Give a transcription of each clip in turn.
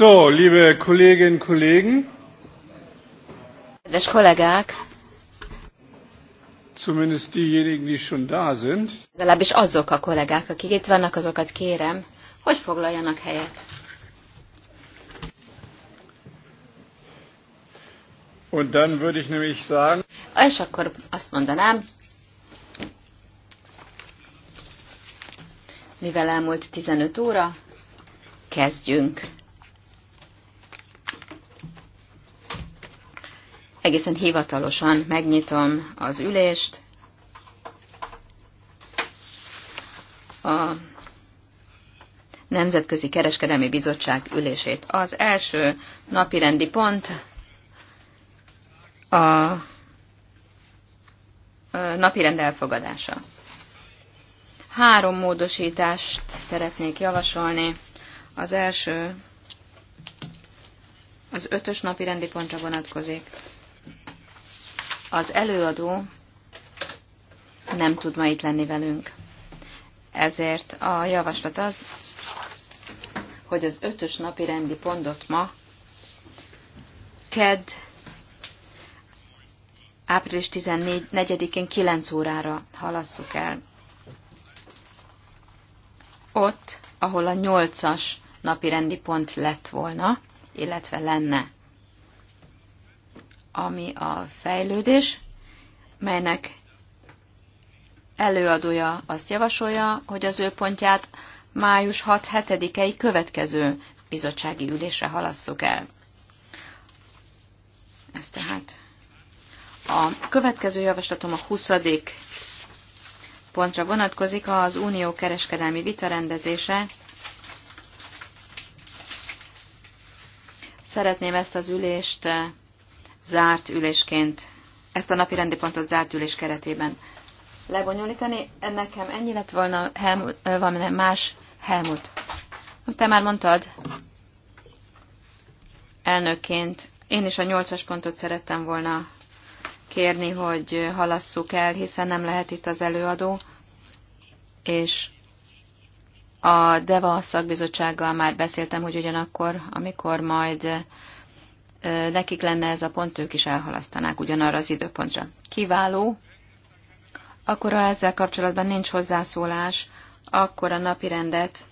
So, liebe Kolleginnen und Kollegen. Kedves kollégák. Zumindest diejenigen, die schon da sind. Legalábbis azok a kollégák, akik itt vannak, azokat kérem, hogy foglaljanak helyet. Und dann würde ich nämlich sagen, és akkor azt mondanám, mivel elmúlt 15 óra, kezdjünk. egészen hivatalosan megnyitom az ülést. A Nemzetközi Kereskedelmi Bizottság ülését. Az első napi rendi pont a napirend elfogadása. Három módosítást szeretnék javasolni. Az első az ötös napi rendi pontra vonatkozik. Az előadó nem tud ma itt lenni velünk. Ezért a javaslat az, hogy az ötös napi rendi pontot ma KED április 14-én 9 órára halasszuk el. Ott, ahol a nyolcas napi rendi pont lett volna, illetve lenne ami a fejlődés, melynek előadója azt javasolja, hogy az ő pontját május 6-7-i következő bizottsági ülésre halasszuk el. Ez tehát. A következő javaslatom a 20. pontra vonatkozik az unió kereskedelmi vitarendezése. Szeretném ezt az ülést zárt ülésként, ezt a napi rendi pontot zárt ülés keretében lebonyolítani. Nekem ennyi lett volna, Helmut, van más, Helmut. Te már mondtad, elnökként, én is a nyolcas pontot szerettem volna kérni, hogy halasszuk el, hiszen nem lehet itt az előadó, és a DEVA szakbizottsággal már beszéltem, hogy ugyanakkor, amikor majd nekik lenne ez a pont, ők is elhalasztanák ugyanarra az időpontra. Kiváló. Akkor, ha ezzel kapcsolatban nincs hozzászólás, akkor a napi rendet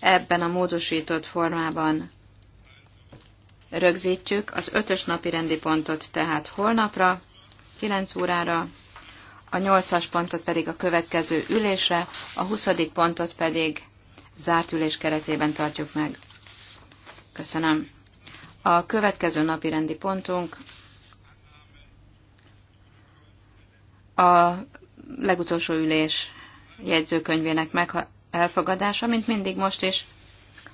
ebben a módosított formában rögzítjük. Az ötös napi rendi pontot tehát holnapra, 9 órára, a nyolcas pontot pedig a következő ülésre, a huszadik pontot pedig zárt ülés keretében tartjuk meg. Köszönöm. A következő napi rendi pontunk a legutolsó ülés jegyzőkönyvének meg elfogadása, mint mindig most is.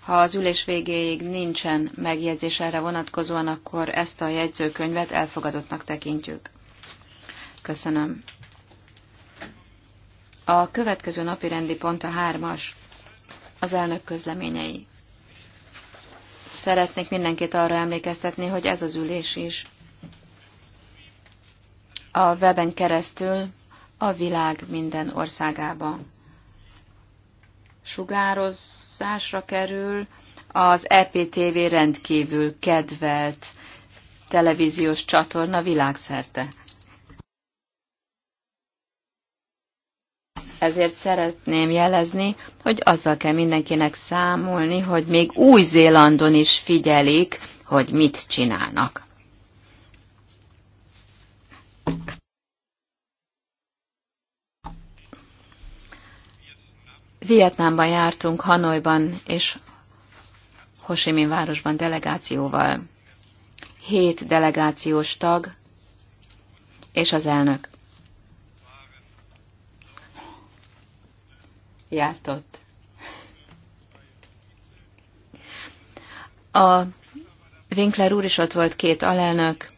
Ha az ülés végéig nincsen megjegyzés erre vonatkozóan, akkor ezt a jegyzőkönyvet elfogadottnak tekintjük. Köszönöm. A következő napi rendi pont a hármas, az elnök közleményei. Szeretnék mindenkit arra emlékeztetni, hogy ez az ülés is a weben keresztül a világ minden országába sugározásra kerül, az EPTV rendkívül kedvelt televíziós csatorna világszerte. Ezért szeretném jelezni, hogy azzal kell mindenkinek számolni, hogy még Új-Zélandon is figyelik, hogy mit csinálnak. Vietnámban jártunk, Hanoiban és Hosimin városban delegációval. Hét delegációs tag és az elnök. ott. A Winkler úr is ott volt két alelnök,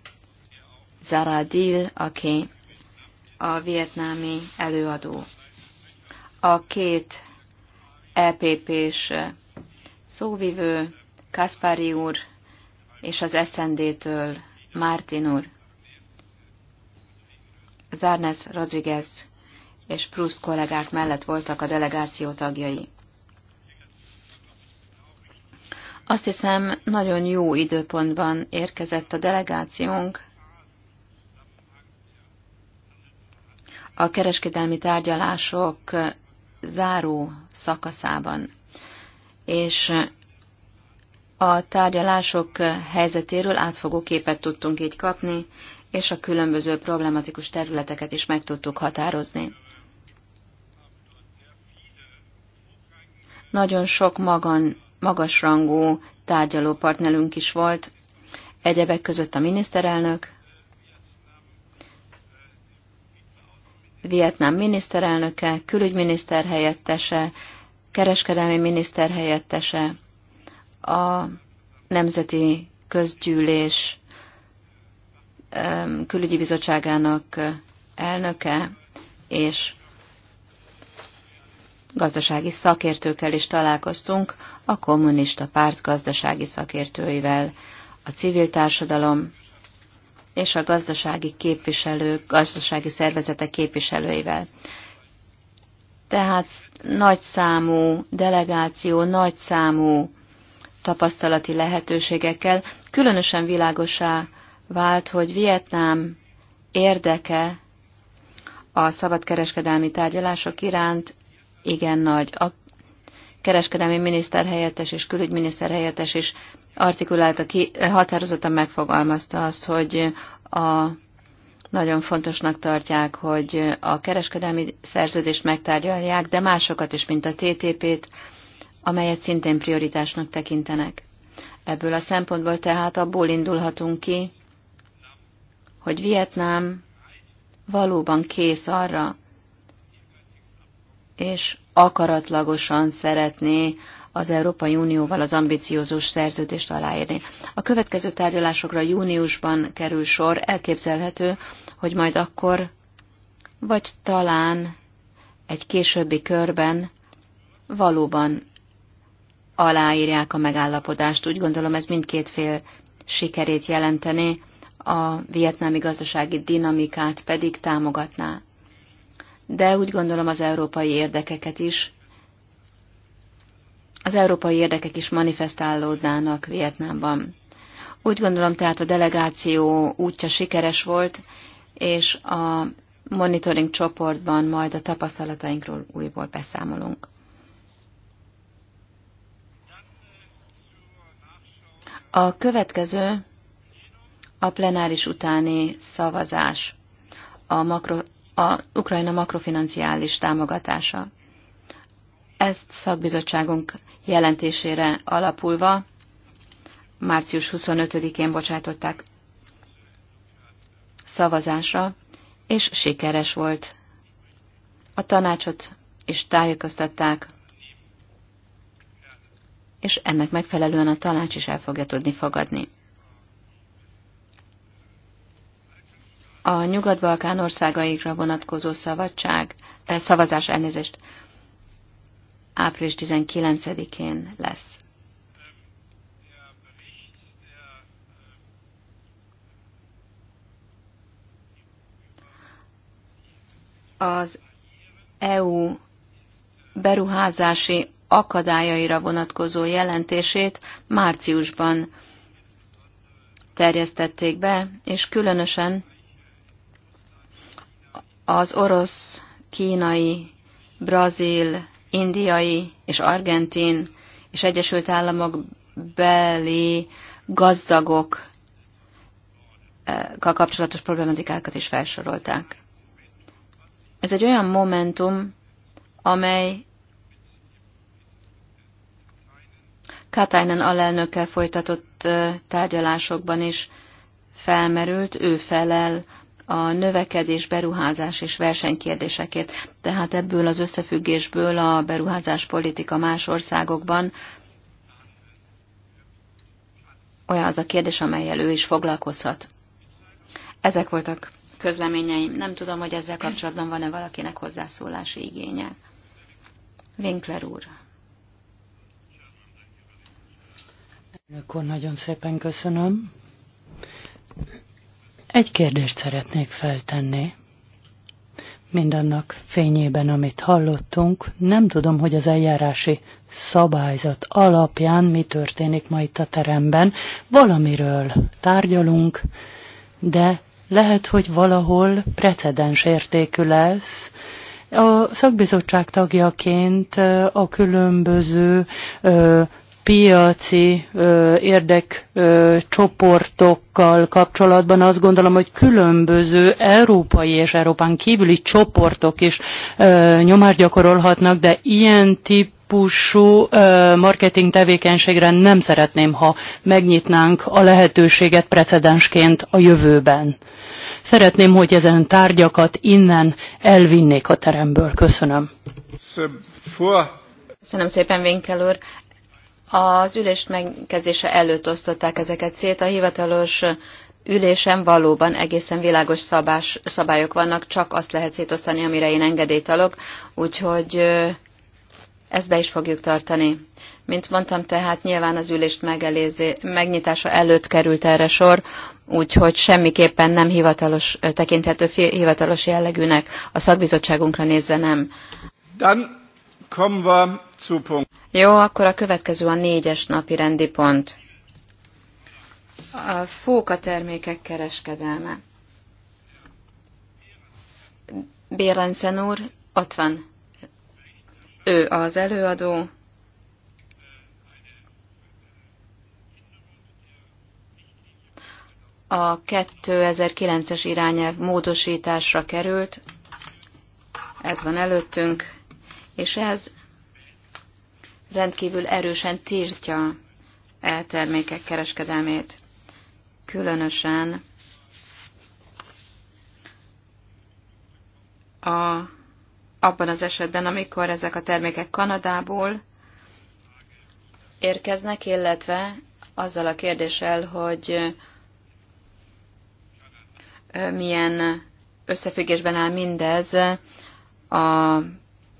Zaradil, aki a vietnámi előadó. A két EPP-s szóvivő, Kaspari úr és az SND-től Martin úr. Zárnes Rodriguez és Proust kollégák mellett voltak a delegáció tagjai. Azt hiszem, nagyon jó időpontban érkezett a delegációnk a kereskedelmi tárgyalások záró szakaszában, és a tárgyalások helyzetéről átfogó képet tudtunk így kapni, és a különböző problematikus területeket is meg tudtuk határozni. Nagyon sok magan, magasrangú partnerünk is volt, egyebek között a miniszterelnök, Vietnám miniszterelnöke, külügyminiszter helyettese, kereskedelmi miniszter helyettese, a Nemzeti Közgyűlés külügyi bizottságának elnöke és gazdasági szakértőkkel is találkoztunk, a kommunista párt gazdasági szakértőivel, a civil társadalom és a gazdasági képviselők, gazdasági szervezetek képviselőivel. Tehát nagy számú delegáció, nagy számú tapasztalati lehetőségekkel különösen világosá vált, hogy Vietnám érdeke a szabadkereskedelmi tárgyalások iránt igen nagy. A kereskedelmi miniszter helyettes és külügyminiszter helyettes is artikulálta ki, határozottan megfogalmazta azt, hogy a nagyon fontosnak tartják, hogy a kereskedelmi szerződést megtárgyalják, de másokat is, mint a TTP-t, amelyet szintén prioritásnak tekintenek. Ebből a szempontból tehát abból indulhatunk ki, hogy Vietnám valóban kész arra, és akaratlagosan szeretné az Európai Unióval az ambiciózus szerződést aláírni. A következő tárgyalásokra júniusban kerül sor, elképzelhető, hogy majd akkor, vagy talán egy későbbi körben valóban aláírják a megállapodást. Úgy gondolom ez mindkét fél sikerét jelenteni, a vietnámi gazdasági dinamikát pedig támogatná de úgy gondolom az európai érdekeket is, az európai érdekek is manifestálódnának Vietnámban. Úgy gondolom tehát a delegáció útja sikeres volt, és a monitoring csoportban majd a tapasztalatainkról újból beszámolunk. A következő a plenáris utáni szavazás a makro a Ukrajna makrofinanciális támogatása. Ezt szakbizottságunk jelentésére alapulva március 25-én bocsátották szavazásra, és sikeres volt. A tanácsot is tájékoztatták, és ennek megfelelően a tanács is el fogja tudni fogadni. a Nyugat-Balkán országaikra vonatkozó szabadság, eh, szavazás elnézést április 19-én lesz. Az EU beruházási akadályaira vonatkozó jelentését márciusban terjesztették be, és különösen az orosz, kínai, brazil, indiai és argentin és Egyesült Államok beli gazdagok eh, kapcsolatos problematikákat is felsorolták. Ez egy olyan momentum, amely Katainen alelnökkel folytatott eh, tárgyalásokban is felmerült, ő felel a növekedés, beruházás és versenykérdésekért. Tehát ebből az összefüggésből a beruházás politika más országokban olyan az a kérdés, amelyel ő is foglalkozhat. Ezek voltak közleményeim. Nem tudom, hogy ezzel kapcsolatban van-e valakinek hozzászólási igénye. Winkler úr. Akkor nagyon szépen köszönöm. Egy kérdést szeretnék feltenni. Mindannak fényében, amit hallottunk, nem tudom, hogy az eljárási szabályzat alapján mi történik ma itt a teremben. Valamiről tárgyalunk, de lehet, hogy valahol precedens értékű lesz, a szakbizottság tagjaként a különböző piaci érdekcsoportokkal kapcsolatban azt gondolom, hogy különböző európai és Európán kívüli csoportok is ö, nyomást gyakorolhatnak, de ilyen tip típusú marketing tevékenységre nem szeretném, ha megnyitnánk a lehetőséget precedensként a jövőben. Szeretném, hogy ezen tárgyakat innen elvinnék a teremből. Köszönöm. Köszönöm szépen, Winkel úr. Az ülést megkezdése előtt osztották ezeket szét. A hivatalos ülésen valóban egészen világos szabás, szabályok vannak, csak azt lehet szétosztani, amire én engedélyt adok, úgyhogy ezt be is fogjuk tartani. Mint mondtam, tehát nyilván az ülést megelézi, megnyitása előtt került erre sor, úgyhogy semmiképpen nem hivatalos, tekinthető hivatalos jellegűnek, a szakbizottságunkra nézve nem. Dann kommen wir zu Punkt. Jó, akkor a következő a négyes napi rendi pont. A fóka termékek kereskedelme. Bélencen úr, ott van. Ő az előadó. A 2009-es irányelv módosításra került. Ez van előttünk, és ez rendkívül erősen tiltja e termékek kereskedelmét. Különösen a, abban az esetben, amikor ezek a termékek Kanadából érkeznek, illetve azzal a kérdéssel, hogy milyen összefüggésben áll mindez a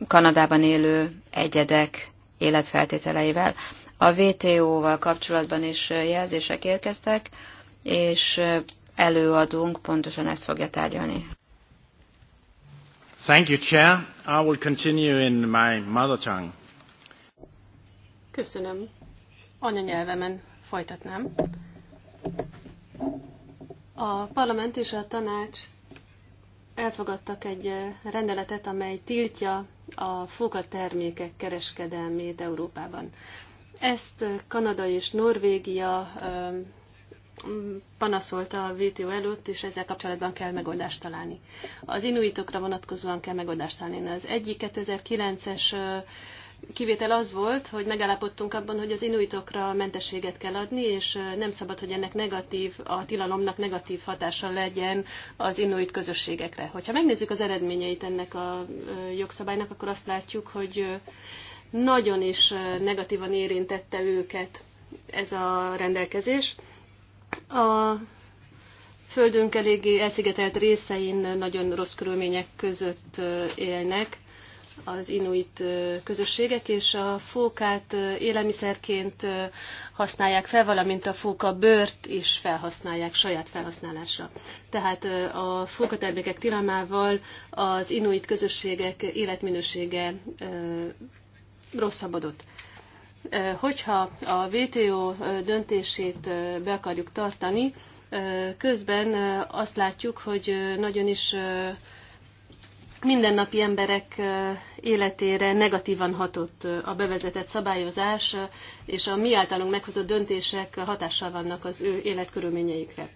Kanadában élő egyedek életfeltételeivel. A VTO-val kapcsolatban is jelzések érkeztek, és előadunk pontosan ezt fogja tárgyalni. Thank you, Chair. I will continue in my mother tongue. Köszönöm. Anyanyelvemen folytatnám. A parlament és a tanács elfogadtak egy rendeletet, amely tiltja a fogatermékek kereskedelmét Európában. Ezt Kanada és Norvégia panaszolta a VTO előtt, és ezzel kapcsolatban kell megoldást találni. Az inuitokra vonatkozóan kell megoldást találni. Az egyik 2009-es kivétel az volt, hogy megállapodtunk abban, hogy az inuitokra mentességet kell adni, és nem szabad, hogy ennek negatív, a tilalomnak negatív hatása legyen az inuit közösségekre. Hogyha megnézzük az eredményeit ennek a jogszabálynak, akkor azt látjuk, hogy nagyon is negatívan érintette őket ez a rendelkezés. A földünk eléggé elszigetelt részein nagyon rossz körülmények között élnek, az inuit közösségek, és a fókát élelmiszerként használják fel, valamint a fóka bőrt is felhasználják saját felhasználásra. Tehát a fókatermékek tilalmával az inuit közösségek életminősége rosszabbodott. Hogyha a WTO döntését be akarjuk tartani, közben azt látjuk, hogy nagyon is mindennapi emberek életére negatívan hatott a bevezetett szabályozás, és a mi általunk meghozott döntések hatással vannak az ő életkörülményeikre.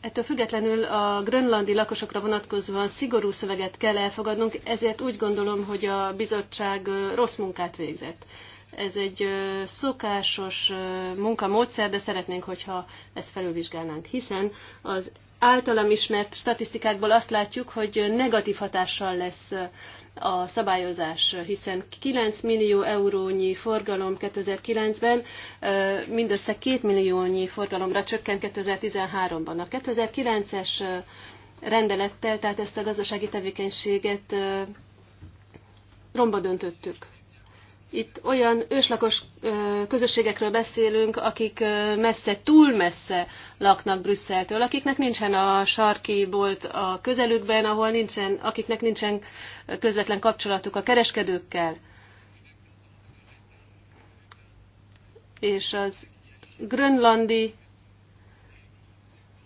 Ettől függetlenül a grönlandi lakosokra vonatkozóan szigorú szöveget kell elfogadnunk, ezért úgy gondolom, hogy a bizottság rossz munkát végzett. Ez egy szokásos munkamódszer, de szeretnénk, hogyha ezt felülvizsgálnánk, hiszen az általam ismert statisztikákból azt látjuk, hogy negatív hatással lesz a szabályozás, hiszen 9 millió eurónyi forgalom 2009-ben mindössze 2 milliónyi forgalomra csökkent 2013-ban. A 2009-es rendelettel, tehát ezt a gazdasági tevékenységet romba döntöttük. Itt olyan őslakos közösségekről beszélünk, akik messze, túl messze laknak Brüsszeltől, akiknek nincsen a sarki bolt a közelükben, ahol nincsen, akiknek nincsen közvetlen kapcsolatuk a kereskedőkkel. És az grönlandi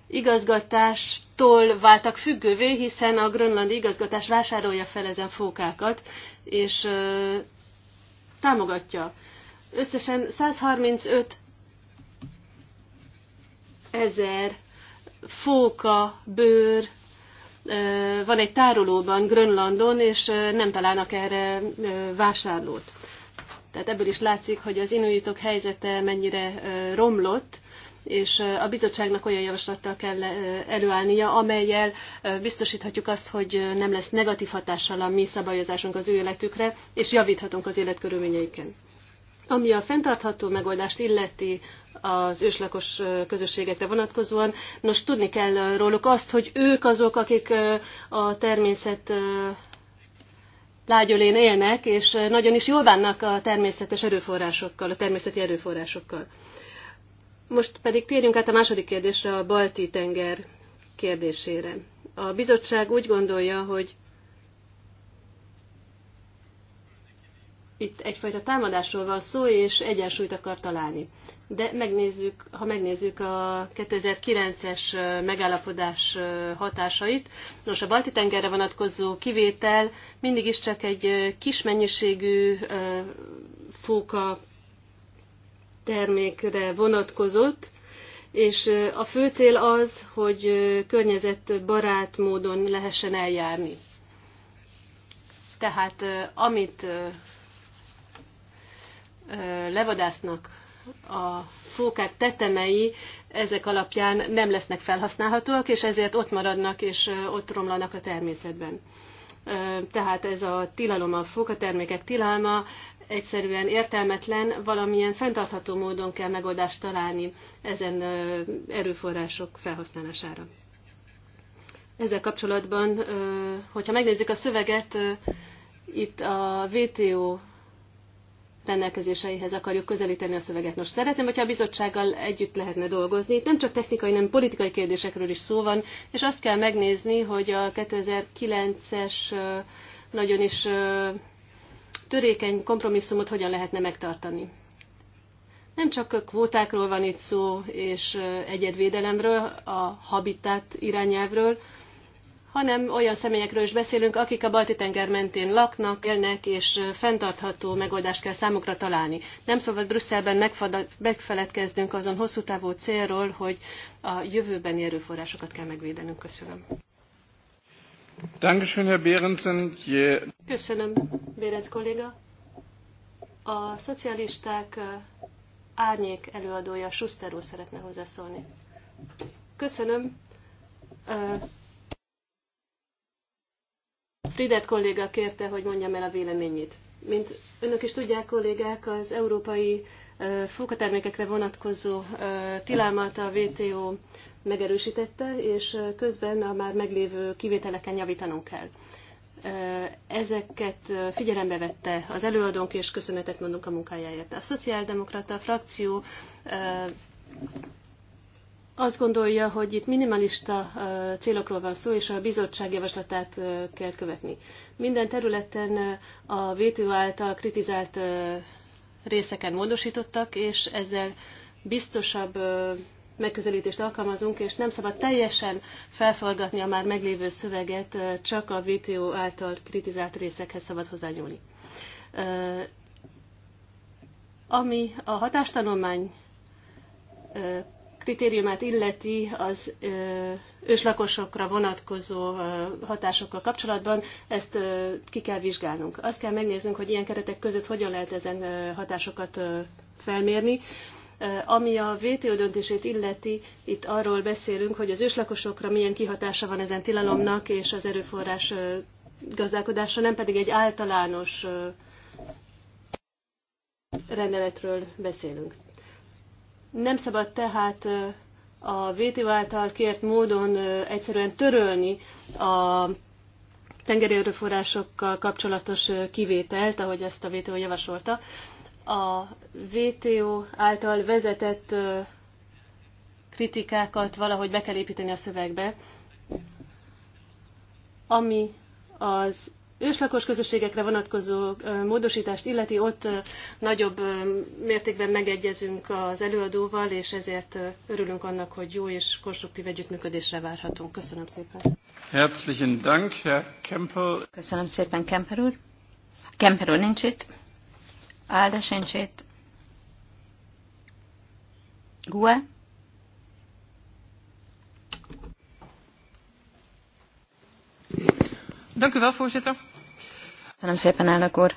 igazgatástól váltak függővé, hiszen a grönlandi igazgatás vásárolja fel ezen fókákat, és támogatja. Összesen 135 ezer fóka, bőr van egy tárolóban Grönlandon, és nem találnak erre vásárlót. Tehát ebből is látszik, hogy az inuitok helyzete mennyire romlott, és a bizottságnak olyan javaslattal kell előállnia, amelyel biztosíthatjuk azt, hogy nem lesz negatív hatással a mi szabályozásunk az ő életükre, és javíthatunk az életkörülményeiken. Ami a fenntartható megoldást illeti az őslakos közösségekre vonatkozóan, nos tudni kell róluk azt, hogy ők azok, akik a természet lágyölén élnek, és nagyon is jól bánnak a természetes erőforrásokkal, a természeti erőforrásokkal. Most pedig térjünk át a második kérdésre, a balti tenger kérdésére. A bizottság úgy gondolja, hogy itt egyfajta támadásról van szó, és egyensúlyt akar találni. De megnézzük, ha megnézzük a 2009-es megállapodás hatásait, nos a balti tengerre vonatkozó kivétel mindig is csak egy kis mennyiségű fóka termékre vonatkozott, és a fő cél az, hogy környezetbarát módon lehessen eljárni. Tehát amit levadásznak a fókák tetemei, ezek alapján nem lesznek felhasználhatóak, és ezért ott maradnak, és ott romlanak a természetben. Tehát ez a tilalom, a fókatermékek tilalma egyszerűen értelmetlen, valamilyen fenntartható módon kell megoldást találni ezen erőforrások felhasználására. Ezzel kapcsolatban, hogyha megnézzük a szöveget, itt a WTO rendelkezéseihez akarjuk közelíteni a szöveget. Most szeretném, hogyha a bizottsággal együtt lehetne dolgozni. Itt nem csak technikai, hanem politikai kérdésekről is szó van, és azt kell megnézni, hogy a 2009-es nagyon is törékeny kompromisszumot hogyan lehetne megtartani. Nem csak a kvótákról van itt szó, és egyedvédelemről, a habitat irányelvről, hanem olyan személyekről is beszélünk, akik a Balti-tenger mentén laknak, élnek, és fenntartható megoldást kell számukra találni. Nem szabad Brüsszelben megfeledkeznünk azon hosszú távú célról, hogy a jövőbeni erőforrásokat kell megvédenünk. Köszönöm. Köszönöm, Bérenc kolléga. A szocialisták árnyék előadója Schuster úr szeretne hozzászólni. Köszönöm. Fridet kolléga kérte, hogy mondjam el a véleményét. Mint önök is tudják, kollégák, az európai fókatermékekre vonatkozó tilalmat a WTO megerősítette, és közben a már meglévő kivételeken javítanunk kell. Ezeket figyelembe vette az előadónk, és köszönetet mondunk a munkájáért. A szociáldemokrata frakció azt gondolja, hogy itt minimalista célokról van szó, és a bizottság javaslatát kell követni. Minden területen a VTO által kritizált részeken módosítottak, és ezzel biztosabb megközelítést alkalmazunk, és nem szabad teljesen felforgatni a már meglévő szöveget, csak a VTO által kritizált részekhez szabad hozzányúlni. Ami a hatástanulmány kritériumát illeti az őslakosokra vonatkozó hatásokkal kapcsolatban, ezt ki kell vizsgálnunk. Azt kell megnéznünk, hogy ilyen keretek között hogyan lehet ezen hatásokat felmérni, ami a WTO döntését illeti, itt arról beszélünk, hogy az őslakosokra milyen kihatása van ezen tilalomnak és az erőforrás gazdálkodásra, nem pedig egy általános rendeletről beszélünk. Nem szabad tehát a WTO által kért módon egyszerűen törölni a tengeri erőforrásokkal kapcsolatos kivételt, ahogy ezt a WTO javasolta, a VTO által vezetett kritikákat valahogy be kell építeni a szövegbe, ami az őslakos közösségekre vonatkozó módosítást illeti, ott nagyobb mértékben megegyezünk az előadóval, és ezért örülünk annak, hogy jó és konstruktív együttműködésre várhatunk. Köszönöm szépen. Herzlichen Dank, Herr Kemper. Köszönöm szépen, Kemper úr. Kemper úr nincs itt. Alde sincs Gue? Dank u wel, voorzitter. Köszönöm szépen, elnök úr.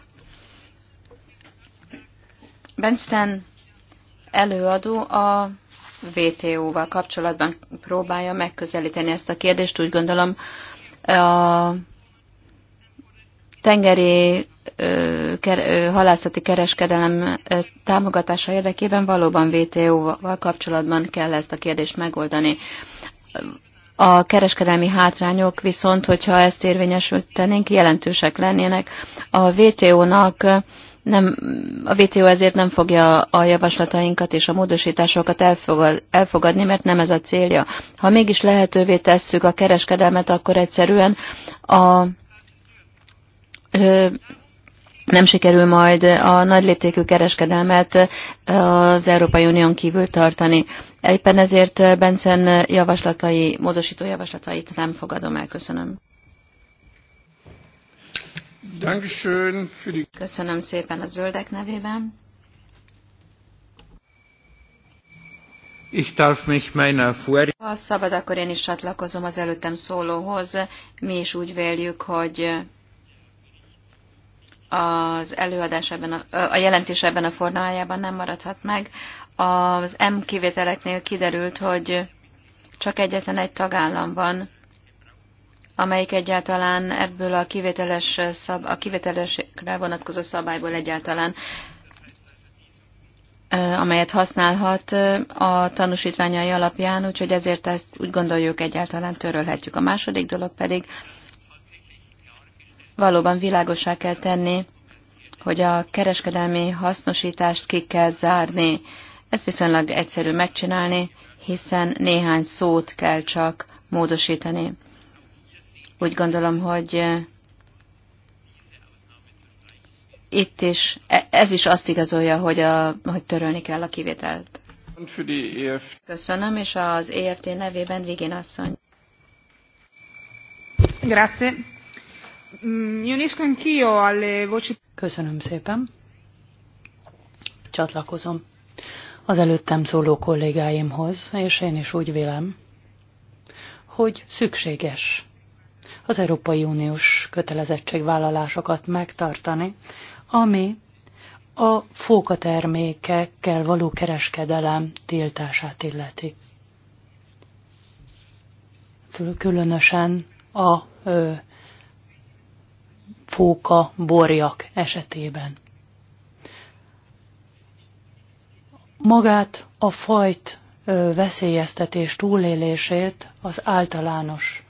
Benzten előadó a VTO-val kapcsolatban próbálja megközelíteni ezt a kérdést. Úgy gondolom, a tengeri halászati kereskedelem támogatása érdekében valóban WTO-val kapcsolatban kell ezt a kérdést megoldani. A kereskedelmi hátrányok viszont, hogyha ezt érvényesültenénk, jelentősek lennének. A WTO-nak nem, a WTO ezért nem fogja a javaslatainkat és a módosításokat elfogad, elfogadni, mert nem ez a célja. Ha mégis lehetővé tesszük a kereskedelmet, akkor egyszerűen a ö, nem sikerül majd a nagy léptékű kereskedelmet az Európai Unión kívül tartani. Éppen ezért Bencen javaslatai, módosító javaslatait nem fogadom el. Köszönöm. Köszönöm szépen a zöldek nevében. Ich darf mich meiner Ha szabad, akkor én is csatlakozom az előttem szólóhoz. Mi is úgy véljük, hogy az előadás ebben a, a jelentés ebben a formájában nem maradhat meg. Az M kivételeknél kiderült, hogy csak egyetlen egy tagállam van, amelyik egyáltalán ebből a kivételes szab, a kivételesre vonatkozó szabályból egyáltalán amelyet használhat a tanúsítványai alapján, úgyhogy ezért ezt úgy gondoljuk egyáltalán törölhetjük. A második dolog pedig, valóban világosá kell tenni, hogy a kereskedelmi hasznosítást ki kell zárni. Ezt viszonylag egyszerű megcsinálni, hiszen néhány szót kell csak módosítani. Úgy gondolom, hogy itt is, e, ez is azt igazolja, hogy, a, hogy törölni kell a kivételt. Köszönöm, és az EFT nevében Vigén asszony. Grazie. Mm, mi unisco anch'io alle voci... Köszönöm szépen. Csatlakozom az előttem szóló kollégáimhoz, és én is úgy vélem, hogy szükséges az Európai Uniós kötelezettségvállalásokat megtartani, ami a fókatermékekkel való kereskedelem tiltását illeti. Különösen a ö, fóka, borjak esetében. Magát a fajt veszélyeztetés túlélését az általános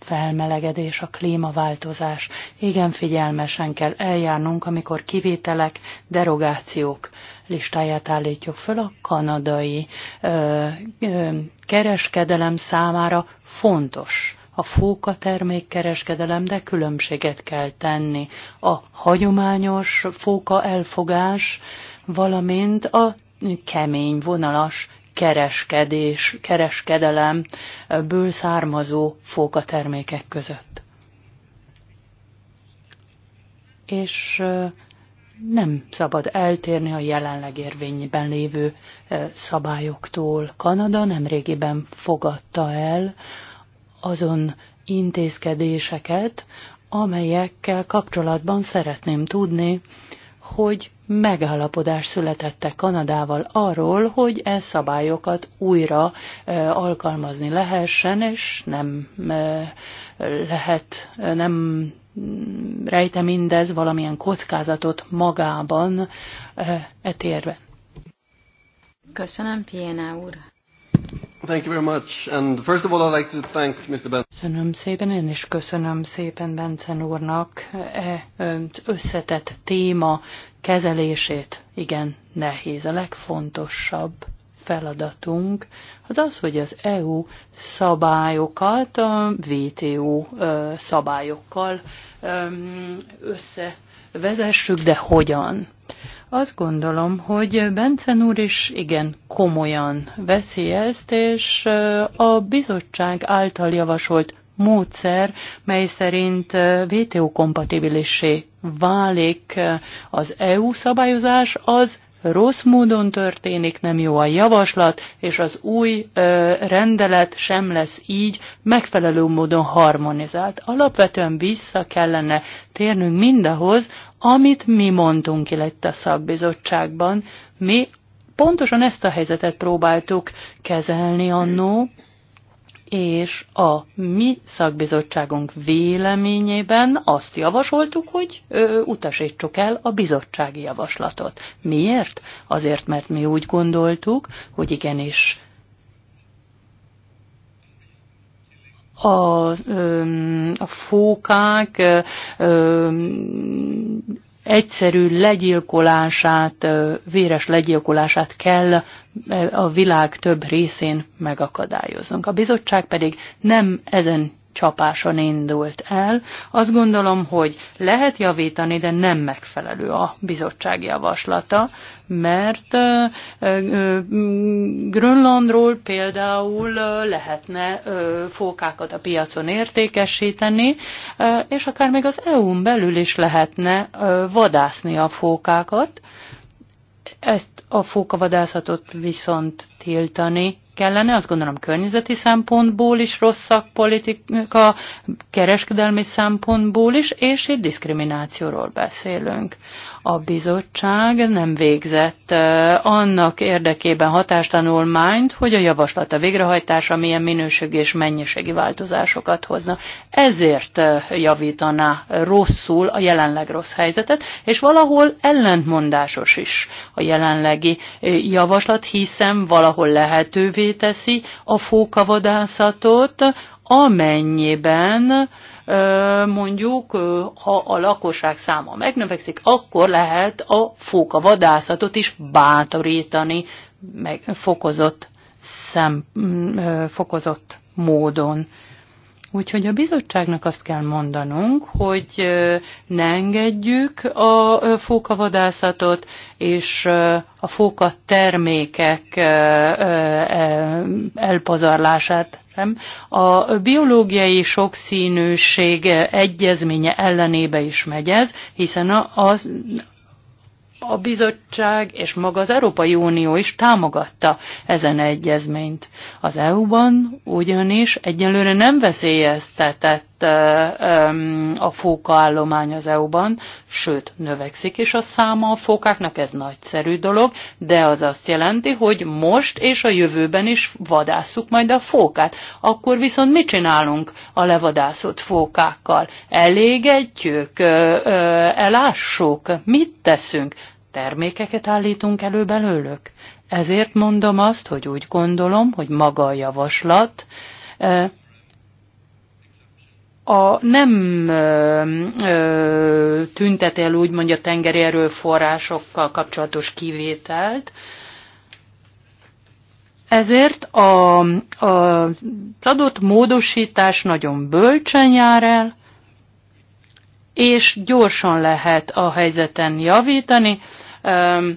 felmelegedés, a klímaváltozás. Igen figyelmesen kell eljárnunk, amikor kivételek, derogációk listáját állítjuk föl a kanadai ö, ö, kereskedelem számára fontos a fóka termékkereskedelem, de különbséget kell tenni. A hagyományos fóka elfogás, valamint a kemény vonalas kereskedés, kereskedelemből származó fóka termékek között. És nem szabad eltérni a jelenleg érvényben lévő szabályoktól. Kanada nemrégiben fogadta el azon intézkedéseket, amelyekkel kapcsolatban szeretném tudni, hogy megállapodás születette Kanadával arról, hogy e szabályokat újra e, alkalmazni lehessen, és nem e, lehet, e, nem rejte mindez valamilyen kockázatot magában e, e térben. Köszönöm, Piena úr. Thank you very much. And first of all, I'd like to thank Mr. Benson. Köszönöm szépen, én is köszönöm szépen Benson úrnak e összetett téma kezelését. Igen, nehéz. A legfontosabb feladatunk az az, hogy az EU szabályokat a WTO szabályokkal összevezessük, de hogyan? Azt gondolom, hogy Bencen úr is igen komolyan veszi ezt, és a bizottság által javasolt módszer, mely szerint WTO kompatibilissé válik az EU szabályozás, az rossz módon történik, nem jó a javaslat, és az új ö, rendelet sem lesz így megfelelő módon harmonizált. Alapvetően vissza kellene térnünk mindahhoz, amit mi mondtunk lett a szakbizottságban. Mi pontosan ezt a helyzetet próbáltuk kezelni annó, és a mi szakbizottságunk véleményében azt javasoltuk, hogy ö, utasítsuk el a bizottsági javaslatot. Miért? Azért, mert mi úgy gondoltuk, hogy igenis a, ö, a fókák ö, ö, egyszerű legyilkolását, véres legyilkolását kell a világ több részén megakadályozunk. A bizottság pedig nem ezen csapáson indult el. Azt gondolom, hogy lehet javítani, de nem megfelelő a bizottság javaslata, mert Grönlandról például lehetne fókákat a piacon értékesíteni, és akár még az EU-n belül is lehetne vadászni a fókákat. Ezt a fókavadászatot viszont tiltani kellene, azt gondolom környezeti szempontból is rosszak politika, kereskedelmi szempontból is, és itt diszkriminációról beszélünk a bizottság nem végzett annak érdekében hatástanulmányt, hogy a javaslat a végrehajtása milyen minőségi és mennyiségi változásokat hozna. Ezért javítaná rosszul a jelenleg rossz helyzetet, és valahol ellentmondásos is a jelenlegi javaslat, hiszen valahol lehetővé teszi a fókavadászatot, amennyiben mondjuk, ha a lakosság száma megnövekszik, akkor lehet a fóka vadászatot is bátorítani, meg fokozott, szem, mm, fokozott módon. Úgyhogy a bizottságnak azt kell mondanunk, hogy ne engedjük a fókavadászatot, és a fóka termékek elpazarlását a biológiai sokszínűség egyezménye ellenébe is megy ez, hiszen a, a, a bizottság és maga az Európai Unió is támogatta ezen egyezményt. Az EU-ban ugyanis egyelőre nem veszélyeztetett a fókaállomány az EU-ban, sőt, növekszik is a száma a fókáknak, ez nagyszerű dolog, de az azt jelenti, hogy most és a jövőben is vadásszuk majd a fókát. Akkor viszont mit csinálunk a levadászott fókákkal? Elégetjük, elássuk, mit teszünk? Termékeket állítunk elő belőlük? Ezért mondom azt, hogy úgy gondolom, hogy maga a javaslat, a nem ö, ö, tüntet el úgy mondja tengeri erőforrásokkal kapcsolatos kivételt, ezért a, a, az adott módosítás nagyon bölcsen jár el, és gyorsan lehet a helyzeten javítani. Ö,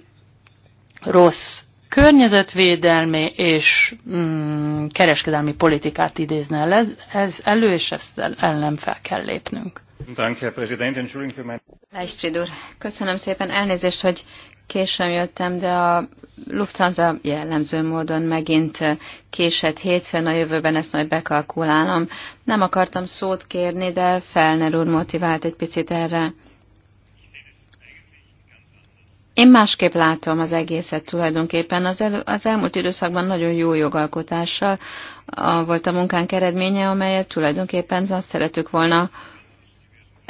rossz környezetvédelmi és mm, kereskedelmi politikát idézne el ez, ez elő, és ezt ellen fel kell lépnünk. Leistrid köszönöm szépen. Elnézést, hogy későn jöttem, de a Lufthansa jellemző módon megint késett hétfőn, a jövőben ezt majd bekalkulálom. Nem akartam szót kérni, de Felner úr motivált egy picit erre. Én másképp látom az egészet tulajdonképpen. Az, el, az elmúlt időszakban nagyon jó jogalkotással a, volt a munkánk eredménye, amelyet tulajdonképpen azt szeretük volna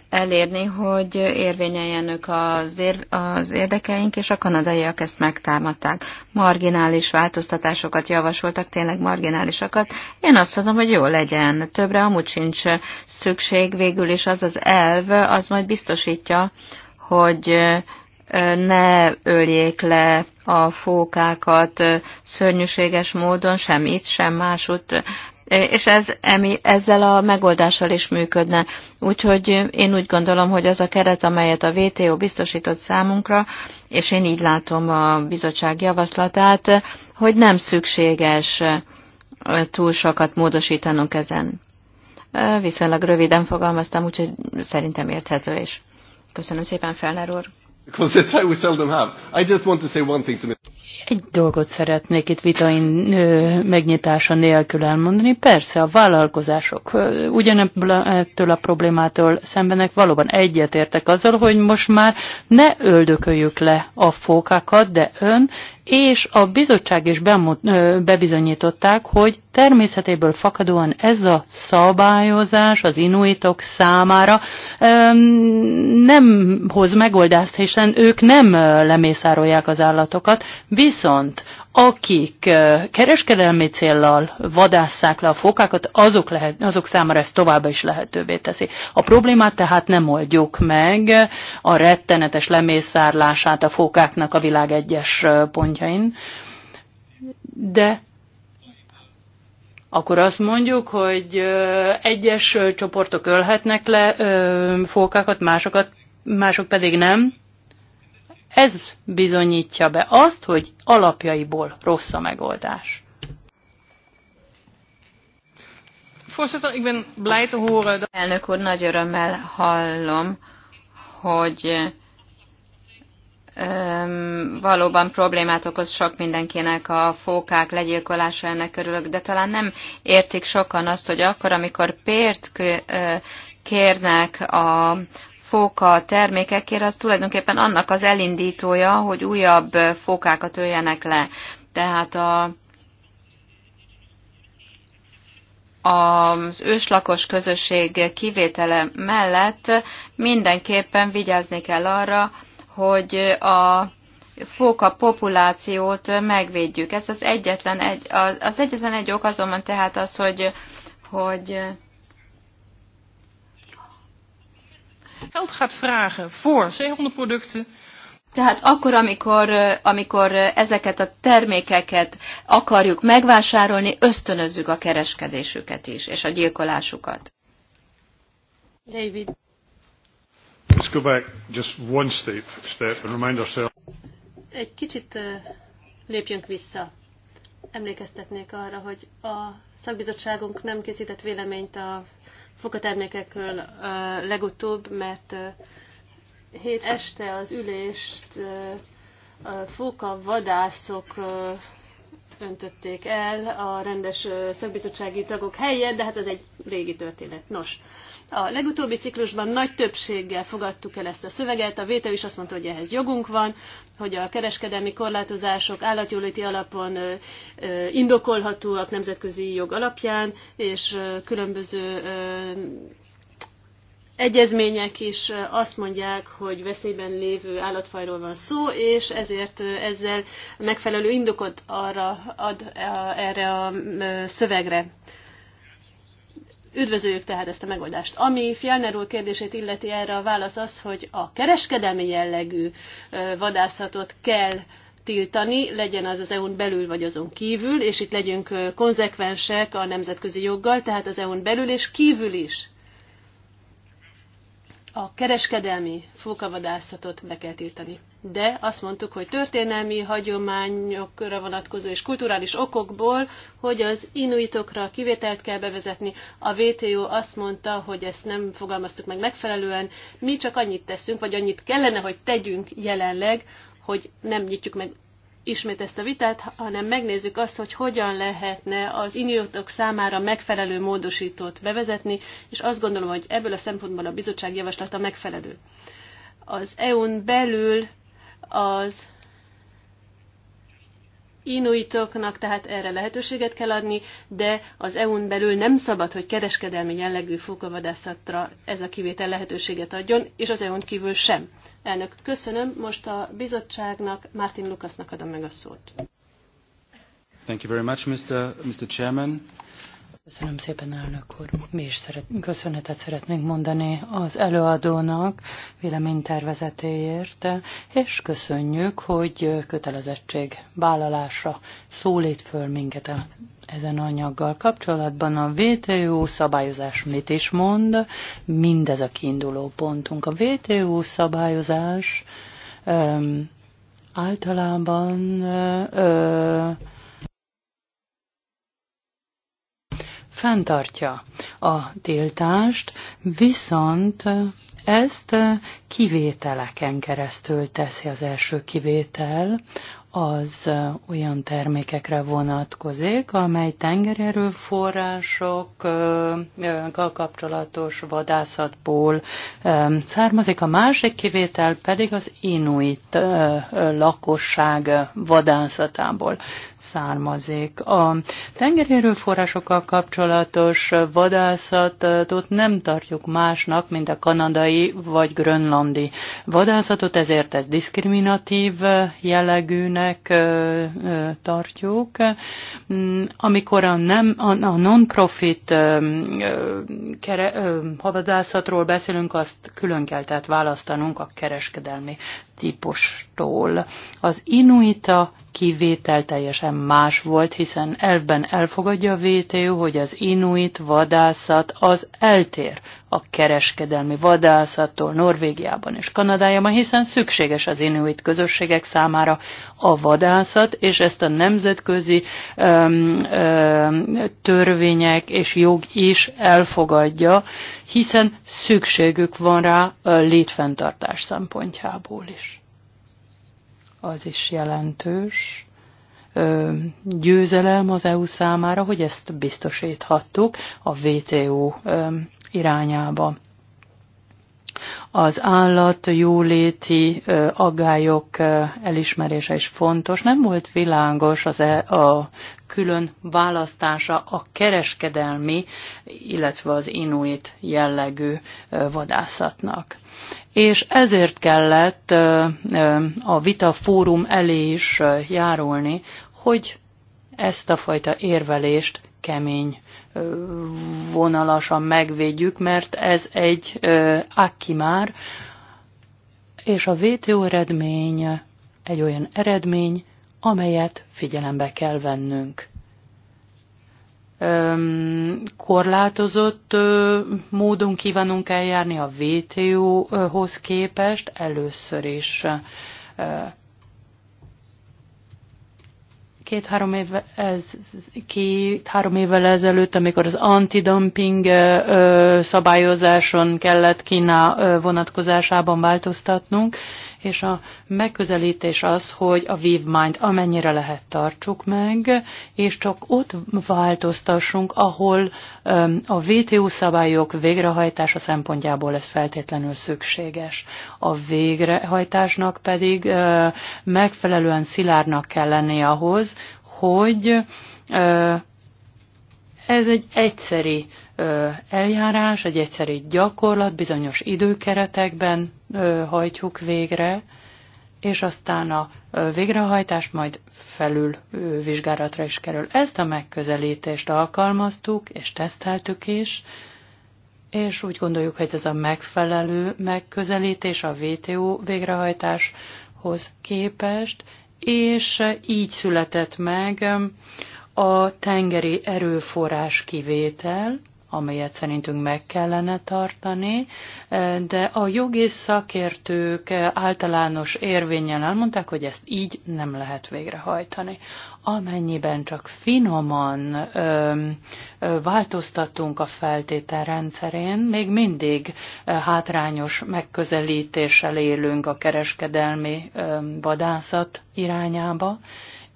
elérni, hogy érvényeljenek az, ér, az érdekeink, és a kanadaiak ezt megtámadták. Marginális változtatásokat javasoltak, tényleg marginálisakat. Én azt mondom, hogy jó legyen. Többre amúgy sincs szükség, végül is az az elv, az majd biztosítja, hogy ne öljék le a fókákat szörnyűséges módon, sem itt, sem másutt. És ez emi, ezzel a megoldással is működne. Úgyhogy én úgy gondolom, hogy az a keret, amelyet a WTO biztosított számunkra, és én így látom a bizottság javaslatát, hogy nem szükséges túl sokat módosítanunk ezen. Viszonylag röviden fogalmaztam, úgyhogy szerintem érthető is. Köszönöm szépen, Felner úr! because that's how we seldom have. I just want to say one thing to Mr. Egy dolgot szeretnék itt vitain ö, megnyitása nélkül elmondani. Persze a vállalkozások ugyanebből a, a problémától szembenek valóban egyetértek azzal, hogy most már ne öldököljük le a fókákat, de ön és a bizottság is bemut, ö, bebizonyították, hogy természetéből fakadóan ez a szabályozás az inuitok számára ö, nem hoz megoldást, hiszen ők nem lemészárolják az állatokat, visz Viszont akik kereskedelmi céllal vadásszák le a fokákat, azok, lehet, azok számára ez továbbá is lehetővé teszi. A problémát tehát nem oldjuk meg a rettenetes lemészárlását a fokáknak a világ egyes pontjain, de akkor azt mondjuk, hogy egyes csoportok ölhetnek le fókákat, másokat, mások pedig nem ez bizonyítja be azt, hogy alapjaiból rossz a megoldás. Voorzitter, ik ben blij te horen. Dat... Elnök úr, nagy örömmel hallom, hogy um, valóban problémát okoz sok mindenkinek a fókák legyilkolása, ennek örülök, de talán nem értik sokan azt, hogy akkor, amikor pért kérnek a fóka termékekért, az tulajdonképpen annak az elindítója, hogy újabb fókákat öljenek le. Tehát a, az őslakos közösség kivétele mellett mindenképpen vigyázni kell arra, hogy a fóka populációt megvédjük. Ez az egyetlen egy, az, az egyetlen egy ok azonban tehát az, hogy, hogy geld gaat vragen voor zeehondenproducten, tehát akkor, amikor, amikor ezeket a termékeket akarjuk megvásárolni, ösztönözzük a kereskedésüket is, és a gyilkolásukat. David. Let's go back just one step, step and remind ourselves. Egy kicsit lépjünk vissza. Emlékeztetnék arra, hogy a szakbizottságunk nem készített véleményt a fogatermékekről legutóbb, mert hét este az ülést fóka vadászok öntötték el a rendes szakbizottsági tagok helyett, de hát ez egy régi történet. Nos, a legutóbbi ciklusban nagy többséggel fogadtuk el ezt a szöveget, a VTO is azt mondta, hogy ehhez jogunk van, hogy a kereskedelmi korlátozások állatjóléti alapon indokolhatóak nemzetközi jog alapján, és különböző egyezmények is azt mondják, hogy veszélyben lévő állatfajról van szó, és ezért ezzel megfelelő indokot arra ad erre a szövegre. Üdvözöljük tehát ezt a megoldást. Ami Fjellner úr kérdését illeti erre a válasz az, hogy a kereskedelmi jellegű vadászatot kell tiltani, legyen az az EU-n belül vagy azon kívül, és itt legyünk konzekvensek a nemzetközi joggal, tehát az EU-n belül és kívül is a kereskedelmi fókavadászatot be kell tiltani. De azt mondtuk, hogy történelmi hagyományokra vonatkozó és kulturális okokból, hogy az inuitokra kivételt kell bevezetni. A WTO azt mondta, hogy ezt nem fogalmaztuk meg megfelelően. Mi csak annyit teszünk, vagy annyit kellene, hogy tegyünk jelenleg, hogy nem nyitjuk meg ismét ezt a vitát, hanem megnézzük azt, hogy hogyan lehetne az inuitok számára megfelelő módosítót bevezetni, és azt gondolom, hogy ebből a szempontból a bizottság javaslata megfelelő. Az EU-n belül az inuitoknak tehát erre lehetőséget kell adni, de az EU-n belül nem szabad, hogy kereskedelmi jellegű fókavadászatra ez a kivétel lehetőséget adjon, és az EU-n kívül sem. Elnök, köszönöm. Most a bizottságnak, Martin Lukasznak adom meg a szót. Thank you very much, Mr. Mr. Chairman. Köszönöm szépen, elnök úr. Mi is szeret, köszönetet szeretnénk mondani az előadónak véleménytervezetéért, és köszönjük, hogy kötelezettség vállalásra szólít föl minket a, ezen anyaggal kapcsolatban. A WTO szabályozás mit is mond? Mindez a kiinduló pontunk. A WTO szabályozás öm, általában öm, fenntartja a tiltást, viszont ezt kivételeken keresztül teszi az első kivétel, az olyan termékekre vonatkozik, amely tengererőforrásokkal kapcsolatos vadászatból származik. A másik kivétel pedig az inuit lakosság vadászatából származik. A tengeri erőforrásokkal kapcsolatos vadászatot nem tartjuk másnak, mint a kanadai vagy grönlandi vadászatot, ezért ez diszkriminatív jellegűnek tartjuk. Mm, amikor a, nem, a non-profit vadászatról beszélünk, azt külön kell tehát választanunk a kereskedelmi típustól. Az inuita kivétel teljesen más volt, hiszen elben elfogadja a VTO, hogy az inuit vadászat az eltér a kereskedelmi vadászattól Norvégiában és Kanadájában, hiszen szükséges az inuit közösségek számára a vadászat, és ezt a nemzetközi öm, öm, törvények és jog is elfogadja, hiszen szükségük van rá létfenntartás szempontjából is az is jelentős győzelem az EU számára, hogy ezt biztosíthattuk a WTO irányába az állat jóléti aggályok elismerése is fontos. Nem volt világos az e, a külön választása a kereskedelmi, illetve az inuit jellegű vadászatnak. És ezért kellett a Vita Fórum elé is járulni, hogy ezt a fajta érvelést kemény vonalasan megvédjük, mert ez egy aki már, és a VTO eredmény egy olyan eredmény, amelyet figyelembe kell vennünk. Korlátozott módon kívánunk eljárni a VTO-hoz képest először is Két-három év két-három évvel ezelőtt, amikor az antidumping szabályozáson kellett Kína vonatkozásában változtatnunk, és a megközelítés az, hogy a vívmányt amennyire lehet tartsuk meg, és csak ott változtassunk, ahol a VTU szabályok végrehajtása szempontjából lesz feltétlenül szükséges. A végrehajtásnak pedig megfelelően szilárnak kell lenni ahhoz, hogy ez egy egyszeri eljárás, egy egyszerű gyakorlat, bizonyos időkeretekben hajtjuk végre, és aztán a végrehajtást majd felül vizsgálatra is kerül. Ezt a megközelítést alkalmaztuk, és teszteltük is, és úgy gondoljuk, hogy ez a megfelelő megközelítés a VTO végrehajtáshoz képest, és így született meg a tengeri erőforrás kivétel, amelyet szerintünk meg kellene tartani, e, de a jogi szakértők általános érvényen elmondták, hogy ezt így nem lehet végrehajtani. Amennyiben csak finoman ö, e, ö, e, változtatunk a feltételrendszerén, még mindig ö, hátrányos megközelítéssel élünk a kereskedelmi ö, vadászat irányába,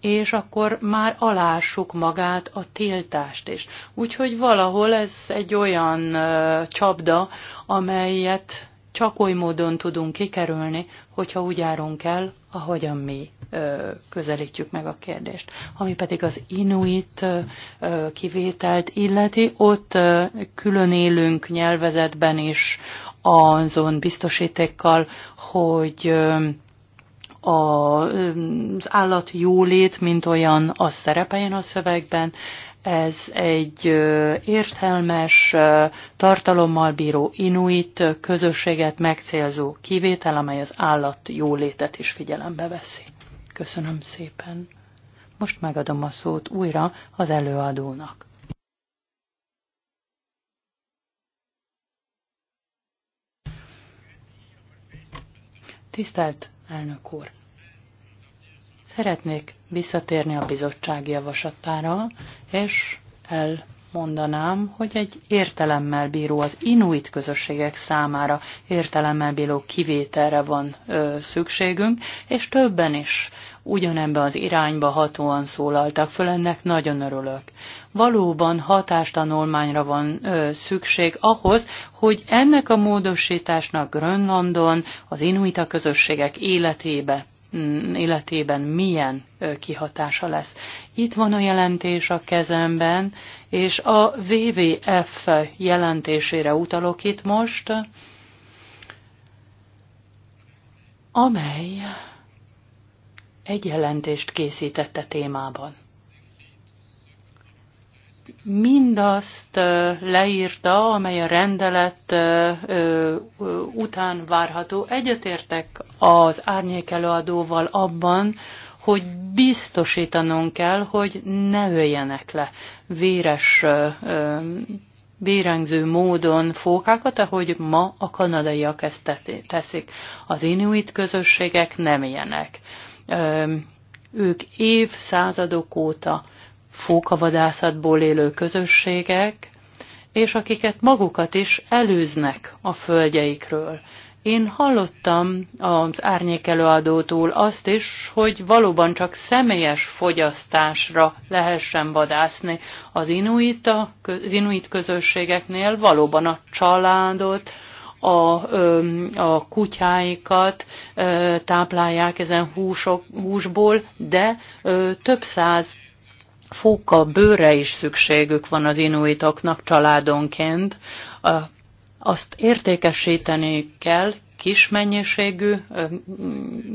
és akkor már alássuk magát a tiltást is. Úgyhogy valahol ez egy olyan uh, csapda, amelyet csak oly módon tudunk kikerülni, hogyha úgy járunk el, ahogyan mi ö, közelítjük meg a kérdést. Ami pedig az inuit ö, kivételt illeti, ott ö, külön élünk nyelvezetben is azon biztosítékkal, hogy ö, az állat jólét, mint olyan, az szerepeljen a szövegben, ez egy értelmes, tartalommal bíró inuit közösséget megcélzó kivétel, amely az állat jólétet is figyelembe veszi. Köszönöm szépen. Most megadom a szót újra az előadónak. Tisztelt elnök úr! Szeretnék visszatérni a bizottság javaslatára, és elmondanám, hogy egy értelemmel bíró, az inuit közösségek számára értelemmel bíró kivételre van ö, szükségünk, és többen is ugyanebben az irányba hatóan szólaltak föl, ennek nagyon örülök. Valóban hatástanulmányra van ö, szükség ahhoz, hogy ennek a módosításnak Grönlandon az inuita közösségek életébe Mm, életében milyen kihatása lesz. Itt van a jelentés a kezemben, és a WWF jelentésére utalok itt most, amely egy jelentést készítette témában mindazt leírta, amely a rendelet után várható. Egyetértek az árnyék előadóval abban, hogy biztosítanunk kell, hogy ne öljenek le véres, vérengző módon fókákat, ahogy ma a kanadaiak ezt teszik. Az inuit közösségek nem ilyenek. Ők évszázadok óta fókavadászatból élő közösségek, és akiket magukat is elűznek a földjeikről. Én hallottam az árnyék előadótól azt is, hogy valóban csak személyes fogyasztásra lehessen vadászni. Az inuit, az inuit közösségeknél valóban a családot, a, a kutyáikat táplálják ezen húsok, húsból, de több száz fóka bőre is szükségük van az inuitoknak családonként. Azt értékesíteni kell, kis mennyiségű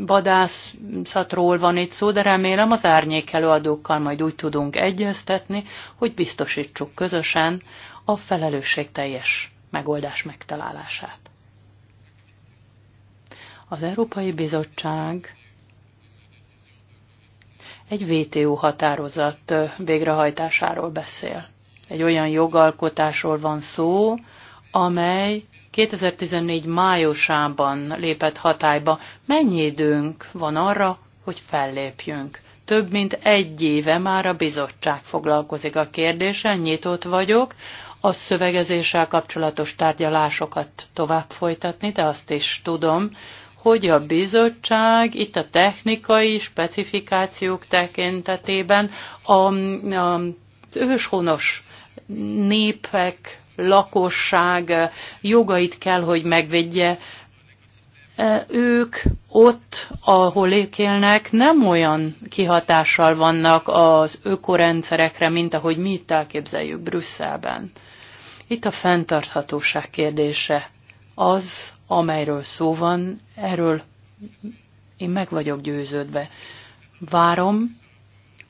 vadászatról van itt szó, de remélem az árnyék előadókkal majd úgy tudunk egyeztetni, hogy biztosítsuk közösen a felelősségteljes megoldás megtalálását. Az Európai Bizottság egy VTO határozat végrehajtásáról beszél. Egy olyan jogalkotásról van szó, amely 2014 májusában lépett hatályba. Mennyi időnk van arra, hogy fellépjünk? Több mint egy éve már a bizottság foglalkozik a kérdéssel, nyitott vagyok, a szövegezéssel kapcsolatos tárgyalásokat tovább folytatni, de azt is tudom, hogy a bizottság itt a technikai specifikációk tekintetében a, a, az őshonos népek, lakosság jogait kell, hogy megvédje. E, ők ott, ahol élnek, nem olyan kihatással vannak az ökorendszerekre, mint ahogy mi itt elképzeljük Brüsszelben. Itt a fenntarthatóság kérdése az, amelyről szó van, erről én meg vagyok győződve. Várom,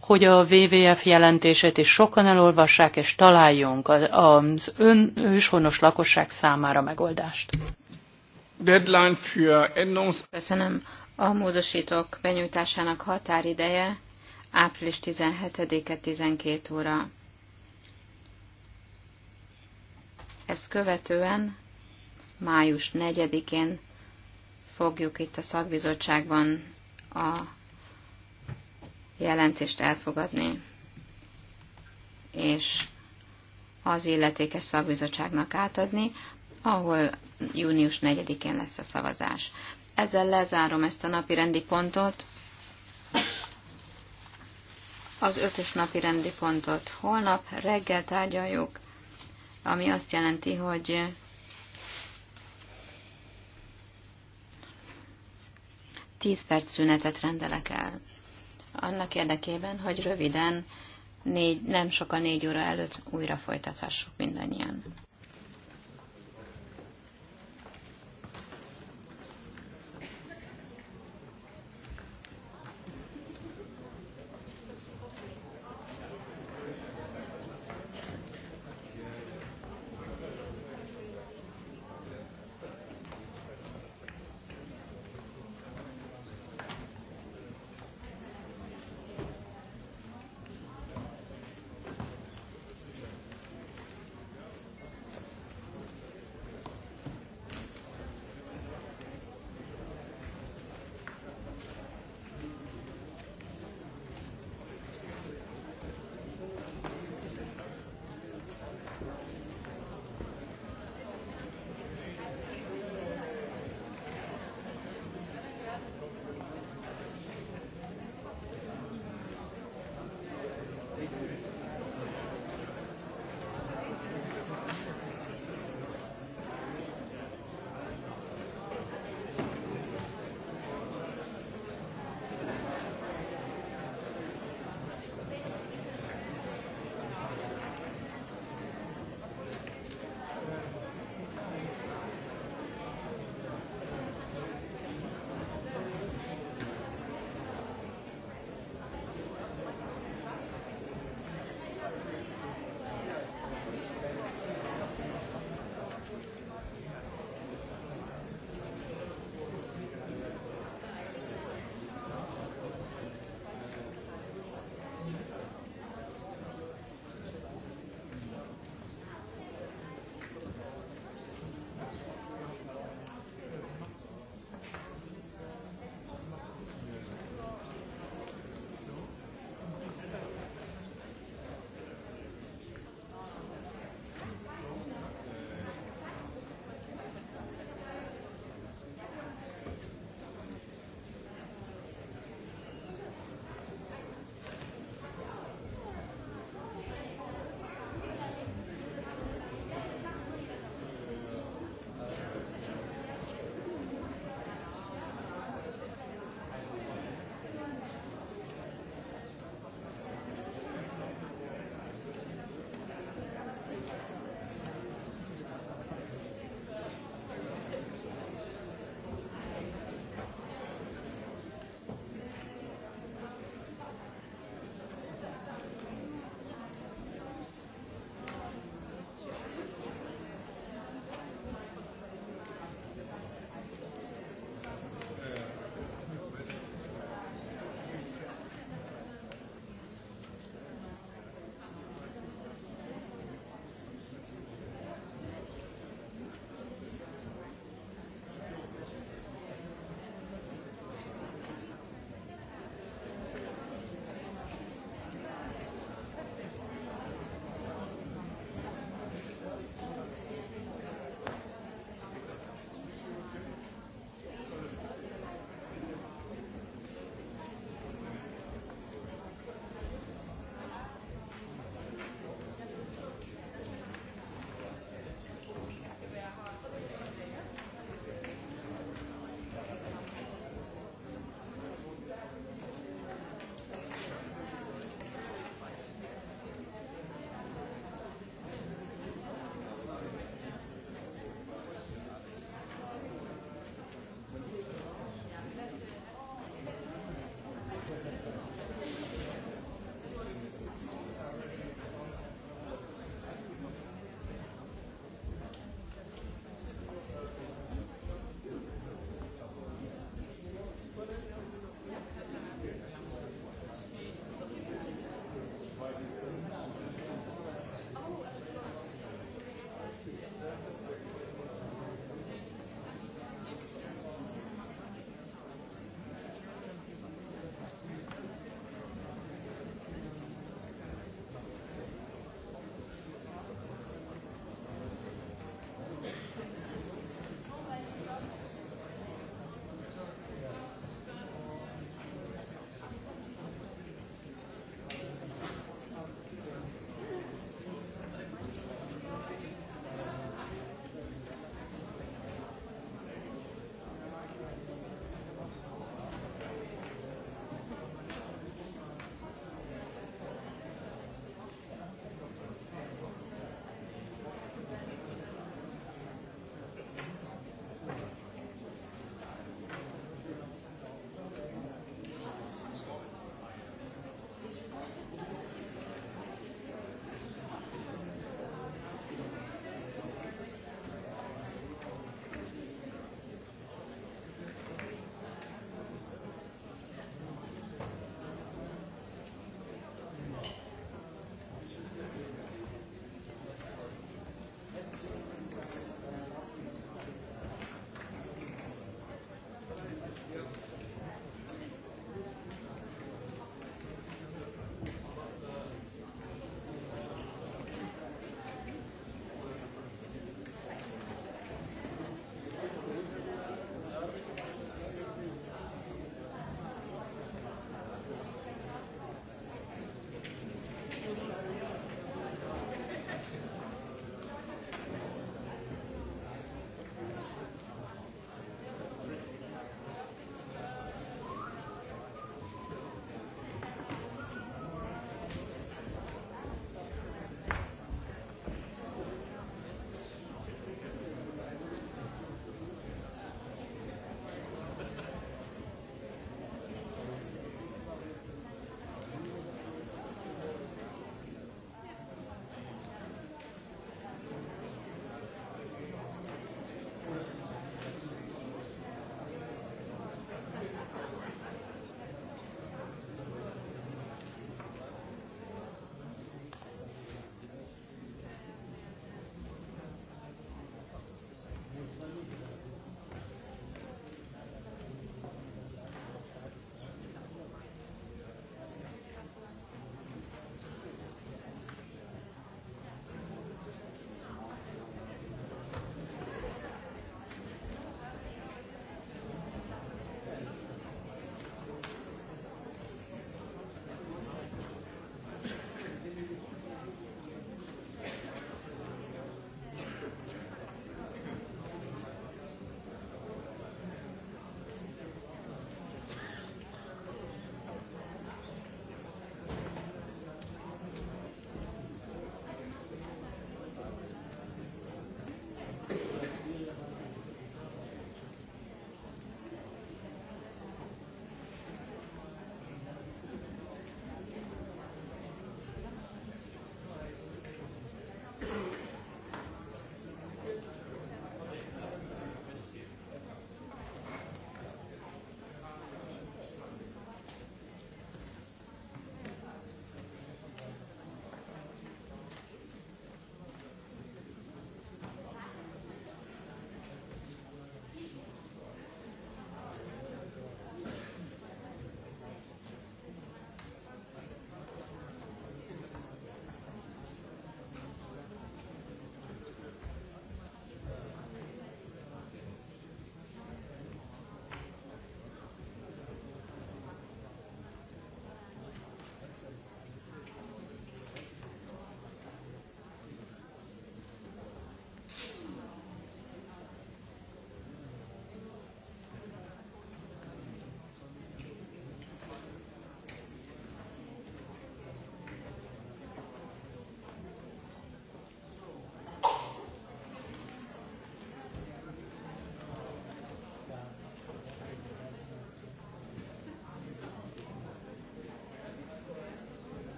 hogy a WWF jelentését is sokan elolvassák, és találjunk az ön őshonos lakosság számára megoldást. Deadline für Änderungs... Köszönöm. A módosítók benyújtásának határideje április 17-e 12 óra. Ezt követően május 4-én fogjuk itt a szakbizottságban a jelentést elfogadni, és az illetékes szakbizottságnak átadni, ahol június 4-én lesz a szavazás. Ezzel lezárom ezt a napi rendi pontot. Az ötös napi rendi pontot holnap reggel tárgyaljuk, ami azt jelenti, hogy 10 perc szünetet rendelek el. Annak érdekében, hogy röviden, négy, nem sokan négy óra előtt újra folytathassuk mindannyian.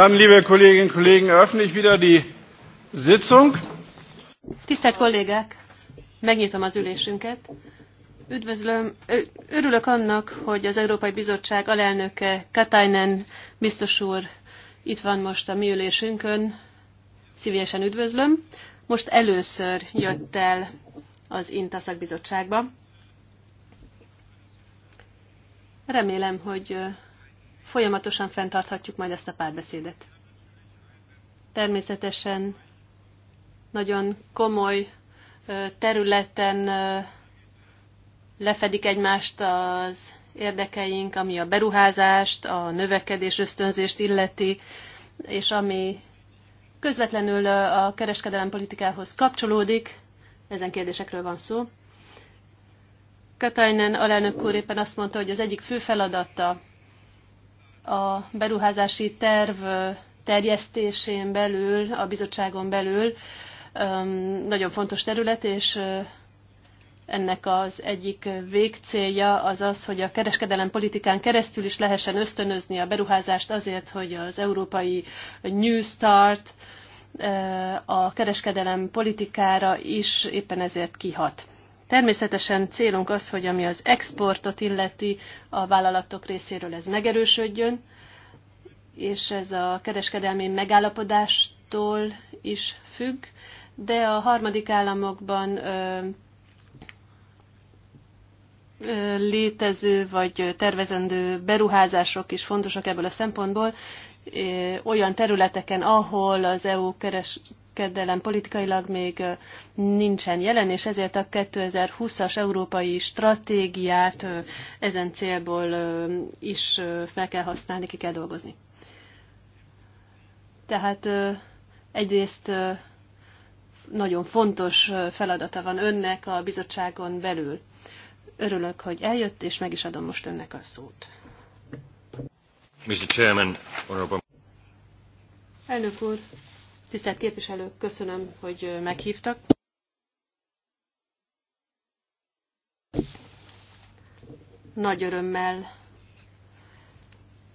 Dann, liebe Kolleginnen und Kollegen, eröffne ich wieder die Sitzung. Tisztelt kollégák, megnyitom az ülésünket. Üdvözlöm, örülök annak, hogy az Európai Bizottság alelnöke Katainen biztos úr itt van most a mi ülésünkön. Szívesen üdvözlöm. Most először jött el az INTA szakbizottságba. Remélem, hogy folyamatosan fenntarthatjuk majd ezt a párbeszédet. Természetesen nagyon komoly területen lefedik egymást az érdekeink, ami a beruházást, a növekedés ösztönzést illeti, és ami közvetlenül a politikához kapcsolódik, ezen kérdésekről van szó. Katajnen alelnök úr éppen azt mondta, hogy az egyik fő feladata a beruházási terv terjesztésén belül, a bizottságon belül nagyon fontos terület, és ennek az egyik végcélja az az, hogy a kereskedelem politikán keresztül is lehessen ösztönözni a beruházást azért, hogy az európai New Start a kereskedelem politikára is éppen ezért kihat. Természetesen célunk az, hogy ami az exportot illeti a vállalatok részéről ez megerősödjön, és ez a kereskedelmi megállapodástól is függ, de a harmadik államokban ö, ö, létező vagy tervezendő beruházások is fontosak ebből a szempontból, olyan területeken, ahol az EU keres, kereskedelem politikailag még nincsen jelen, és ezért a 2020-as európai stratégiát ezen célból is fel kell használni, ki kell dolgozni. Tehát egyrészt nagyon fontos feladata van önnek a bizottságon belül. Örülök, hogy eljött, és meg is adom most önnek a szót. Mr. Chairman, Honorable Elnök úr, Tisztelt képviselők, köszönöm, hogy meghívtak. Nagy örömmel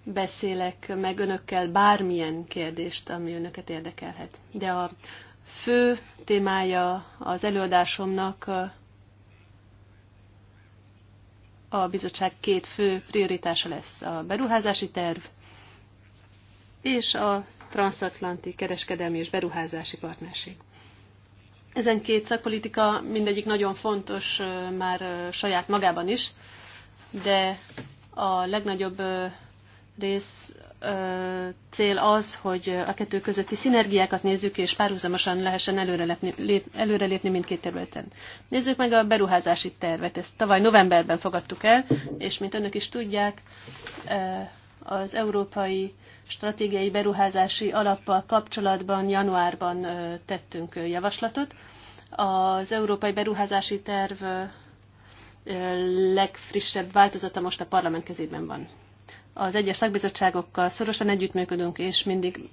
beszélek meg önökkel bármilyen kérdést, ami önöket érdekelhet. De a fő témája az előadásomnak a bizottság két fő prioritása lesz. A beruházási terv és a transatlanti kereskedelmi és beruházási partnerség. Ezen két szakpolitika mindegyik nagyon fontos már saját magában is, de a legnagyobb rész cél az, hogy a kettő közötti szinergiákat nézzük, és párhuzamosan lehessen előrelépni, lép, előrelépni mindkét területen. Nézzük meg a beruházási tervet. Ezt tavaly novemberben fogadtuk el, és mint önök is tudják, az Európai stratégiai beruházási alappal kapcsolatban januárban tettünk javaslatot. Az Európai Beruházási Terv legfrissebb változata most a parlament kezében van. Az egyes szakbizottságokkal szorosan együttműködünk, és mindig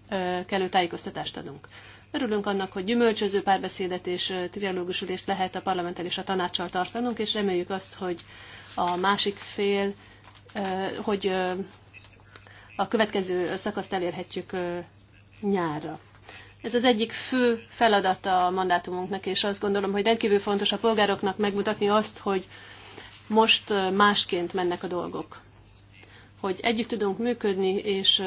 kellő tájékoztatást adunk. Örülünk annak, hogy gyümölcsöző párbeszédet és trialógusülést lehet a parlamenttel és a tanácssal tartanunk, és reméljük azt, hogy a másik fél, hogy a következő szakaszt elérhetjük nyárra. Ez az egyik fő feladata a mandátumunknak, és azt gondolom, hogy rendkívül fontos a polgároknak megmutatni azt, hogy most másként mennek a dolgok. Hogy együtt tudunk működni, és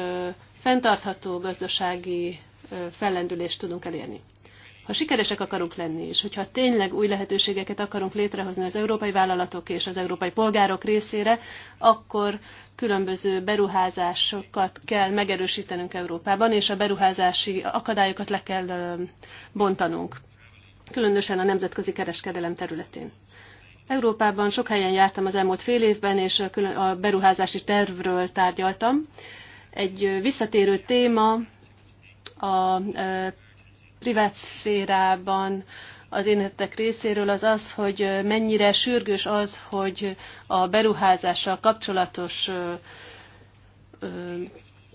fenntartható gazdasági fellendülést tudunk elérni. Ha sikeresek akarunk lenni, és hogyha tényleg új lehetőségeket akarunk létrehozni az európai vállalatok és az európai polgárok részére, akkor különböző beruházásokat kell megerősítenünk Európában, és a beruházási akadályokat le kell bontanunk, különösen a nemzetközi kereskedelem területén. Európában sok helyen jártam az elmúlt fél évben, és a beruházási tervről tárgyaltam. Egy visszatérő téma a privát szférában az érintettek részéről az az, hogy mennyire sürgős az, hogy a beruházással kapcsolatos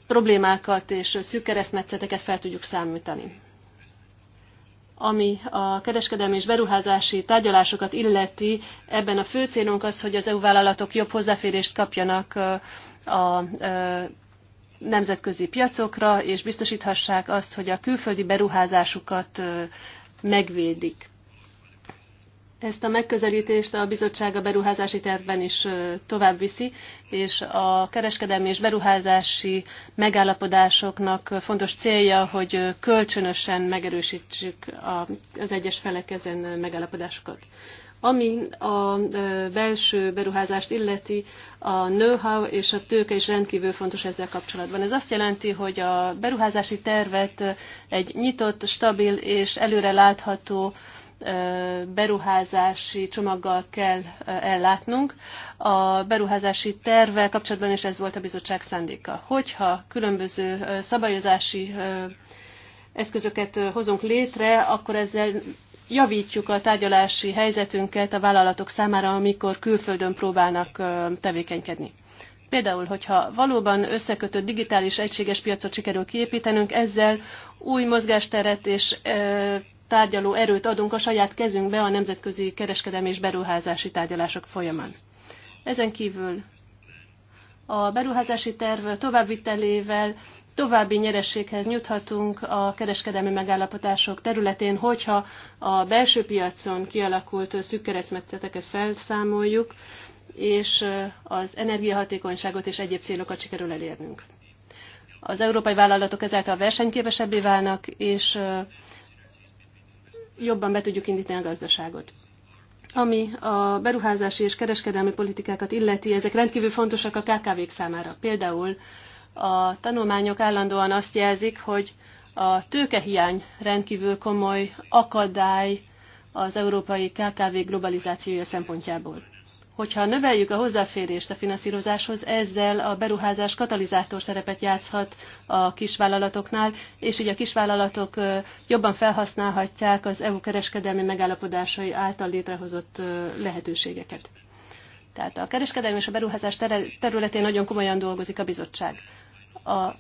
problémákat és szűk keresztmetszeteket fel tudjuk számítani. Ami a kereskedelmi és beruházási tárgyalásokat illeti, ebben a fő célunk az, hogy az EU vállalatok jobb hozzáférést kapjanak a nemzetközi piacokra, és biztosíthassák azt, hogy a külföldi beruházásukat megvédik. Ezt a megközelítést a bizottság a beruházási tervben is tovább viszi, és a kereskedelmi és beruházási megállapodásoknak fontos célja, hogy kölcsönösen megerősítsük az egyes felek ezen megállapodásokat. Ami a belső beruházást illeti, a know-how és a tőke is rendkívül fontos ezzel kapcsolatban. Ez azt jelenti, hogy a beruházási tervet egy nyitott, stabil és előre látható beruházási csomaggal kell ellátnunk. A beruházási tervvel kapcsolatban is ez volt a bizottság szándéka. Hogyha különböző szabályozási eszközöket hozunk létre, akkor ezzel javítjuk a tárgyalási helyzetünket a vállalatok számára, amikor külföldön próbálnak tevékenykedni. Például, hogyha valóban összekötött digitális egységes piacot sikerül kiépítenünk, ezzel új mozgásteret és tárgyaló erőt adunk a saját kezünkbe a nemzetközi kereskedelmi és beruházási tárgyalások folyamán. Ezen kívül a beruházási terv továbbvitelével további nyerességhez juthatunk a kereskedelmi megállapodások területén, hogyha a belső piacon kialakult szűk keresztmetszeteket felszámoljuk, és az energiahatékonyságot és egyéb célokat sikerül elérnünk. Az európai vállalatok ezáltal versenyképesebbé válnak, és jobban be tudjuk indítani a gazdaságot. Ami a beruházási és kereskedelmi politikákat illeti, ezek rendkívül fontosak a KKV-k számára. Például a tanulmányok állandóan azt jelzik, hogy a tőkehiány rendkívül komoly akadály az európai KKV globalizációja szempontjából. Hogyha növeljük a hozzáférést a finanszírozáshoz, ezzel a beruházás katalizátor szerepet játszhat a kisvállalatoknál, és így a kisvállalatok jobban felhasználhatják az EU kereskedelmi megállapodásai által létrehozott lehetőségeket. Tehát a kereskedelmi és a beruházás területén nagyon komolyan dolgozik a bizottság a,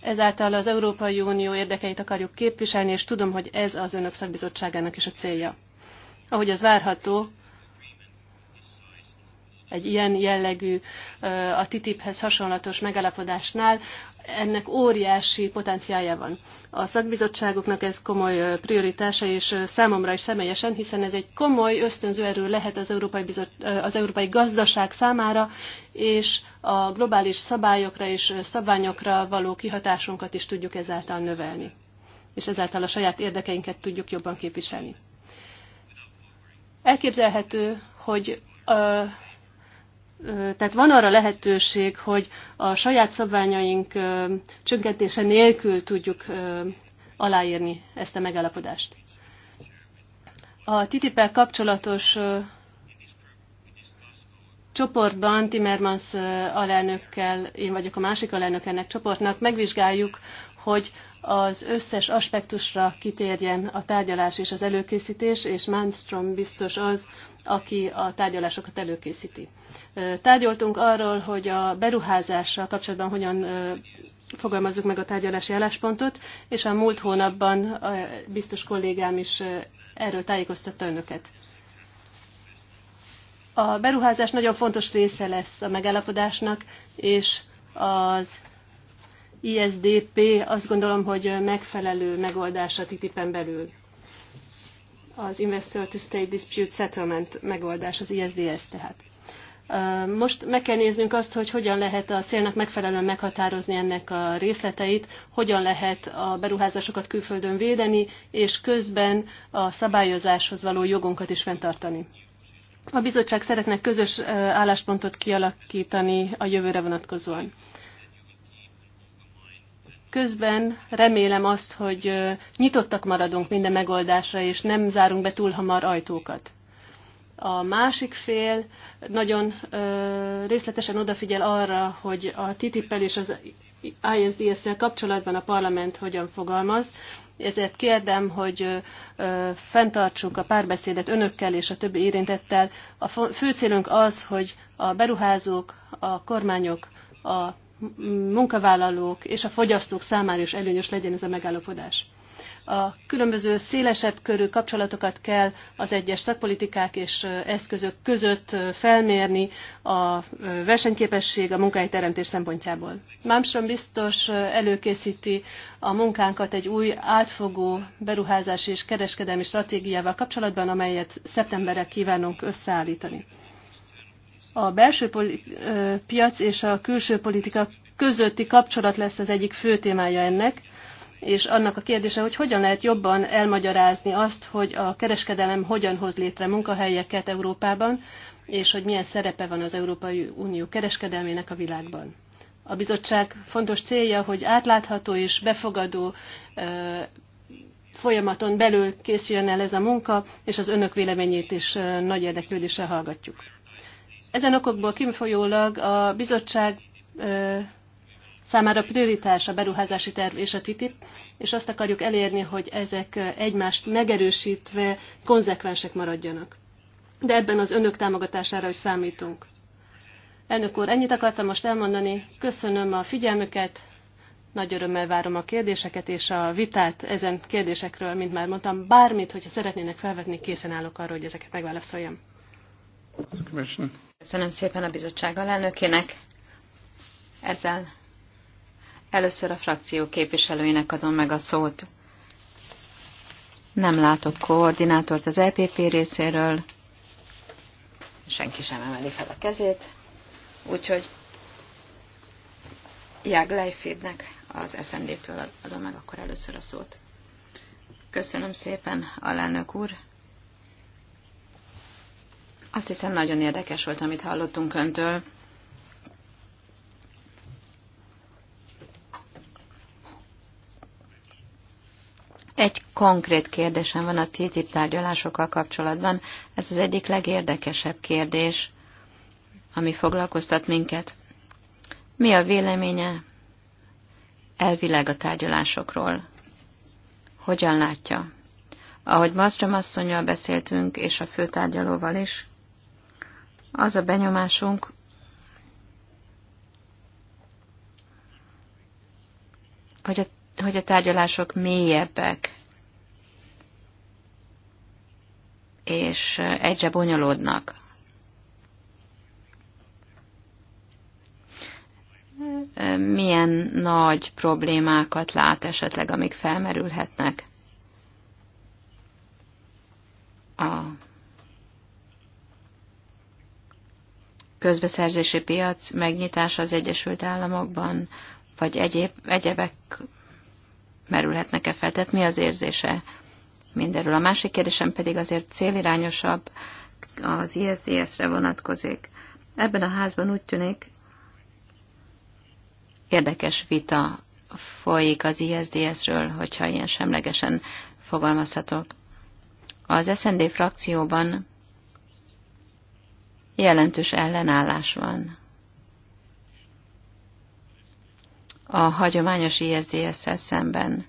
ezáltal az Európai Unió érdekeit akarjuk képviselni, és tudom, hogy ez az önök szakbizottságának is a célja. Ahogy az várható, egy ilyen jellegű, a TTIP-hez hasonlatos megállapodásnál, ennek óriási potenciálja van. A szakbizottságoknak ez komoly prioritása, és számomra is személyesen, hiszen ez egy komoly ösztönző erő lehet az európai, az európai gazdaság számára, és a globális szabályokra és szabványokra való kihatásunkat is tudjuk ezáltal növelni, és ezáltal a saját érdekeinket tudjuk jobban képviselni. Elképzelhető, hogy tehát van arra lehetőség, hogy a saját szabványaink csökkentése nélkül tudjuk aláírni ezt a megállapodást. A ttip kapcsolatos csoportban Timmermans alelnökkel, én vagyok a másik alelnök ennek csoportnak, megvizsgáljuk, hogy az összes aspektusra kitérjen a tárgyalás és az előkészítés, és Manstrom biztos az, aki a tárgyalásokat előkészíti. Tárgyaltunk arról, hogy a beruházással kapcsolatban hogyan fogalmazzuk meg a tárgyalási álláspontot, és a múlt hónapban a biztos kollégám is erről tájékoztatta önöket. A beruházás nagyon fontos része lesz a megállapodásnak, és az ISDP azt gondolom, hogy megfelelő a TTIP-en belül az Investor to State Dispute Settlement megoldás, az ISDS tehát. Most meg kell néznünk azt, hogy hogyan lehet a célnak megfelelően meghatározni ennek a részleteit, hogyan lehet a beruházásokat külföldön védeni, és közben a szabályozáshoz való jogunkat is fenntartani. A bizottság szeretne közös álláspontot kialakítani a jövőre vonatkozóan. Közben remélem azt, hogy nyitottak maradunk minden megoldásra, és nem zárunk be túl hamar ajtókat. A másik fél nagyon részletesen odafigyel arra, hogy a TTIP-el és az ISDS-szel kapcsolatban a parlament hogyan fogalmaz, ezért kérdem, hogy fenntartsuk a párbeszédet önökkel és a többi érintettel. A fő célunk az, hogy a beruházók, a kormányok, a munkavállalók és a fogyasztók számára is előnyös legyen ez a megállapodás. A különböző szélesebb körű kapcsolatokat kell az egyes szakpolitikák és eszközök között felmérni a versenyképesség, a munkahelyteremtés szempontjából. Mámström biztos előkészíti a munkánkat egy új átfogó beruházási és kereskedelmi stratégiával kapcsolatban, amelyet szeptemberre kívánunk összeállítani a belső piac és a külső politika közötti kapcsolat lesz az egyik fő témája ennek, és annak a kérdése, hogy hogyan lehet jobban elmagyarázni azt, hogy a kereskedelem hogyan hoz létre munkahelyeket Európában, és hogy milyen szerepe van az Európai Unió kereskedelmének a világban. A bizottság fontos célja, hogy átlátható és befogadó folyamaton belül készüljön el ez a munka, és az önök véleményét is nagy érdeklődéssel hallgatjuk. Ezen okokból kifolyólag a bizottság számára prioritás a beruházási terv és a TTIP, és azt akarjuk elérni, hogy ezek egymást megerősítve konzekvensek maradjanak. De ebben az önök támogatására is számítunk. Elnök úr, ennyit akartam most elmondani. Köszönöm a figyelmüket, nagy örömmel várom a kérdéseket és a vitát ezen kérdésekről, mint már mondtam. Bármit, hogyha szeretnének felvetni, készen állok arra, hogy ezeket megválaszoljam. Köszönöm. Köszönöm szépen a bizottság alelnökének. Ezzel először a frakció képviselőinek adom meg a szót. Nem látok koordinátort az EPP részéről. Senki sem emeli fel a kezét. Úgyhogy Jág Leifidnek az SND-től adom meg akkor először a szót. Köszönöm szépen, alelnök úr. Azt hiszem, nagyon érdekes volt, amit hallottunk öntől. Egy konkrét kérdésem van a TTIP tárgyalásokkal kapcsolatban. Ez az egyik legérdekesebb kérdés, ami foglalkoztat minket. Mi a véleménye elvileg a tárgyalásokról? Hogyan látja? Ahogy Mastrom asszonyjal beszéltünk, és a főtárgyalóval is, az a benyomásunk, hogy a, hogy a tárgyalások mélyebbek, és egyre bonyolódnak. Milyen nagy problémákat lát esetleg, amik felmerülhetnek a közbeszerzési piac megnyitása az Egyesült Államokban, vagy egyéb, egyebek merülhetnek-e fel? Tehát mi az érzése mindenről? A másik kérdésem pedig azért célirányosabb, az ISDS-re vonatkozik. Ebben a házban úgy tűnik, érdekes vita folyik az ISDS-ről, hogyha ilyen semlegesen fogalmazhatok. Az SND frakcióban jelentős ellenállás van. a hagyományos ISDS-szel szemben,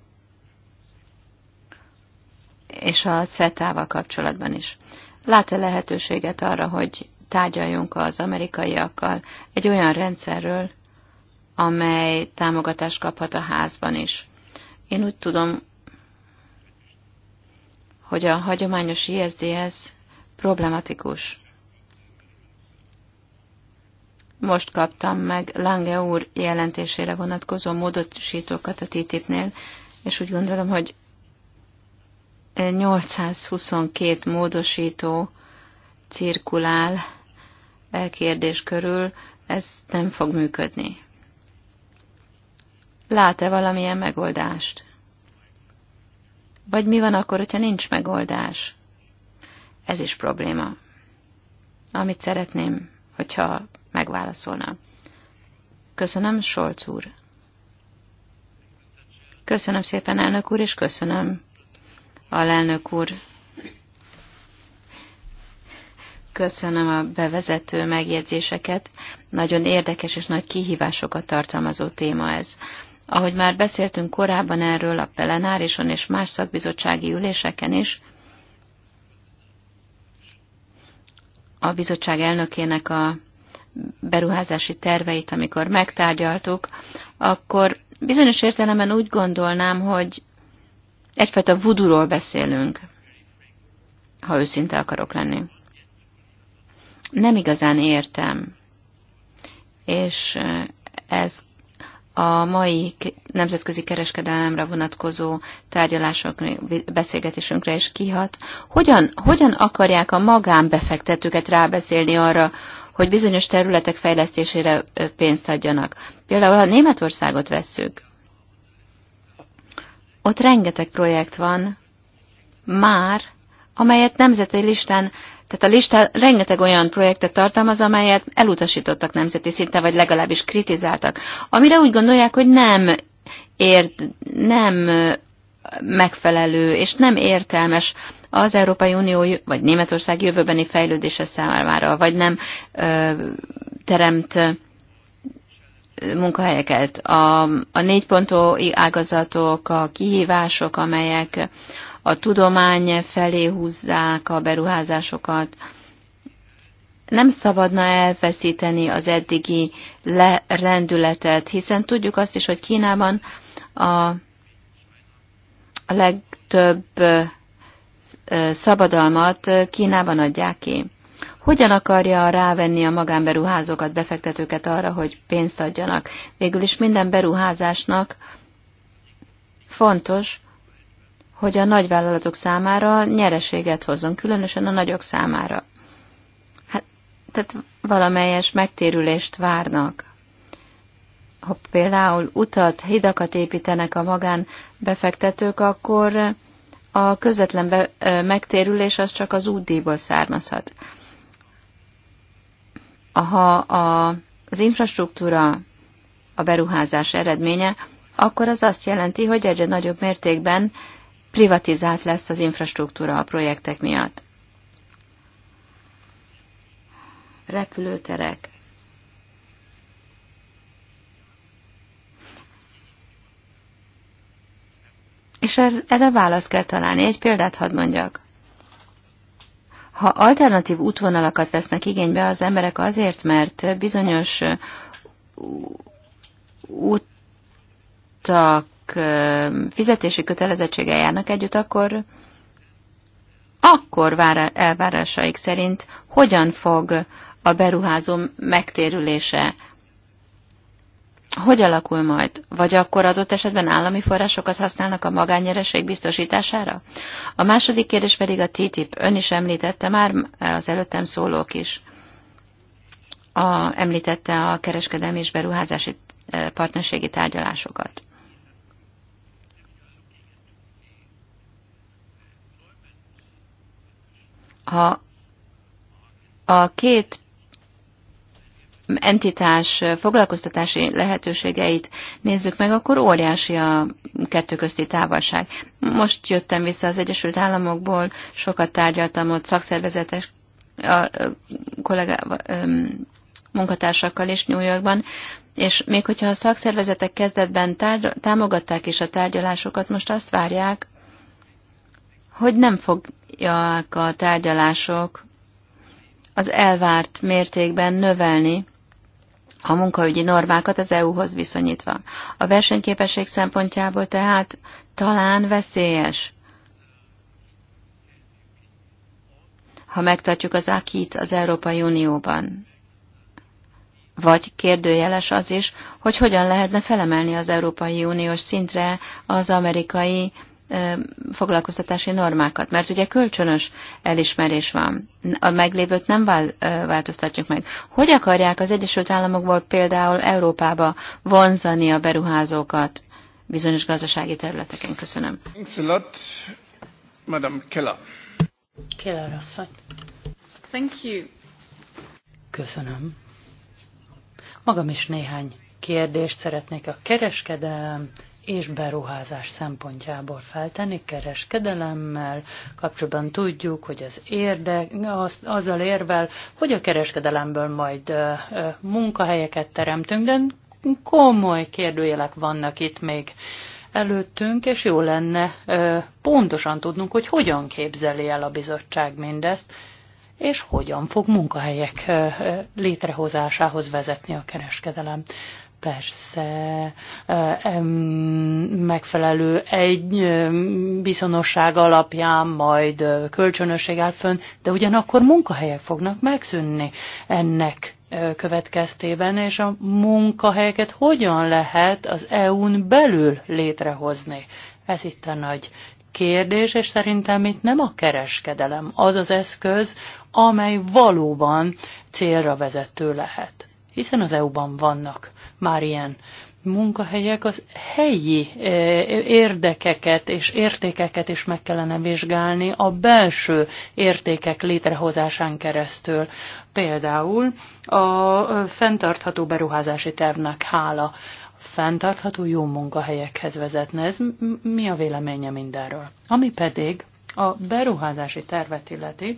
és a CETA-val kapcsolatban is. Lát-e lehetőséget arra, hogy tárgyaljunk az amerikaiakkal egy olyan rendszerről, amely támogatást kaphat a házban is? Én úgy tudom, hogy a hagyományos ISDS problematikus. Most kaptam meg Lange úr jelentésére vonatkozó módosítókat a TTIP-nél, és úgy gondolom, hogy 822 módosító cirkulál e kérdés körül, ez nem fog működni. Lát-e valamilyen megoldást? Vagy mi van akkor, hogyha nincs megoldás? Ez is probléma, amit szeretném, hogyha megválaszolna. Köszönöm, Solc úr. Köszönöm szépen, elnök úr, és köszönöm, alelnök úr. Köszönöm a bevezető megjegyzéseket. Nagyon érdekes és nagy kihívásokat tartalmazó téma ez. Ahogy már beszéltünk korábban erről a pelenárison és más szakbizottsági üléseken is, a bizottság elnökének a beruházási terveit, amikor megtárgyaltuk, akkor bizonyos értelemben úgy gondolnám, hogy egyfajta vuduról beszélünk, ha őszinte akarok lenni. Nem igazán értem, és ez a mai nemzetközi kereskedelemre vonatkozó tárgyalások, beszélgetésünkre is kihat. Hogyan, hogyan akarják a magánbefektetőket rábeszélni arra, hogy bizonyos területek fejlesztésére pénzt adjanak. Például, ha Németországot vesszük, ott rengeteg projekt van már, amelyet nemzeti listán, tehát a lista rengeteg olyan projektet tartalmaz, amelyet elutasítottak nemzeti szinten, vagy legalábbis kritizáltak, amire úgy gondolják, hogy nem ért, nem megfelelő és nem értelmes az Európai Unió vagy Németország jövőbeni fejlődése számára, vagy nem teremt munkahelyeket. A, a pontó ágazatok, a kihívások, amelyek a tudomány felé húzzák a beruházásokat, nem szabadna elveszíteni az eddigi lerendületet rendületet, hiszen tudjuk azt is, hogy Kínában a, a legtöbb szabadalmat Kínában adják ki. Hogyan akarja rávenni a magánberuházókat, befektetőket arra, hogy pénzt adjanak? Végül is minden beruházásnak fontos, hogy a nagyvállalatok számára nyereséget hozzon, különösen a nagyok számára. Hát, tehát valamelyes megtérülést várnak. Ha például utat, hidakat építenek a magánbefektetők, akkor a közvetlen be, megtérülés az csak az útdíjból származhat. Ha a, az infrastruktúra a beruházás eredménye, akkor az azt jelenti, hogy egyre nagyobb mértékben privatizált lesz az infrastruktúra a projektek miatt. Repülőterek. és er, erre választ kell találni. Egy példát hadd mondjak. Ha alternatív útvonalakat vesznek igénybe az emberek azért, mert bizonyos utak fizetési kötelezettséggel járnak együtt, akkor akkor elvárásaik szerint hogyan fog a beruházó megtérülése hogy alakul majd? Vagy akkor adott esetben állami forrásokat használnak a magánnyereség biztosítására? A második kérdés pedig a TTIP. Ön is említette már, az előttem szólók is. A, említette a kereskedelmi és beruházási e, partnerségi tárgyalásokat. Ha a két entitás foglalkoztatási lehetőségeit nézzük meg, akkor óriási a kettő közti távolság. Most jöttem vissza az Egyesült Államokból, sokat tárgyaltam ott szakszervezetes a, a, munkatársakkal is New Yorkban, és még hogyha a szakszervezetek kezdetben tárgy, támogatták is a tárgyalásokat, most azt várják, hogy nem fogják a tárgyalások az elvárt mértékben növelni a munkaügyi normákat az EU-hoz viszonyítva. A versenyképesség szempontjából tehát talán veszélyes, ha megtartjuk az akit az Európai Unióban. Vagy kérdőjeles az is, hogy hogyan lehetne felemelni az Európai Uniós szintre az amerikai foglalkoztatási normákat, mert ugye kölcsönös elismerés van. A meglévőt nem vál, változtatjuk meg. Hogy akarják az Egyesült Államokból például Európába vonzani a beruházókat bizonyos gazdasági területeken? Köszönöm. Lot, Madam Keller. Keller asszony. Thank you. Köszönöm. Magam is néhány kérdést szeretnék a kereskedelem és beruházás szempontjából feltenni kereskedelemmel kapcsolatban tudjuk, hogy az érdek az, azzal érvel, hogy a kereskedelemből majd ö, ö, munkahelyeket teremtünk, de komoly kérdőjelek vannak itt még előttünk, és jó lenne ö, pontosan tudnunk, hogy hogyan képzeli el a bizottság mindezt, és hogyan fog munkahelyek létrehozásához vezetni a kereskedelem persze megfelelő egy bizonyosság alapján majd kölcsönösség áll fönn, de ugyanakkor munkahelyek fognak megszűnni ennek következtében, és a munkahelyeket hogyan lehet az EU-n belül létrehozni. Ez itt a nagy kérdés, és szerintem itt nem a kereskedelem az az eszköz, amely valóban célra vezető lehet. Hiszen az EU-ban vannak már ilyen munkahelyek, az helyi eh, érdekeket és értékeket is meg kellene vizsgálni a belső értékek létrehozásán keresztül. Például a eh, fenntartható beruházási tervnek hála fenntartható jó munkahelyekhez vezetne. Ez mi a véleménye mindenről? Ami pedig a beruházási tervet illeti,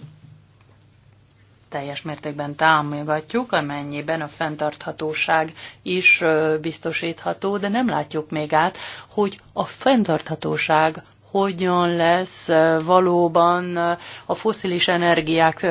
teljes mértékben támogatjuk, amennyiben a fenntarthatóság is biztosítható, de nem látjuk még át, hogy a fenntarthatóság hogyan lesz valóban a foszilis energiák,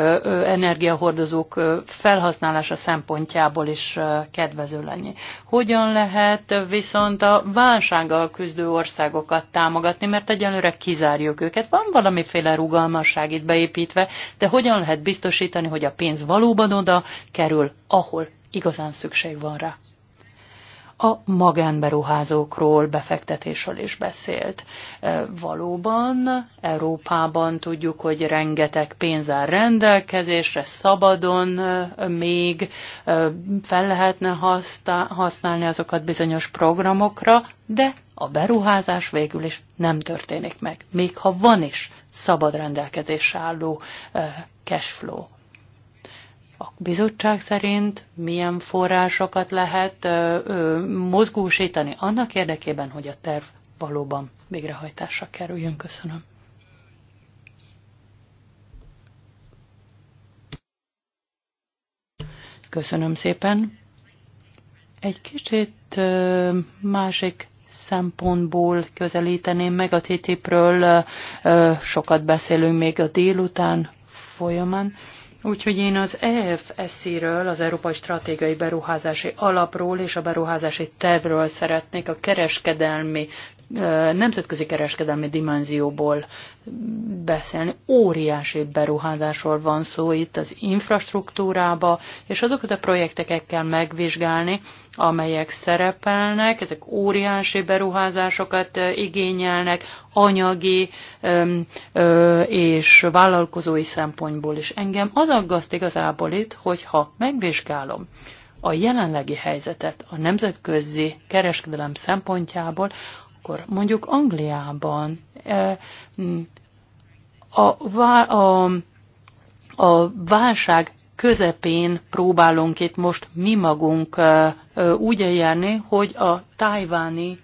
energiahordozók felhasználása szempontjából is kedvező lenni. Hogyan lehet viszont a válsággal küzdő országokat támogatni, mert egyelőre kizárjuk őket. Van valamiféle rugalmasság itt beépítve, de hogyan lehet biztosítani, hogy a pénz valóban oda kerül, ahol igazán szükség van rá? a magánberuházókról, befektetésről is beszélt. E, valóban Európában tudjuk, hogy rengeteg pénz áll rendelkezésre, szabadon e, még e, fel lehetne használni azokat bizonyos programokra, de a beruházás végül is nem történik meg, még ha van is szabad rendelkezésre álló cashflow a bizottság szerint milyen forrásokat lehet ö, ö, mozgósítani annak érdekében, hogy a terv valóban végrehajtásra kerüljön. Köszönöm. Köszönöm szépen. Egy kicsit másik szempontból közelíteném meg a TTIP-ről. Sokat beszélünk még a délután folyamán. Úgyhogy én az EFSZ-ről, az Európai Stratégiai Beruházási Alapról és a beruházási tervről szeretnék a kereskedelmi nemzetközi kereskedelmi dimenzióból beszélni. Óriási beruházásról van szó itt az infrastruktúrába, és azokat a projekteket kell megvizsgálni, amelyek szerepelnek, ezek óriási beruházásokat igényelnek, anyagi és vállalkozói szempontból is. Engem az aggaszt igazából itt, hogyha megvizsgálom, a jelenlegi helyzetet a nemzetközi kereskedelem szempontjából, akkor mondjuk Angliában eh, a, a, a válság közepén próbálunk itt most mi magunk eh, eh, úgy eljárni, hogy a tájváni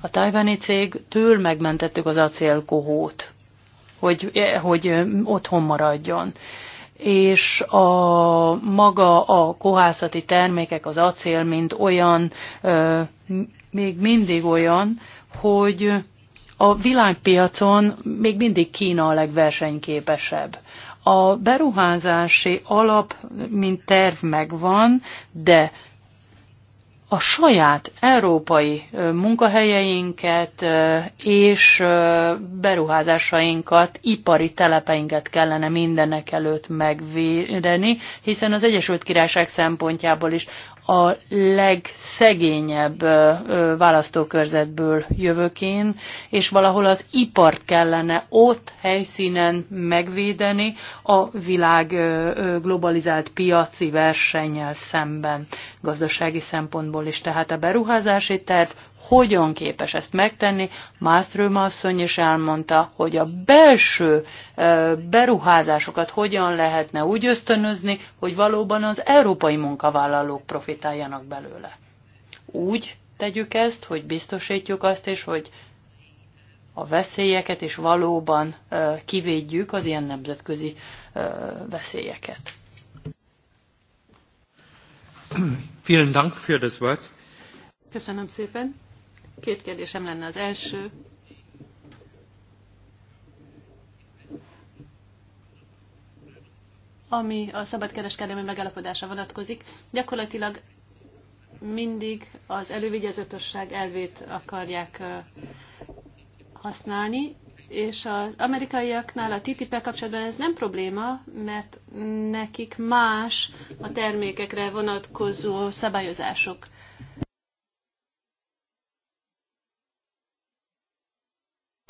a tájváni cégtől megmentettük az acélkohót, hogy, hogy otthon maradjon és a maga a kohászati termékek, az acél, mint olyan, még mindig olyan, hogy a világpiacon még mindig Kína a legversenyképesebb. A beruházási alap, mint terv megvan, de a saját európai munkahelyeinket és beruházásainkat, ipari telepeinket kellene mindenek előtt megvédeni, hiszen az Egyesült Királyság szempontjából is a legszegényebb választókörzetből jövök én, és valahol az ipart kellene ott helyszínen megvédeni a világ globalizált piaci versennyel szemben gazdasági szempontból is. Tehát a beruházási terv hogyan képes ezt megtenni. Mászrőm asszony is elmondta, hogy a belső beruházásokat hogyan lehetne úgy ösztönözni, hogy valóban az európai munkavállalók profitáljanak belőle. Úgy tegyük ezt, hogy biztosítjuk azt is, hogy a veszélyeket, és valóban kivédjük az ilyen nemzetközi veszélyeket. Vielen Dank für das Wort. Köszönöm szépen. Két kérdésem lenne az első. ami a szabadkereskedelmi megállapodása vonatkozik, gyakorlatilag mindig az elővigyázatosság elvét akarják használni, és az amerikaiaknál a ttip kapcsolatban ez nem probléma, mert nekik más a termékekre vonatkozó szabályozások.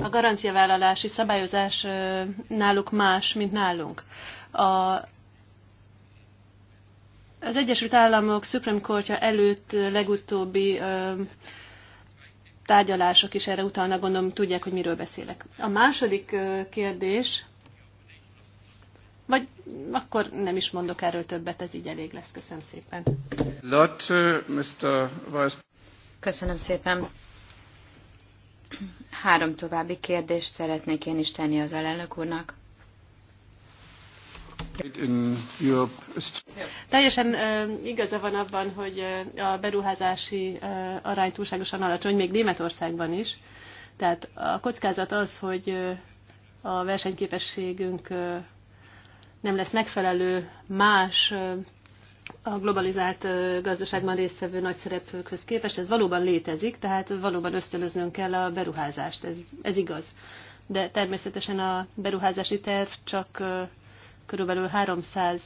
A garanciavállalási szabályozás náluk más, mint nálunk. A az Egyesült Államok Supreme Courtja előtt legutóbbi ö, tárgyalások is erre utalnak, gondolom tudják, hogy miről beszélek. A második ö, kérdés, vagy akkor nem is mondok erről többet, ez így elég lesz. Köszönöm szépen. Köszönöm szépen. Három további kérdést szeretnék én is tenni az alelnök úrnak. Teljesen uh, igaza van abban, hogy uh, a beruházási uh, arány túlságosan alacsony, még Németországban is. Tehát a kockázat az, hogy uh, a versenyképességünk uh, nem lesz megfelelő más uh, a globalizált gazdaságban résztvevő nagy szereplőkhöz képest, ez valóban létezik, tehát valóban ösztönöznünk kell a beruházást, ez, ez igaz. De természetesen a beruházási terv csak körülbelül 300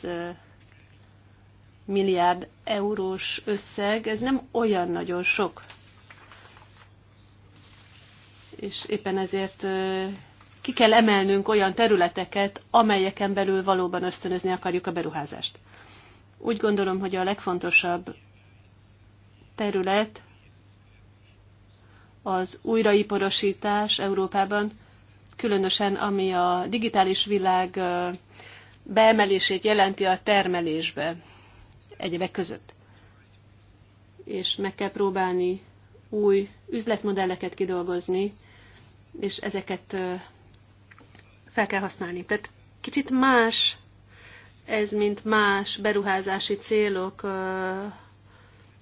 milliárd eurós összeg, ez nem olyan nagyon sok. És éppen ezért ki kell emelnünk olyan területeket, amelyeken belül valóban ösztönözni akarjuk a beruházást. Úgy gondolom, hogy a legfontosabb terület az újraiparosítás Európában, különösen ami a digitális világ beemelését jelenti a termelésbe egyebek között. És meg kell próbálni új üzletmodelleket kidolgozni, és ezeket fel kell használni. Tehát kicsit más ez mint más beruházási célok,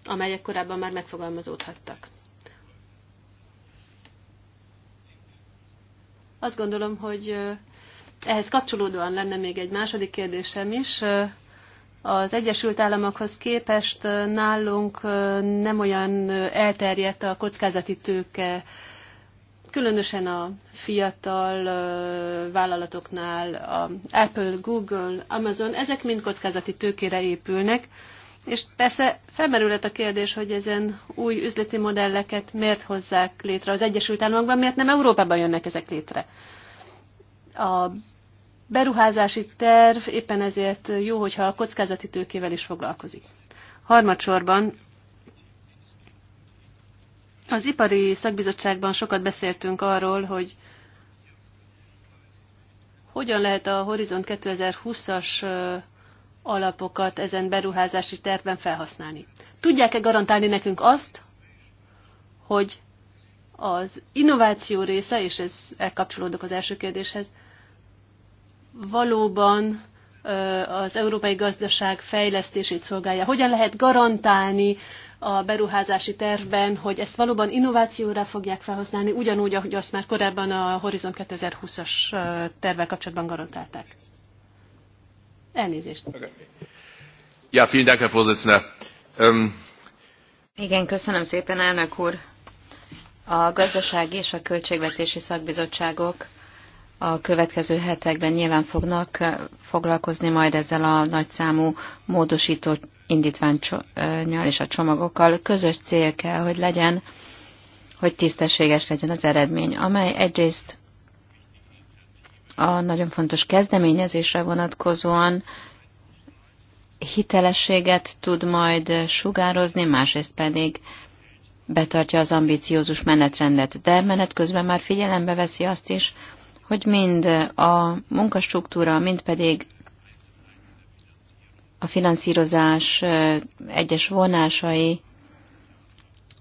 amelyek korábban már megfogalmazódhattak. Azt gondolom, hogy ehhez kapcsolódóan lenne még egy második kérdésem is. Az Egyesült Államokhoz képest nálunk nem olyan elterjedt a kockázati tőke Különösen a fiatal vállalatoknál, a Apple, Google, Amazon, ezek mind kockázati tőkére épülnek, és persze felmerülhet a kérdés, hogy ezen új üzleti modelleket miért hozzák létre az Egyesült Államokban, miért nem Európában jönnek ezek létre. A beruházási terv éppen ezért jó, hogyha a kockázati tőkével is foglalkozik. Harmadsorban az ipari szakbizottságban sokat beszéltünk arról, hogy hogyan lehet a Horizont 2020-as alapokat ezen beruházási tervben felhasználni. Tudják-e garantálni nekünk azt, hogy az innováció része, és ez elkapcsolódok az első kérdéshez, valóban az európai gazdaság fejlesztését szolgálja. Hogyan lehet garantálni a beruházási tervben, hogy ezt valóban innovációra fogják felhasználni, ugyanúgy, ahogy azt már korábban a Horizon 2020-as tervvel kapcsolatban garantálták. Elnézést. Okay. Ja, vielen Dank, Herr Vorsitzender. Um... Igen, köszönöm szépen, elnök úr. A gazdasági és a költségvetési szakbizottságok a következő hetekben nyilván fognak foglalkozni majd ezzel a nagyszámú módosított indítványnyal és a csomagokkal közös cél kell, hogy legyen, hogy tisztességes legyen az eredmény, amely egyrészt a nagyon fontos kezdeményezésre vonatkozóan hitelességet tud majd sugározni, másrészt pedig betartja az ambiciózus menetrendet, de menet közben már figyelembe veszi azt is, hogy mind a munkastruktúra, mind pedig a finanszírozás egyes vonásai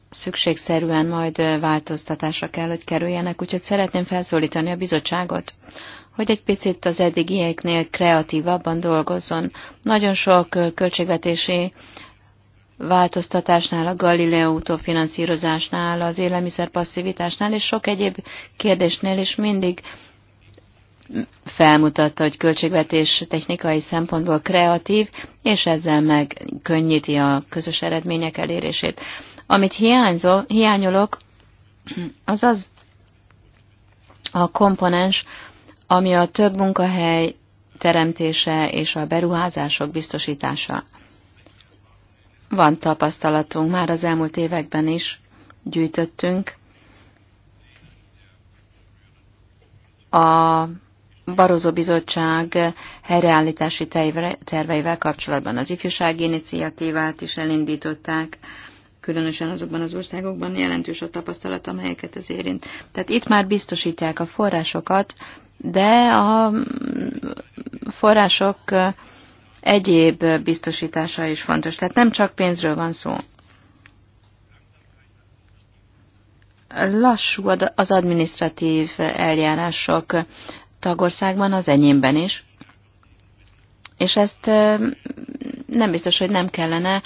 szükségszerűen majd változtatásra kell, hogy kerüljenek, úgyhogy szeretném felszólítani a bizottságot, hogy egy picit az eddigieknél kreatívabban dolgozzon. Nagyon sok költségvetési változtatásnál, a Galileo utófinanszírozásnál, az élelmiszer passzivitásnál és sok egyéb kérdésnél is mindig felmutatta, hogy költségvetés technikai szempontból kreatív, és ezzel meg könnyíti a közös eredmények elérését. Amit hiányzó, hiányolok, az az a komponens, ami a több munkahely teremtése és a beruházások biztosítása. Van tapasztalatunk, már az elmúlt években is gyűjtöttünk. A Barozó Bizottság helyreállítási terveivel kapcsolatban az ifjúsági iniciatívát is elindították, különösen azokban az országokban jelentős a tapasztalat, amelyeket ez érint. Tehát itt már biztosítják a forrásokat, de a mm, források egyéb biztosítása is fontos. Tehát nem csak pénzről van szó. Lassú az adminisztratív eljárások tagországban, az enyémben is. És ezt nem biztos, hogy nem kellene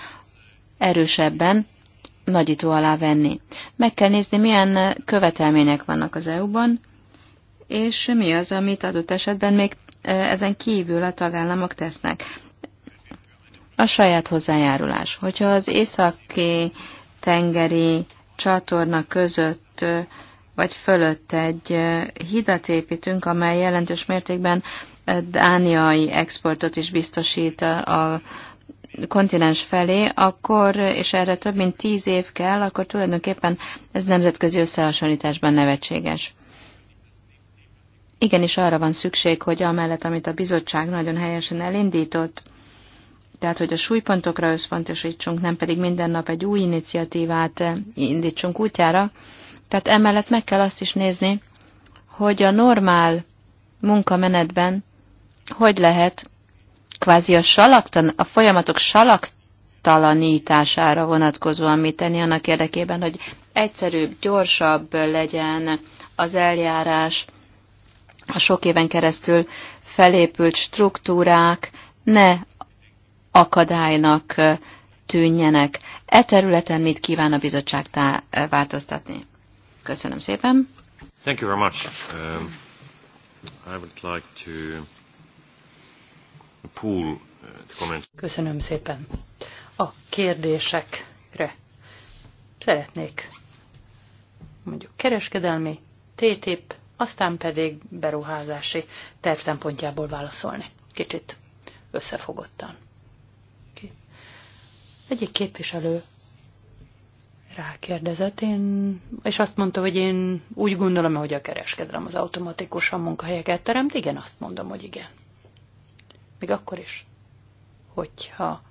erősebben nagyító alá venni. Meg kell nézni, milyen követelmények vannak az EU-ban, és mi az, amit adott esetben még ezen kívül a tagállamok tesznek. A saját hozzájárulás. Hogyha az északi tengeri csatorna között vagy fölött egy hidat építünk, amely jelentős mértékben dániai exportot is biztosít a, a kontinens felé, akkor, és erre több mint tíz év kell, akkor tulajdonképpen ez nemzetközi összehasonlításban nevetséges. Igenis arra van szükség, hogy amellett, amit a bizottság nagyon helyesen elindított, tehát hogy a súlypontokra összpontosítsunk, nem pedig minden nap egy új iniciatívát eh, indítsunk útjára, tehát emellett meg kell azt is nézni, hogy a normál munkamenetben hogy lehet kvázi a, salaktan, a folyamatok salaktalanítására vonatkozóan mit tenni annak érdekében, hogy egyszerűbb, gyorsabb legyen az eljárás, a sok éven keresztül felépült struktúrák ne akadálynak tűnjenek. E területen mit kíván a bizottság tá- változtatni? Köszönöm szépen. Thank you very much. Um, I would like to pool uh, the comments. Köszönöm szépen. A kérdésekre szeretnék mondjuk kereskedelmi, TTIP, aztán pedig beruházási terv szempontjából válaszolni. Kicsit összefogottan. Egyik képviselő rákérdezett, én, és azt mondta, hogy én úgy gondolom, hogy a kereskedelem az automatikusan munkahelyeket teremt. Igen, azt mondom, hogy igen. Még akkor is, hogyha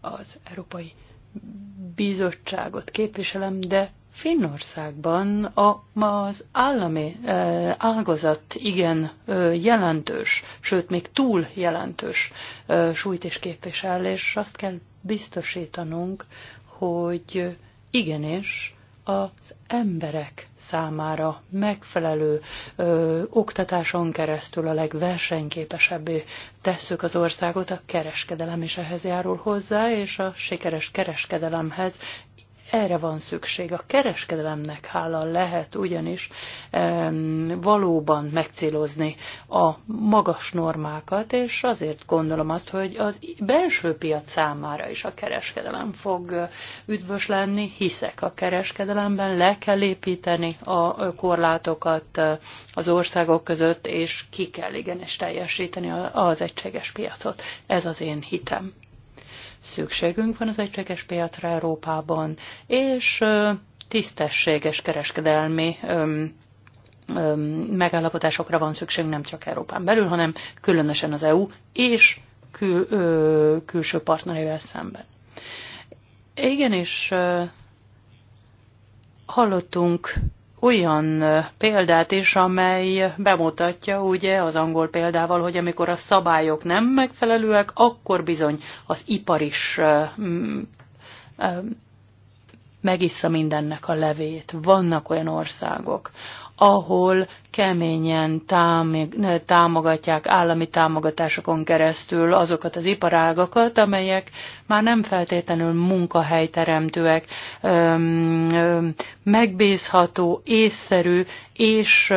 az Európai Bizottságot képviselem, de Finnországban a, ma az állami e, ágazat igen e, jelentős, sőt még túl jelentős e, súlyt és képvisel, és azt kell biztosítanunk, hogy igenis az emberek számára megfelelő ö, oktatáson keresztül a legversenyképesebbé tesszük az országot, a kereskedelem is ehhez járul hozzá, és a sikeres kereskedelemhez erre van szükség. A kereskedelemnek hála lehet ugyanis em, valóban megcélozni a magas normákat, és azért gondolom azt, hogy az belső piac számára is a kereskedelem fog üdvös lenni, hiszek a kereskedelemben, le kell építeni a korlátokat az országok között, és ki kell igenis teljesíteni az egységes piacot. Ez az én hitem. Szükségünk van az egységes piacra Európában, és tisztességes kereskedelmi megállapodásokra van szükség nem csak Európán belül, hanem különösen az EU és kül, ö, külső partnerével szemben. Igen, és ö, hallottunk olyan példát is, amely bemutatja ugye az angol példával, hogy amikor a szabályok nem megfelelőek, akkor bizony az ipar is megissza mindennek a levét. Vannak olyan országok, ahol keményen támogatják állami támogatásokon keresztül azokat az iparágakat, amelyek már nem feltétlenül munkahelyteremtőek, megbízható, észszerű és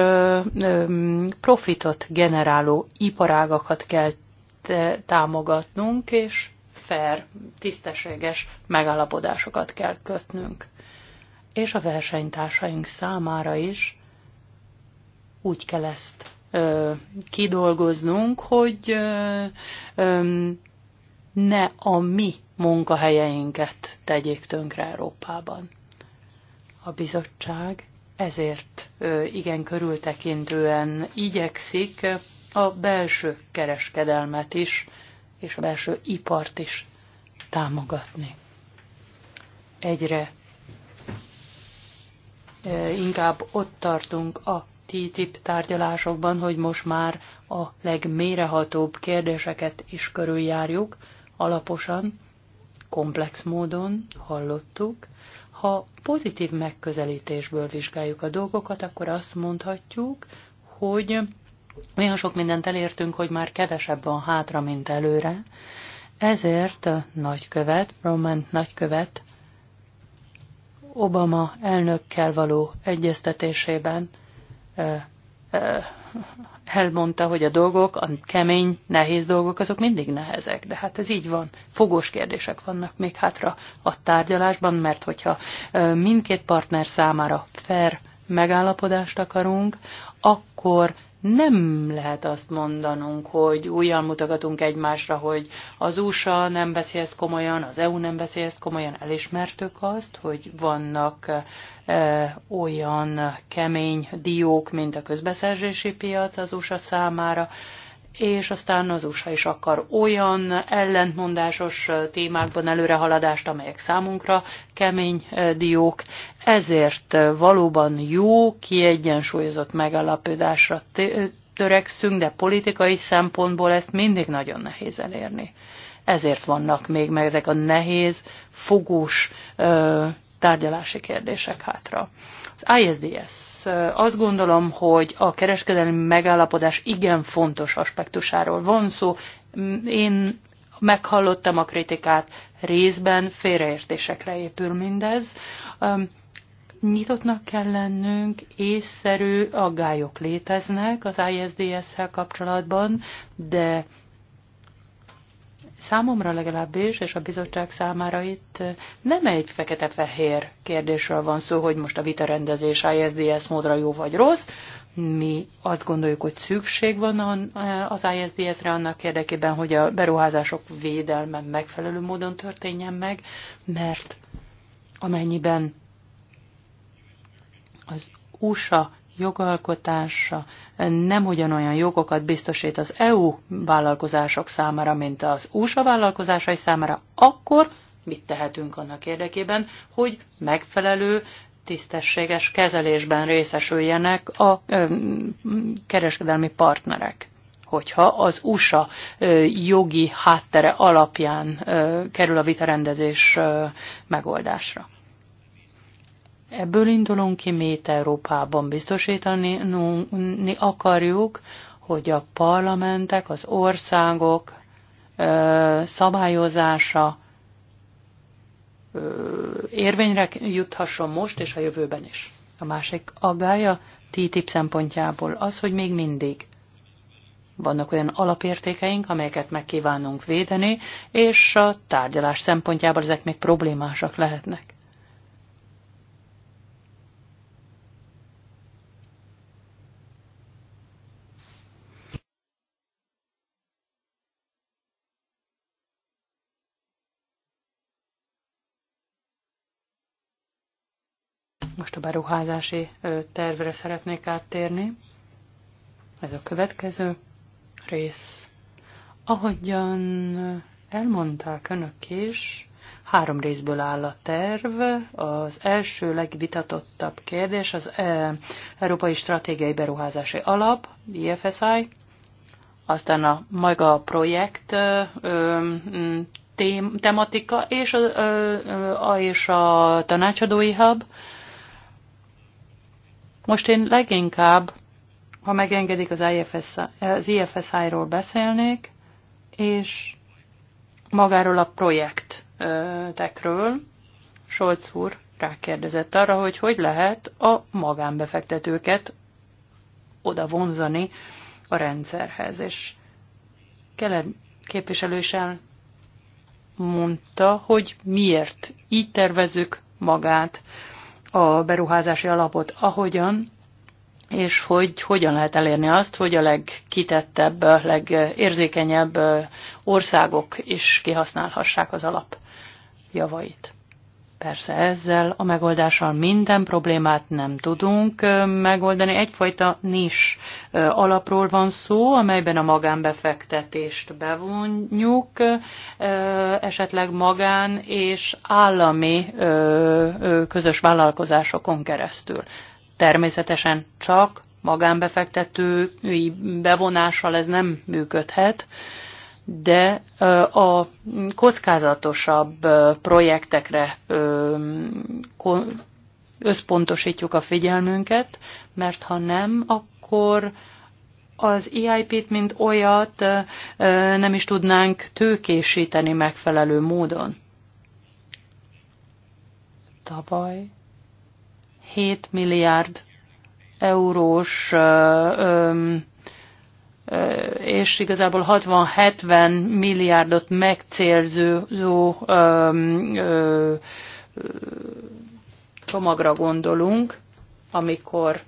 profitot generáló iparágakat kell támogatnunk, és fair, tisztességes megállapodásokat kell kötnünk. És a versenytársaink számára is úgy kell ezt ö, kidolgoznunk, hogy ö, ö, ne a mi munkahelyeinket tegyék tönkre Európában. A bizottság ezért ö, igen körültekintően igyekszik a belső kereskedelmet is, és a belső ipart is támogatni. Egyre inkább ott tartunk a TTIP tárgyalásokban, hogy most már a legmérehatóbb kérdéseket is körüljárjuk, alaposan, komplex módon hallottuk. Ha pozitív megközelítésből vizsgáljuk a dolgokat, akkor azt mondhatjuk, hogy olyan sok mindent elértünk, hogy már kevesebb van hátra, mint előre. Ezért a nagykövet, Roman nagykövet Obama elnökkel való egyeztetésében elmondta, hogy a dolgok, a kemény, nehéz dolgok, azok mindig nehezek. De hát ez így van. Fogós kérdések vannak még hátra a tárgyalásban, mert hogyha mindkét partner számára fair megállapodást akarunk, akkor nem lehet azt mondanunk, hogy újjal mutogatunk egymásra, hogy az USA nem veszi ezt komolyan, az EU nem veszi ezt komolyan. Elismertük azt, hogy vannak e, olyan kemény diók, mint a közbeszerzési piac az USA számára, és aztán az USA is akar olyan ellentmondásos témákban előrehaladást, amelyek számunkra kemény diók, ezért valóban jó, kiegyensúlyozott megállapodásra törekszünk, de politikai szempontból ezt mindig nagyon nehéz elérni. Ezért vannak még meg ezek a nehéz, fogós ö, tárgyalási kérdések hátra. Az ISDS. Azt gondolom, hogy a kereskedelmi megállapodás igen fontos aspektusáról van szó. Mm, én meghallottam a kritikát, részben félreértésekre épül mindez. Nyitottnak kell lennünk, észszerű aggályok léteznek az ISDS-szel kapcsolatban, de Számomra legalábbis, és a bizottság számára itt nem egy fekete-fehér kérdésről van szó, hogy most a vitarendezés ISDS módra jó vagy rossz. Mi azt gondoljuk, hogy szükség van az ISDS-re annak érdekében, hogy a beruházások védelme megfelelő módon történjen meg, mert amennyiben az USA jogalkotása nem ugyanolyan jogokat biztosít az EU vállalkozások számára, mint az USA vállalkozásai számára, akkor mit tehetünk annak érdekében, hogy megfelelő tisztességes kezelésben részesüljenek a ö, kereskedelmi partnerek hogyha az USA jogi háttere alapján kerül a vitarendezés megoldásra. Ebből indulunk ki, mi itt Európában biztosítani akarjuk, hogy a parlamentek, az országok ö, szabályozása ö, érvényre juthasson most és a jövőben is. A másik aggája TTIP szempontjából az, hogy még mindig vannak olyan alapértékeink, amelyeket megkívánunk védeni, és a tárgyalás szempontjából ezek még problémásak lehetnek. beruházási tervre szeretnék áttérni. Ez a következő rész. Ahogyan elmondták önök is, három részből áll a terv. Az első legvitatottabb kérdés az e, Európai Stratégiai Beruházási Alap, IFSI, aztán a maga a projekt tematika és a, a, a, és a tanácsadói hub, most én leginkább, ha megengedik az, IFS, az IFSI-ról beszélnék, és magáról a projektekről. Solc úr rákérdezett arra, hogy hogy lehet a magánbefektetőket oda vonzani a rendszerhez. És Keller képviselő is mondta, hogy miért így tervezük magát a beruházási alapot ahogyan, és hogy hogyan lehet elérni azt, hogy a legkitettebb, legérzékenyebb országok is kihasználhassák az alap javait. Persze ezzel a megoldással minden problémát nem tudunk megoldani. Egyfajta nis alapról van szó, amelyben a magánbefektetést bevonjuk, esetleg magán és állami közös vállalkozásokon keresztül. Természetesen csak magánbefektetői bevonással ez nem működhet de a kockázatosabb projektekre összpontosítjuk a figyelmünket, mert ha nem, akkor az EIP-t, mint olyat nem is tudnánk tőkésíteni megfelelő módon. Tavaly 7 milliárd eurós ö, ö, és igazából 60-70 milliárdot megcélző csomagra gondolunk, amikor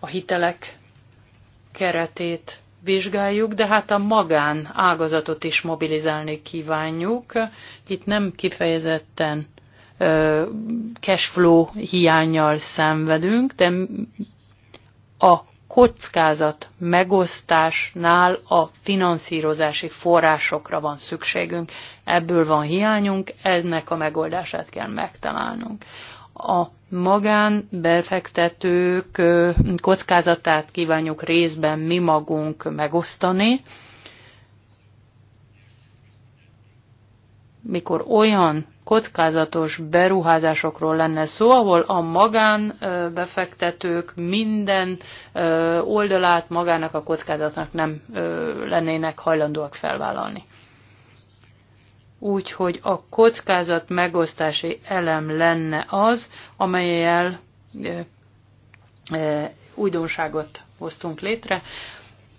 a hitelek keretét vizsgáljuk, de hát a magán ágazatot is mobilizálni kívánjuk. Itt nem kifejezetten cashflow hiányjal szenvedünk, de a kockázat megosztásnál a finanszírozási forrásokra van szükségünk, ebből van hiányunk, ennek a megoldását kell megtalálnunk. A magánbefektetők kockázatát kívánjuk részben mi magunk megosztani, mikor olyan kockázatos beruházásokról lenne szó, ahol a magánbefektetők minden oldalát magának a kockázatnak nem lennének hajlandóak felvállalni. Úgyhogy a kockázat megosztási elem lenne az, amelyel újdonságot hoztunk létre.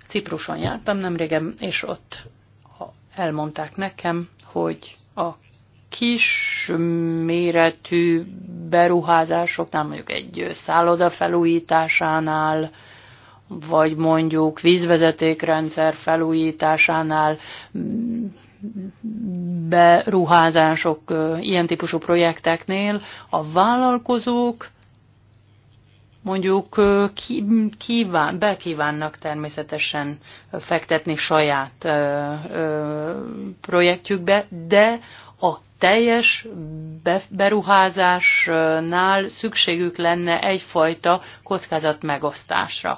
Cipruson jártam nemrégen, és ott elmondták nekem, hogy a kis méretű beruházásoknál, mondjuk egy szálloda felújításánál, vagy mondjuk vízvezetékrendszer felújításánál beruházások, ilyen típusú projekteknél a vállalkozók mondjuk kíván, bekívánnak természetesen fektetni saját projektjükbe, de teljes beruházásnál szükségük lenne egyfajta megosztásra,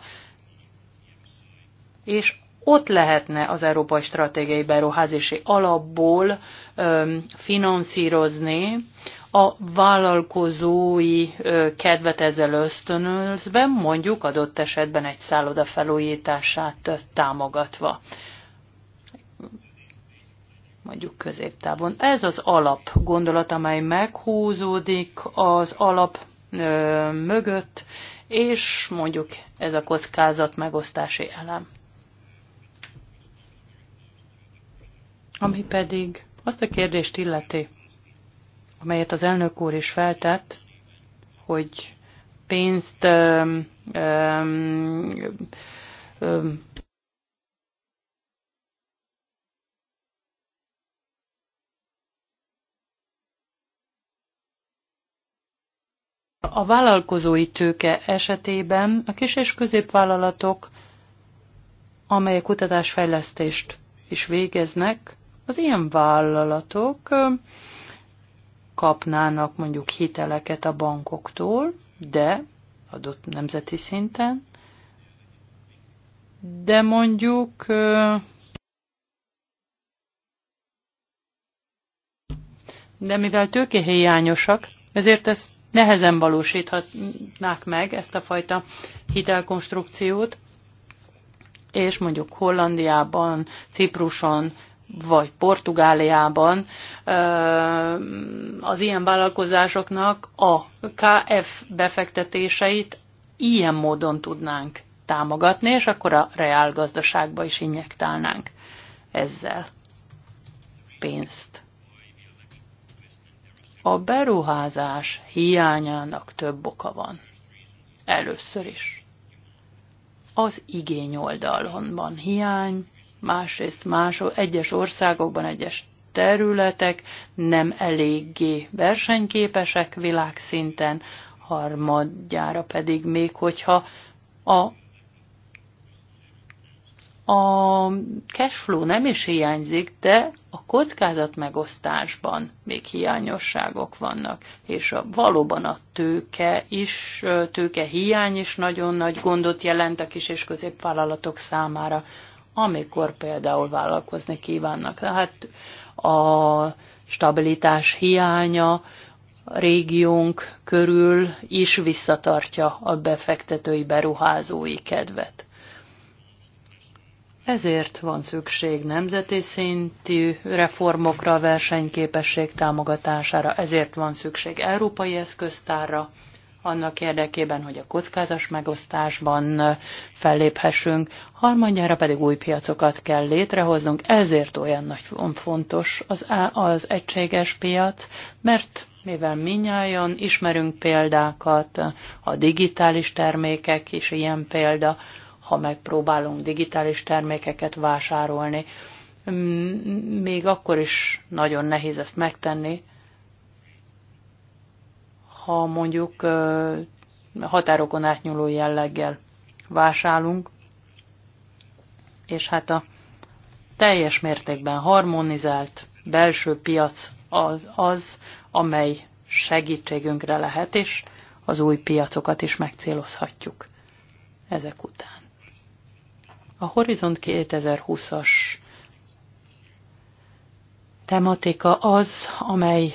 És ott lehetne az Európai Stratégiai Beruházási Alapból finanszírozni a vállalkozói kedvet ezzel ösztönözve, mondjuk adott esetben egy szálloda felújítását támogatva mondjuk középtávon. Ez az alap gondolat, amely meghúzódik az alap ö, mögött, és mondjuk ez a kockázat megosztási elem. Ami pedig azt a kérdést illeti, amelyet az elnök úr is feltett, hogy pénzt ö, ö, ö, A vállalkozói tőke esetében a kis- és középvállalatok, amelyek kutatásfejlesztést is végeznek, az ilyen vállalatok kapnának mondjuk hiteleket a bankoktól, de adott nemzeti szinten, de mondjuk de mivel tőkehiányosak, ezért ez nehezen valósíthatnák meg ezt a fajta hitelkonstrukciót, és mondjuk Hollandiában, Cipruson, vagy Portugáliában az ilyen vállalkozásoknak a KF befektetéseit ilyen módon tudnánk támogatni, és akkor a reálgazdaságba is injektálnánk ezzel pénzt. A beruházás hiányának több oka van. Először is. Az igény oldalon van hiány, másrészt más, egyes országokban, egyes területek nem eléggé versenyképesek világszinten, harmadjára pedig még, hogyha a a cashflow nem is hiányzik, de a kockázatmegosztásban még hiányosságok vannak, és a, valóban a tőke is, tőke hiány is nagyon nagy gondot jelent a kis és középvállalatok számára, amikor például vállalkozni kívánnak. Tehát a stabilitás hiánya a régiónk körül is visszatartja a befektetői beruházói kedvet. Ezért van szükség nemzeti szintű reformokra, versenyképesség támogatására, ezért van szükség európai eszköztárra, annak érdekében, hogy a kockázatos megosztásban felléphessünk, harmadjára pedig új piacokat kell létrehoznunk, ezért olyan nagy fontos az, az egységes piac, mert mivel minnyáján ismerünk példákat, a digitális termékek is ilyen példa, ha megpróbálunk digitális termékeket vásárolni. Még akkor is nagyon nehéz ezt megtenni, ha mondjuk határokon átnyúló jelleggel vásárolunk, és hát a teljes mértékben harmonizált belső piac az, amely segítségünkre lehet, és az új piacokat is megcélozhatjuk ezek után. A Horizont 2020-as tematika az, amely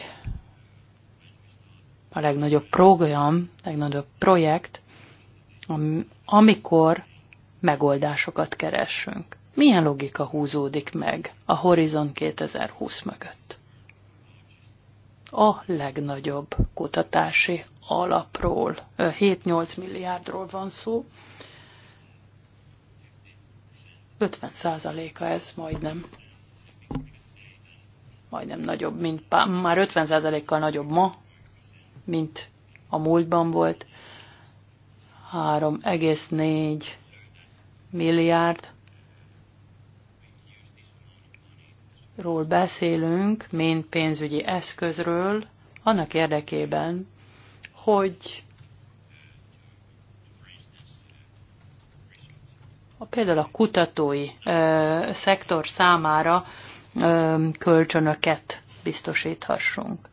a legnagyobb program, legnagyobb projekt, amikor megoldásokat keresünk. Milyen logika húzódik meg a Horizon 2020 mögött? A legnagyobb kutatási alapról, 7-8 milliárdról van szó, 50%-a ez majdnem. Majdnem nagyobb, mint már 50%-kal nagyobb ma, mint a múltban volt. 3,4 milliárd ról beszélünk, mint pénzügyi eszközről, annak érdekében, hogy például a kutatói ö, szektor számára ö, kölcsönöket biztosíthassunk.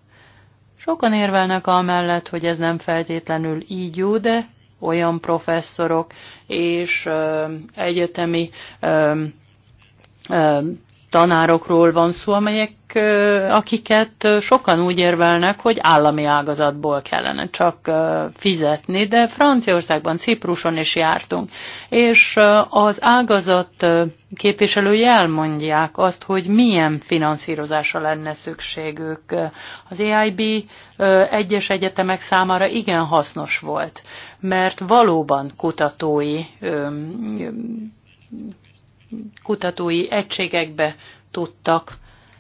Sokan érvelnek amellett, hogy ez nem feltétlenül így jó, de olyan professzorok és ö, egyetemi ö, ö, tanárokról van szó, amelyek, akiket sokan úgy érvelnek, hogy állami ágazatból kellene csak fizetni, de Franciaországban, Cipruson is jártunk, és az ágazat képviselői elmondják azt, hogy milyen finanszírozásra lenne szükségük. Az EIB egyes egyetemek számára igen hasznos volt, mert valóban kutatói kutatói egységekbe tudtak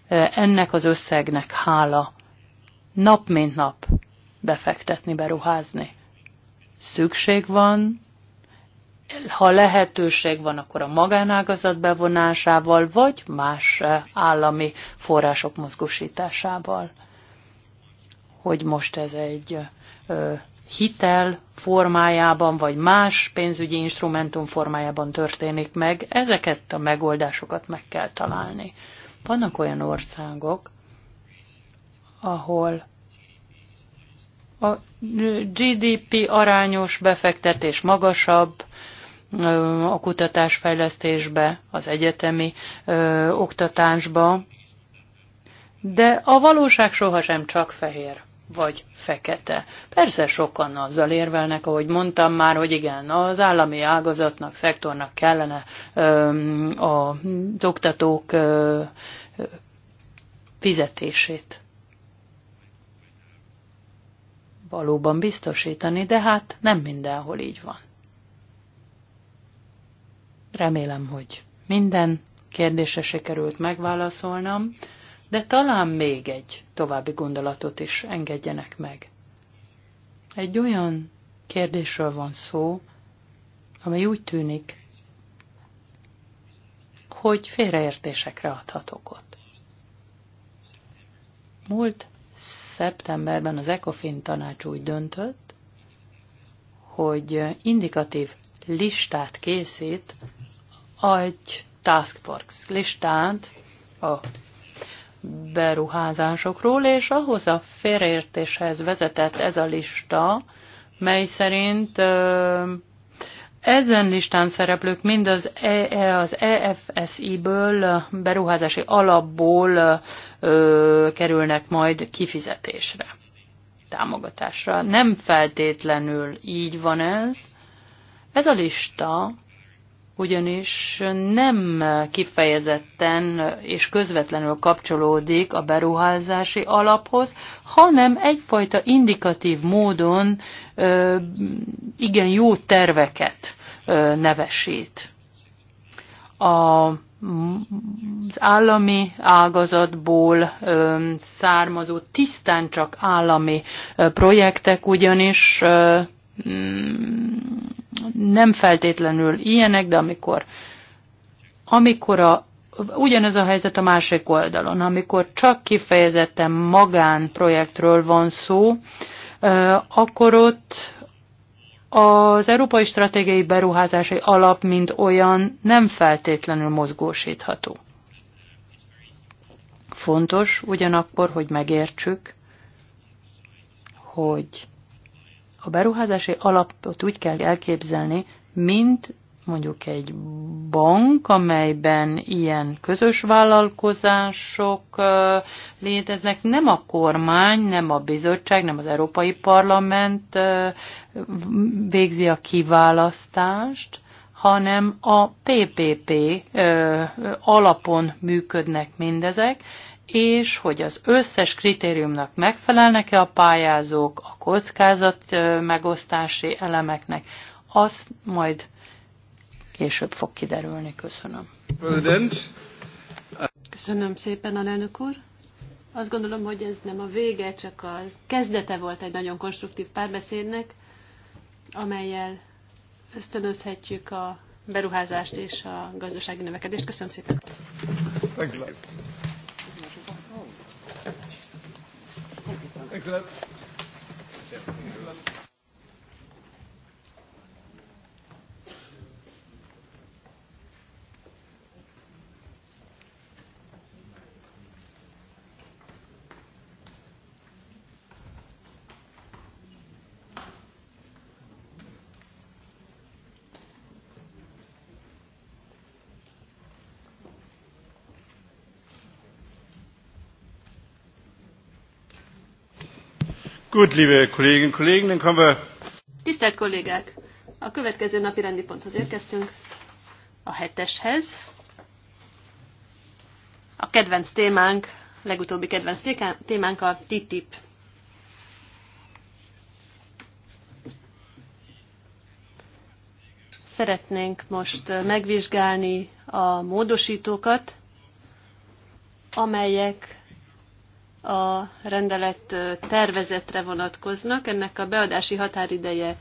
e, ennek az összegnek hála nap mint nap befektetni, beruházni. Szükség van, ha lehetőség van, akkor a magánágazat bevonásával, vagy más e, állami források mozgósításával. Hogy most ez egy e, hitel formájában, vagy más pénzügyi instrumentum formájában történik meg, ezeket a megoldásokat meg kell találni. Vannak olyan országok, ahol a GDP arányos befektetés magasabb, a kutatásfejlesztésbe, az egyetemi ö, oktatásba, de a valóság sohasem csak fehér vagy fekete. Persze sokan azzal érvelnek, ahogy mondtam már, hogy igen, az állami ágazatnak, szektornak kellene öm, az oktatók fizetését valóban biztosítani, de hát nem mindenhol így van. Remélem, hogy minden kérdésre sikerült megválaszolnom. De talán még egy további gondolatot is engedjenek meg. Egy olyan kérdésről van szó, amely úgy tűnik, hogy félreértésekre adhat okot. Múlt szeptemberben az ECOFIN tanács úgy döntött, hogy indikatív listát készít egy task force listát a beruházásokról, és ahhoz a félreértéshez vezetett ez a lista, mely szerint ezen listán szereplők mind az, e, e az EFSI-ből, beruházási alapból ö, kerülnek majd kifizetésre, támogatásra. Nem feltétlenül így van ez. Ez a lista ugyanis nem kifejezetten és közvetlenül kapcsolódik a beruházási alaphoz, hanem egyfajta indikatív módon igen jó terveket nevesít. A az állami ágazatból származó tisztán csak állami projektek ugyanis Mm, nem feltétlenül ilyenek, de amikor, amikor a, ugyanez a helyzet a másik oldalon, amikor csak kifejezetten magánprojektről van szó, akkor ott az Európai Stratégiai Beruházási Alap, mint olyan, nem feltétlenül mozgósítható. Fontos ugyanakkor, hogy megértsük, hogy a beruházási alapot úgy kell elképzelni, mint mondjuk egy bank, amelyben ilyen közös vállalkozások léteznek, nem a kormány, nem a bizottság, nem az Európai Parlament végzi a kiválasztást, hanem a PPP alapon működnek mindezek, és hogy az összes kritériumnak megfelelnek-e a pályázók, a kockázat megosztási elemeknek, az majd később fog kiderülni. Köszönöm. President. Köszönöm szépen, alelnök úr. Azt gondolom, hogy ez nem a vége, csak a kezdete volt egy nagyon konstruktív párbeszédnek, amelyel ösztönözhetjük a beruházást és a gazdasági növekedést. Köszönöm szépen. Thank you. Thanks a lot. Gut, liebe Kolleginnen und Kollegen, dann kommen wir... Tisztelt kollégák! A következő napi rendi ponthoz érkeztünk, a heteshez. A kedvenc témánk, legutóbbi kedvenc témánk a TTIP. Szeretnénk most megvizsgálni a módosítókat, amelyek a rendelet tervezetre vonatkoznak. Ennek a beadási határideje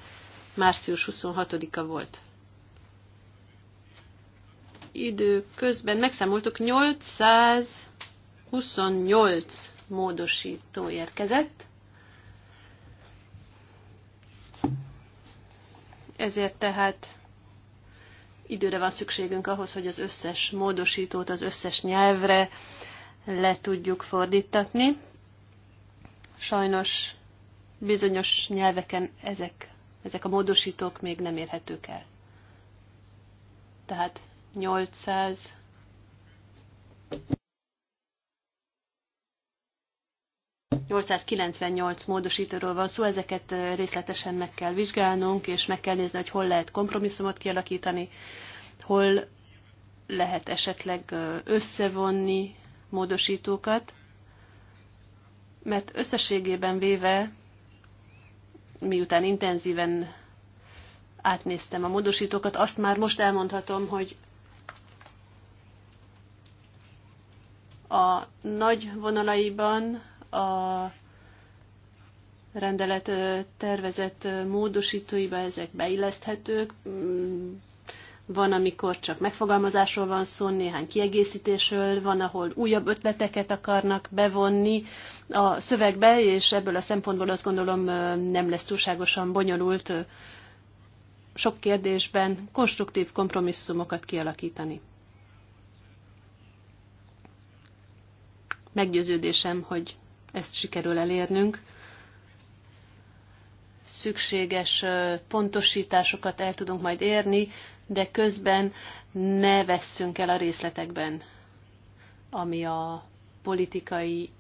március 26-a volt. Idő közben megszámoltuk 828 módosító érkezett. Ezért tehát időre van szükségünk ahhoz, hogy az összes módosítót az összes nyelvre le tudjuk fordítatni. Sajnos bizonyos nyelveken ezek, ezek a módosítók még nem érhetők el. Tehát 800 898 módosítóról van szó, ezeket részletesen meg kell vizsgálnunk, és meg kell nézni, hogy hol lehet kompromisszumot kialakítani, hol lehet esetleg összevonni módosítókat, mert összességében véve, miután intenzíven átnéztem a módosítókat, azt már most elmondhatom, hogy a nagy vonalaiban a rendelet tervezett módosítóiba ezek beilleszthetők, van, amikor csak megfogalmazásról van szó, néhány kiegészítésről, van, ahol újabb ötleteket akarnak bevonni a szövegbe, és ebből a szempontból azt gondolom nem lesz túlságosan bonyolult sok kérdésben konstruktív kompromisszumokat kialakítani. Meggyőződésem, hogy ezt sikerül elérnünk, szükséges pontosításokat el tudunk majd érni, de közben ne vesszünk el a részletekben, ami a politikai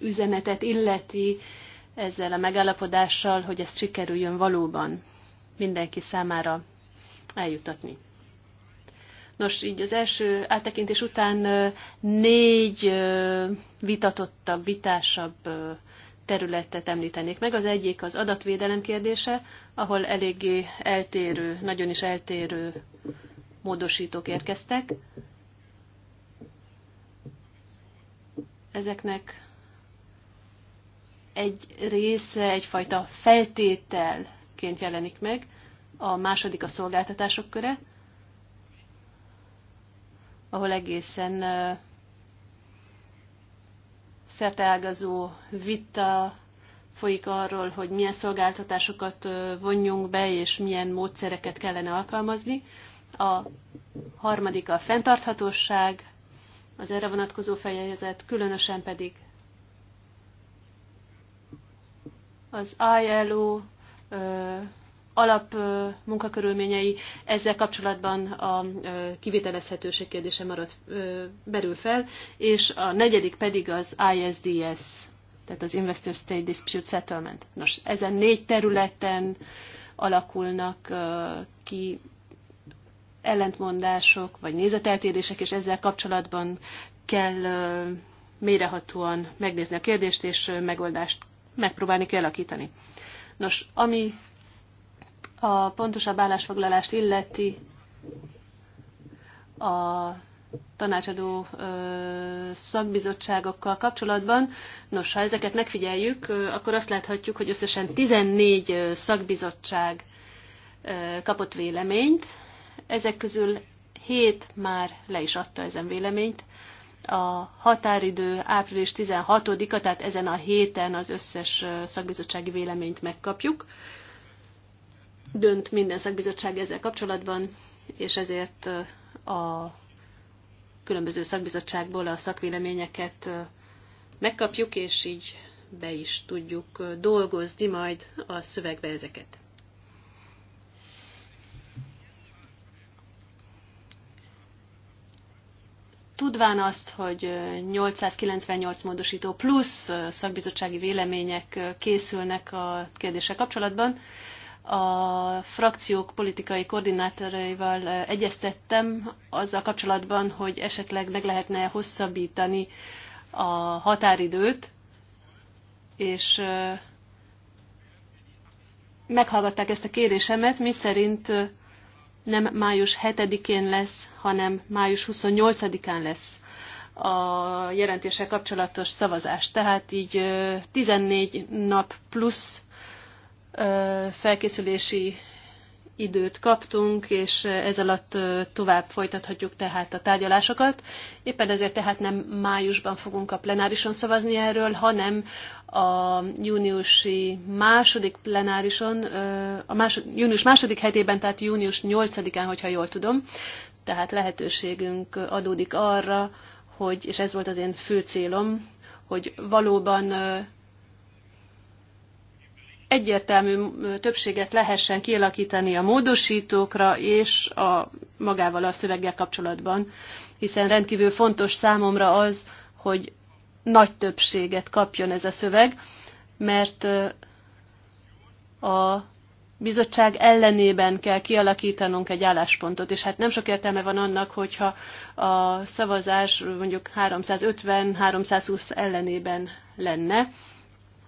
üzenetet illeti ezzel a megállapodással, hogy ezt sikerüljön valóban mindenki számára eljutatni. Nos, így az első áttekintés után négy vitatottabb, vitásabb területet említenék meg. Az egyik az adatvédelem kérdése, ahol eléggé eltérő, nagyon is eltérő módosítók érkeztek. Ezeknek egy része egyfajta feltételként jelenik meg, a második a szolgáltatások köre, ahol egészen szerteágazó vita folyik arról, hogy milyen szolgáltatásokat vonjunk be, és milyen módszereket kellene alkalmazni. A harmadik a fenntarthatóság, az erre vonatkozó fejezet, különösen pedig az ILO alap munkakörülményei, ezzel kapcsolatban a kivételezhetőség kérdése maradt berül fel, és a negyedik pedig az ISDS, tehát az Investor State Dispute Settlement. Nos, ezen négy területen alakulnak ki ellentmondások, vagy nézeteltérések, és ezzel kapcsolatban kell mélyrehatóan megnézni a kérdést, és megoldást megpróbálni kialakítani. Nos, ami a pontosabb állásfoglalást illeti a tanácsadó ö, szakbizottságokkal kapcsolatban. Nos, ha ezeket megfigyeljük, ö, akkor azt láthatjuk, hogy összesen 14 ö, szakbizottság ö, kapott véleményt. Ezek közül 7 már le is adta ezen véleményt. A határidő április 16-a, tehát ezen a héten az összes szakbizottsági véleményt megkapjuk. Ö, dönt minden szakbizottság ezzel kapcsolatban, és ezért a különböző szakbizottságból a szakvéleményeket megkapjuk, és így be is tudjuk dolgozni majd a szövegbe ezeket. Tudván azt, hogy 898 módosító plusz szakbizottsági vélemények készülnek a kérdése kapcsolatban, a frakciók politikai koordinátoraival egyeztettem azzal kapcsolatban, hogy esetleg meg lehetne hosszabbítani a határidőt, és meghallgatták ezt a kérésemet, mi szerint nem május 7-én lesz, hanem május 28-án lesz a jelentése kapcsolatos szavazás. Tehát így 14 nap plusz felkészülési időt kaptunk, és ez alatt tovább folytathatjuk tehát a tárgyalásokat. Éppen ezért tehát nem májusban fogunk a plenárison szavazni erről, hanem a júniusi második plenárison, a másod, június második hetében, tehát június 8-án, hogyha jól tudom. Tehát lehetőségünk adódik arra, hogy, és ez volt az én fő célom, hogy valóban egyértelmű többséget lehessen kialakítani a módosítókra és a magával a szöveggel kapcsolatban, hiszen rendkívül fontos számomra az, hogy nagy többséget kapjon ez a szöveg, mert a bizottság ellenében kell kialakítanunk egy álláspontot, és hát nem sok értelme van annak, hogyha a szavazás mondjuk 350-320 ellenében lenne,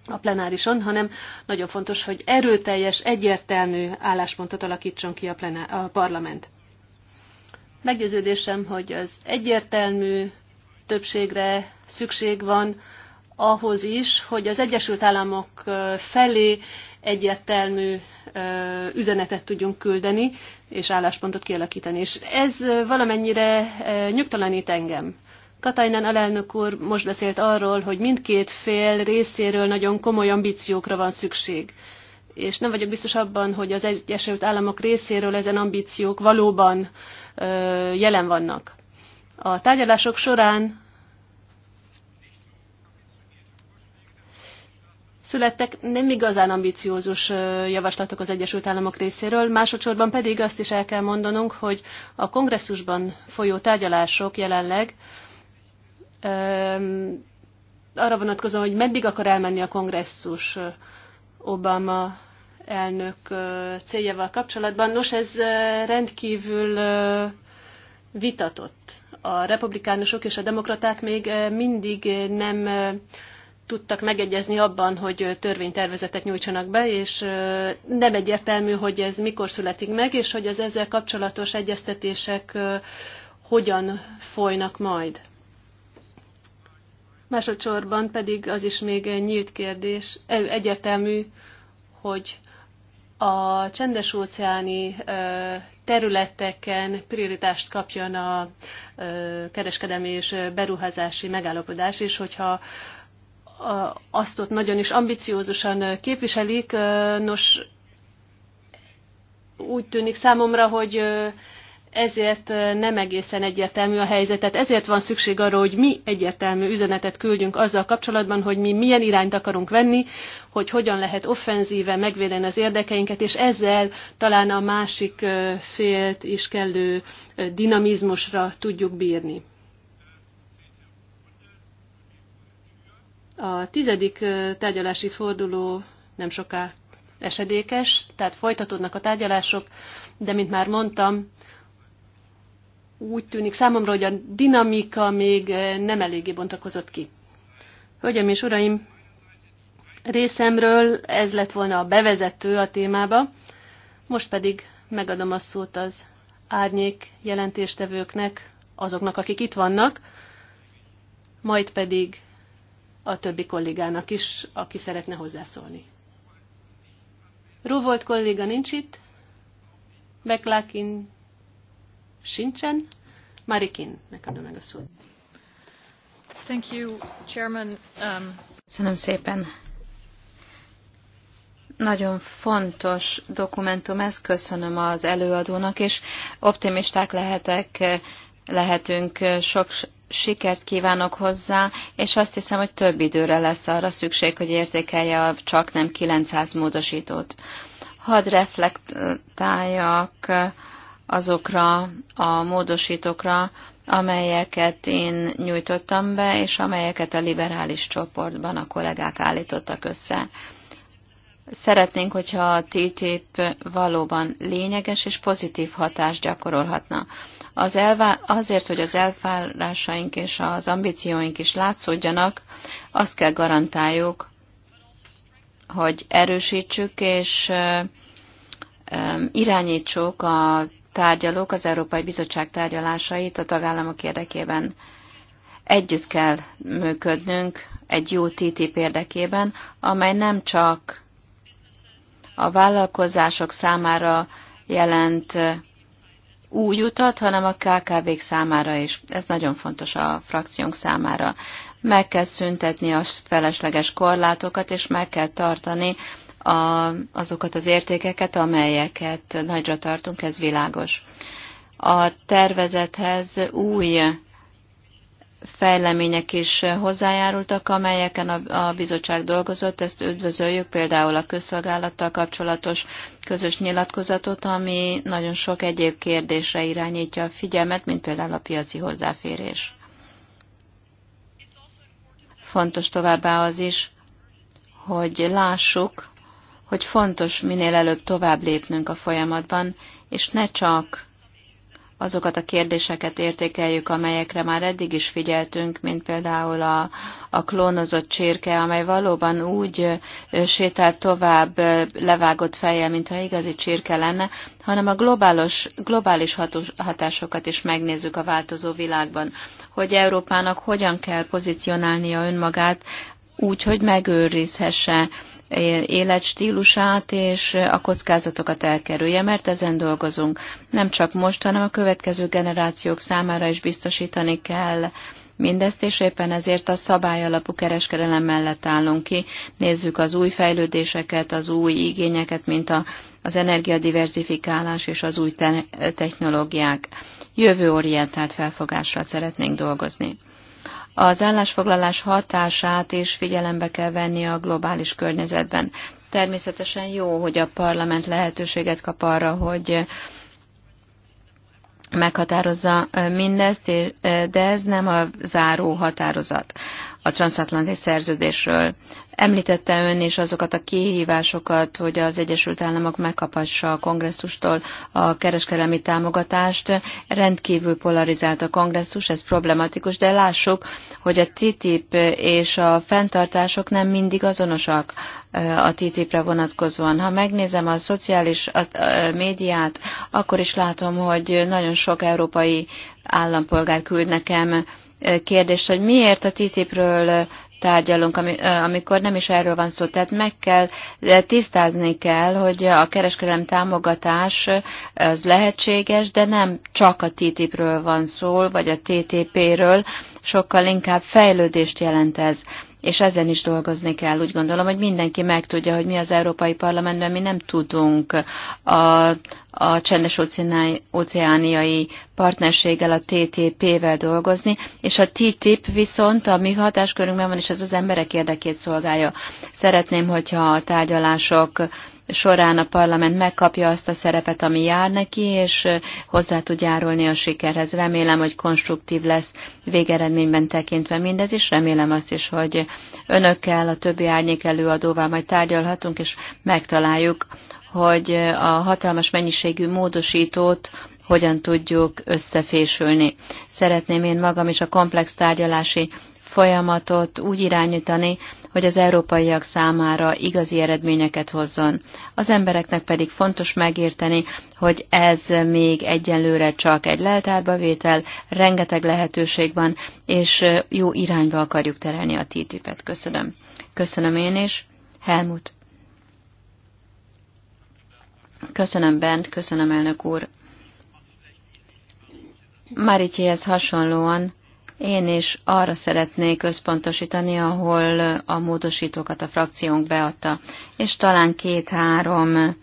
a plenárison, hanem nagyon fontos, hogy erőteljes, egyértelmű álláspontot alakítson ki a, plenár, a parlament. Meggyőződésem, hogy az egyértelmű többségre szükség van ahhoz is, hogy az Egyesült Államok felé egyértelmű üzenetet tudjunk küldeni, és álláspontot kialakítani. És ez valamennyire nyugtalanít engem. Katainen alelnök úr most beszélt arról, hogy mindkét fél részéről nagyon komoly ambíciókra van szükség. És nem vagyok biztos abban, hogy az Egyesült Államok részéről ezen ambíciók valóban ö, jelen vannak. A tárgyalások során születtek nem igazán ambiciózus javaslatok az Egyesült Államok részéről, másodszorban pedig azt is el kell mondanunk, hogy a kongresszusban folyó tárgyalások jelenleg arra vonatkozom, hogy meddig akar elmenni a kongresszus Obama elnök céljával kapcsolatban. Nos, ez rendkívül vitatott. A republikánusok és a demokraták még mindig nem tudtak megegyezni abban, hogy törvénytervezetet nyújtsanak be, és nem egyértelmű, hogy ez mikor születik meg, és hogy az ezzel kapcsolatos egyeztetések hogyan folynak majd. Másodszorban pedig az is még nyílt kérdés, egyértelmű, hogy a csendes óceáni területeken prioritást kapjon a kereskedelmi és beruházási megállapodás, és hogyha azt ott nagyon is ambiciózusan képviselik, nos, úgy tűnik számomra, hogy ezért nem egészen egyértelmű a helyzet. Tehát ezért van szükség arra, hogy mi egyértelmű üzenetet küldjünk azzal kapcsolatban, hogy mi milyen irányt akarunk venni, hogy hogyan lehet offenzíve megvédeni az érdekeinket, és ezzel talán a másik félt is kellő dinamizmusra tudjuk bírni. A tizedik tárgyalási forduló nem soká esedékes, tehát folytatódnak a tárgyalások, de mint már mondtam, úgy tűnik számomra, hogy a dinamika még eh, nem eléggé bontakozott ki. Hölgyeim és uraim, részemről ez lett volna a bevezető a témába, most pedig megadom a szót az árnyék jelentéstevőknek, azoknak, akik itt vannak, majd pedig a többi kollégának is, aki szeretne hozzászólni. Róvolt kolléga nincs itt, beklákin sincsen. neked adom meg a szót. Thank you, Chairman. Um... Köszönöm szépen. Nagyon fontos dokumentum ez, köszönöm az előadónak, és optimisták lehetek, lehetünk, sok sikert kívánok hozzá, és azt hiszem, hogy több időre lesz arra szükség, hogy értékelje a csak nem 900 módosítót. Hadd reflektáljak azokra a módosítókra, amelyeket én nyújtottam be, és amelyeket a liberális csoportban a kollégák állítottak össze. Szeretnénk, hogyha a TTIP valóban lényeges és pozitív hatást gyakorolhatna. Az elvá- azért, hogy az elvárásaink és az ambícióink is látszódjanak, azt kell garantáljuk, hogy erősítsük és irányítsuk a tárgyalók az Európai Bizottság tárgyalásait a tagállamok érdekében. Együtt kell működnünk egy jó TTIP érdekében, amely nem csak a vállalkozások számára jelent új utat, hanem a KKV-k számára is. Ez nagyon fontos a frakciónk számára. Meg kell szüntetni a felesleges korlátokat, és meg kell tartani a, azokat az értékeket, amelyeket nagyra tartunk, ez világos. A tervezethez új fejlemények is hozzájárultak, amelyeken a, a bizottság dolgozott, ezt üdvözöljük, például a közszolgálattal kapcsolatos közös nyilatkozatot, ami nagyon sok egyéb kérdésre irányítja a figyelmet, mint például a piaci hozzáférés. Fontos továbbá az is, hogy lássuk, hogy fontos minél előbb tovább lépnünk a folyamatban, és ne csak azokat a kérdéseket értékeljük, amelyekre már eddig is figyeltünk, mint például a, a klónozott csirke, amely valóban úgy sétált tovább levágott fejjel, mintha igazi csirke lenne, hanem a globális, globális hatós, hatásokat is megnézzük a változó világban, hogy Európának hogyan kell pozícionálnia önmagát, úgy, hogy megőrizhesse életstílusát és a kockázatokat elkerülje, mert ezen dolgozunk. Nem csak most, hanem a következő generációk számára is biztosítani kell mindezt, és éppen ezért a szabályalapú kereskedelem mellett állunk ki. Nézzük az új fejlődéseket, az új igényeket, mint a, az energiadiverzifikálás és az új te- technológiák. Jövőorientált felfogással szeretnénk dolgozni. Az állásfoglalás hatását is figyelembe kell venni a globális környezetben. Természetesen jó, hogy a parlament lehetőséget kap arra, hogy meghatározza mindezt, de ez nem a záró határozat a transatlanti szerződésről. Említette ön is azokat a kihívásokat, hogy az Egyesült Államok megkaphassa a kongresszustól a kereskedelmi támogatást. Rendkívül polarizált a kongresszus, ez problematikus, de lássuk, hogy a TTIP és a fenntartások nem mindig azonosak eh, a TTIP-re vonatkozóan. Ha megnézem a szociális médiát, akkor is látom, hogy nagyon sok európai állampolgár küld nekem kérdés, hogy miért a TTIP-ről tárgyalunk, amikor nem is erről van szó. Tehát meg kell, tisztázni kell, hogy a kereskedelem támogatás az lehetséges, de nem csak a TTIP-ről van szó, vagy a TTP-ről, sokkal inkább fejlődést jelent ez és ezen is dolgozni kell. Úgy gondolom, hogy mindenki megtudja, hogy mi az Európai Parlamentben mi nem tudunk a, a csendes óceániai partnerséggel, a TTP-vel dolgozni, és a TTIP viszont a mi hatáskörünkben van, és ez az emberek érdekét szolgálja. Szeretném, hogyha a tárgyalások során a parlament megkapja azt a szerepet, ami jár neki, és hozzá tud járulni a sikerhez. Remélem, hogy konstruktív lesz végeredményben tekintve mindez, és remélem azt is, hogy önökkel, a többi árnyék előadóval majd tárgyalhatunk, és megtaláljuk, hogy a hatalmas mennyiségű módosítót hogyan tudjuk összefésülni. Szeretném én magam is a komplex tárgyalási folyamatot úgy irányítani, hogy az európaiak számára igazi eredményeket hozzon. Az embereknek pedig fontos megérteni, hogy ez még egyenlőre csak egy leltárba vétel, rengeteg lehetőség van, és jó irányba akarjuk terelni a TTIP-et. Köszönöm. Köszönöm én is. Helmut. Köszönöm Bent, köszönöm elnök úr. Maritjéhez hasonlóan én is arra szeretnék összpontosítani, ahol a módosítókat a frakciónk beadta, és talán két-három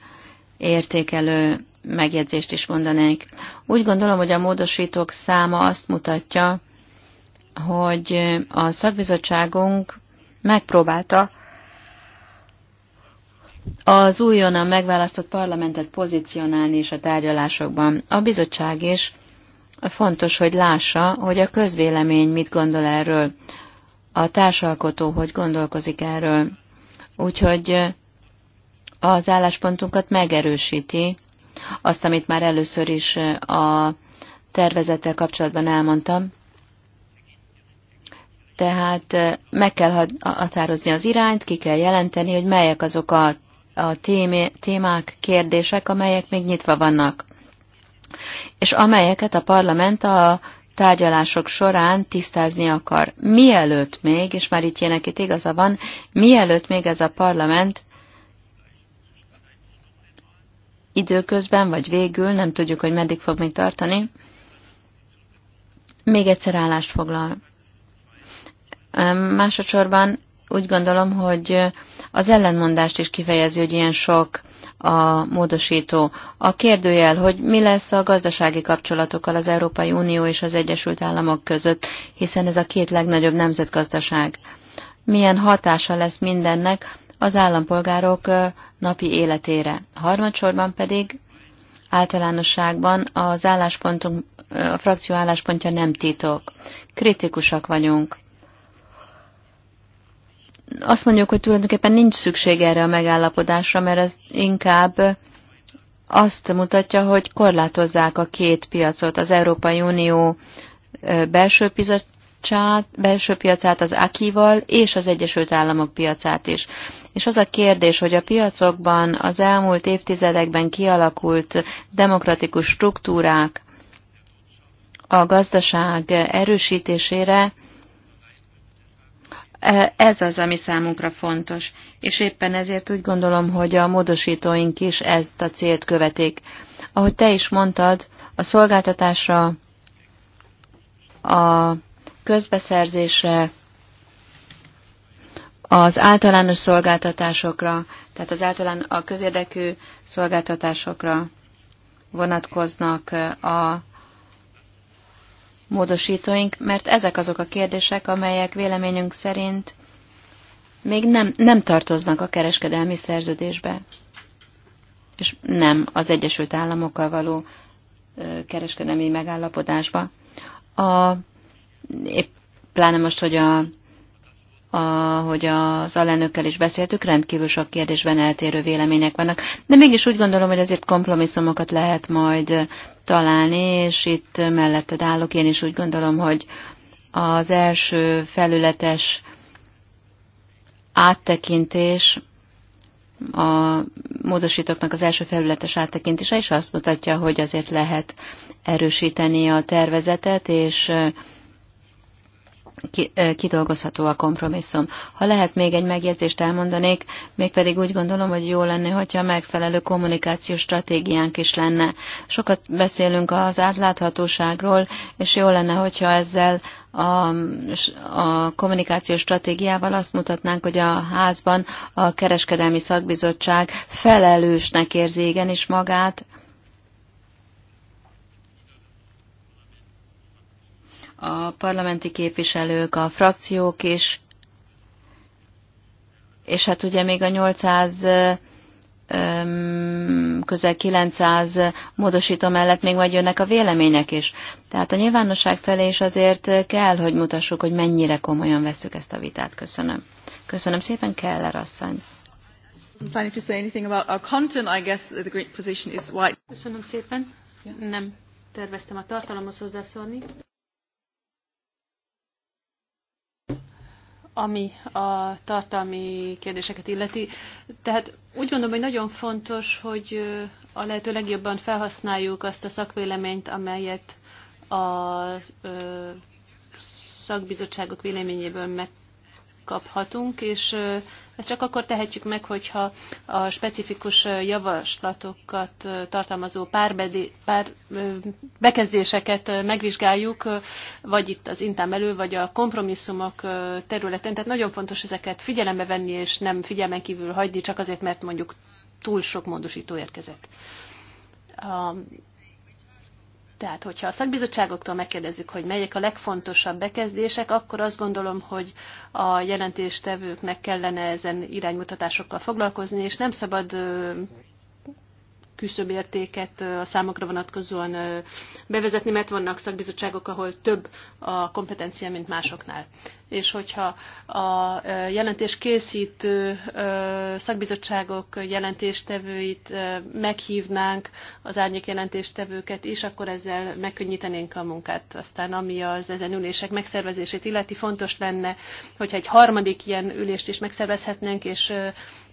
értékelő megjegyzést is mondanék. Úgy gondolom, hogy a módosítók száma azt mutatja, hogy a szakbizottságunk megpróbálta az újonnan megválasztott parlamentet pozícionálni is a tárgyalásokban. A bizottság is fontos, hogy lássa, hogy a közvélemény mit gondol erről, a társalkotó hogy gondolkozik erről. Úgyhogy eh, az álláspontunkat megerősíti, azt, amit már először is eh, a tervezettel kapcsolatban elmondtam. Tehát eh, meg kell határozni az irányt, ki kell jelenteni, hogy melyek azok a, témák, kérdések, amelyek még nyitva vannak és amelyeket a parlament a tárgyalások során tisztázni akar. Mielőtt még, és már itt ilyenek itt igaza van, mielőtt még ez a parlament időközben, vagy végül, nem tudjuk, hogy meddig fog még tartani, még egyszer állást foglal. Másodszorban úgy gondolom, hogy az ellenmondást is kifejezi, hogy ilyen sok a módosító. A kérdőjel, hogy mi lesz a gazdasági kapcsolatokkal az Európai Unió és az Egyesült Államok között, hiszen ez a két legnagyobb nemzetgazdaság. Milyen hatása lesz mindennek az állampolgárok napi életére? Harmadsorban pedig általánosságban az álláspontunk, a frakció álláspontja nem titok. Kritikusak vagyunk azt mondjuk, hogy tulajdonképpen nincs szükség erre a megállapodásra, mert ez inkább azt mutatja, hogy korlátozzák a két piacot, az Európai Unió belső piacát, belső piacát az AKI-val és az Egyesült Államok piacát is. És az a kérdés, hogy a piacokban az elmúlt évtizedekben kialakult demokratikus struktúrák a gazdaság erősítésére ez az, ami számunkra fontos, és éppen ezért úgy gondolom, hogy a módosítóink is ezt a célt követik. Ahogy te is mondtad, a szolgáltatásra, a közbeszerzésre, az általános szolgáltatásokra, tehát az általán a közérdekű szolgáltatásokra vonatkoznak a módosítóink, mert ezek azok a kérdések, amelyek véleményünk szerint még nem, nem tartoznak a kereskedelmi szerződésbe, és nem az Egyesült Államokkal való kereskedelmi megállapodásba. A, épp pláne most, hogy a ahogy az alelnökkel is beszéltük, rendkívül sok kérdésben eltérő vélemények vannak. De mégis úgy gondolom, hogy azért kompromisszumokat lehet majd találni, és itt melletted állok. Én is úgy gondolom, hogy az első felületes áttekintés, a módosítóknak az első felületes áttekintése is azt mutatja, hogy azért lehet erősíteni a tervezetet, és kidolgozható a kompromisszum. Ha lehet még egy megjegyzést elmondanék, mégpedig úgy gondolom, hogy jó lenne, hogyha megfelelő kommunikációs stratégiánk is lenne. Sokat beszélünk az átláthatóságról, és jó lenne, hogyha ezzel a, a kommunikációs stratégiával azt mutatnánk, hogy a házban a kereskedelmi szakbizottság felelősnek érzi igenis magát, a parlamenti képviselők, a frakciók is, és hát ugye még a 800 közel 900 módosító mellett még majd jönnek a vélemények is. Tehát a nyilvánosság felé is azért kell, hogy mutassuk, hogy mennyire komolyan veszük ezt a vitát. Köszönöm. Köszönöm szépen, Keller asszony. Köszönöm szépen. Nem terveztem a tartalomhoz hozzászólni. ami a tartalmi kérdéseket illeti. Tehát úgy gondolom, hogy nagyon fontos, hogy a lehető legjobban felhasználjuk azt a szakvéleményt, amelyet a szakbizottságok véleményéből meg kaphatunk, és ezt csak akkor tehetjük meg, hogyha a specifikus javaslatokat tartalmazó párbedi, pár bekezdéseket megvizsgáljuk, vagy itt az intám elő, vagy a kompromisszumok területén. Tehát nagyon fontos ezeket figyelembe venni, és nem figyelmen kívül hagyni, csak azért, mert mondjuk túl sok módosító érkezett. Tehát, hogyha a szakbizottságoktól megkérdezzük, hogy melyek a legfontosabb bekezdések, akkor azt gondolom, hogy a jelentéstevőknek kellene ezen iránymutatásokkal foglalkozni, és nem szabad küszöbértéket a számokra vonatkozóan bevezetni, mert vannak szakbizottságok, ahol több a kompetencia, mint másoknál és hogyha a jelentés készítő szakbizottságok jelentéstevőit meghívnánk, az árnyék jelentéstevőket is, akkor ezzel megkönnyítenénk a munkát. Aztán ami az ezen ülések megszervezését illeti, fontos lenne, hogyha egy harmadik ilyen ülést is megszervezhetnénk, és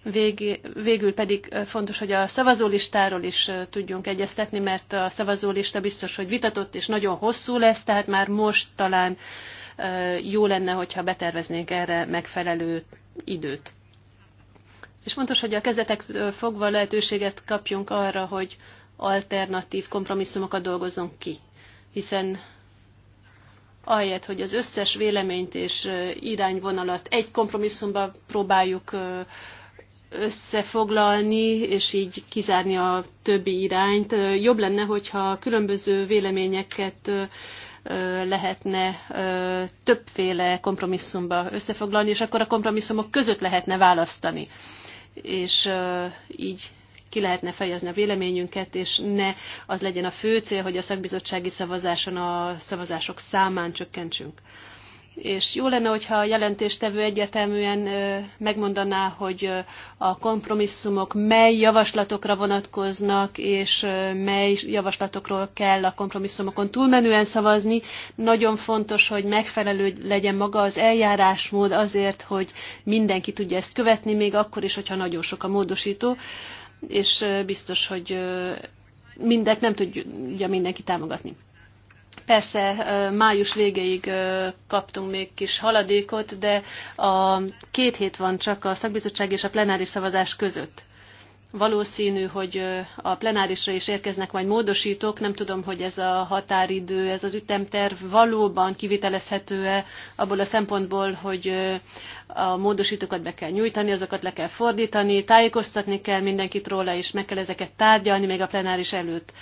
vég, végül pedig fontos, hogy a szavazólistáról is tudjunk egyeztetni, mert a szavazólista biztos, hogy vitatott és nagyon hosszú lesz, tehát már most talán jó lenne, hogyha beterveznénk erre megfelelő időt. És fontos, hogy a kezetek fogva lehetőséget kapjunk arra, hogy alternatív kompromisszumokat dolgozzunk ki. Hiszen ahelyett, hogy az összes véleményt és irányvonalat egy kompromisszumba próbáljuk összefoglalni, és így kizárni a többi irányt. Jobb lenne, hogyha különböző véleményeket lehetne többféle kompromisszumba összefoglalni, és akkor a kompromisszumok között lehetne választani. És így ki lehetne fejezni a véleményünket, és ne az legyen a fő cél, hogy a szakbizottsági szavazáson a szavazások számán csökkentsünk és jó lenne, hogyha a jelentéstevő egyértelműen megmondaná, hogy a kompromisszumok mely javaslatokra vonatkoznak, és mely javaslatokról kell a kompromisszumokon túlmenően szavazni. Nagyon fontos, hogy megfelelő legyen maga az eljárásmód azért, hogy mindenki tudja ezt követni, még akkor is, hogyha nagyon sok a módosító, és biztos, hogy mindent nem tudja mindenki támogatni. Persze május végéig kaptunk még kis haladékot, de a két hét van csak a szakbizottság és a plenáris szavazás között. Valószínű, hogy a plenárisra is érkeznek majd módosítók, nem tudom, hogy ez a határidő, ez az ütemterv valóban kivitelezhető-e abból a szempontból, hogy a módosítókat be kell nyújtani, azokat le kell fordítani, tájékoztatni kell mindenkit róla, és meg kell ezeket tárgyalni még a plenáris előtt.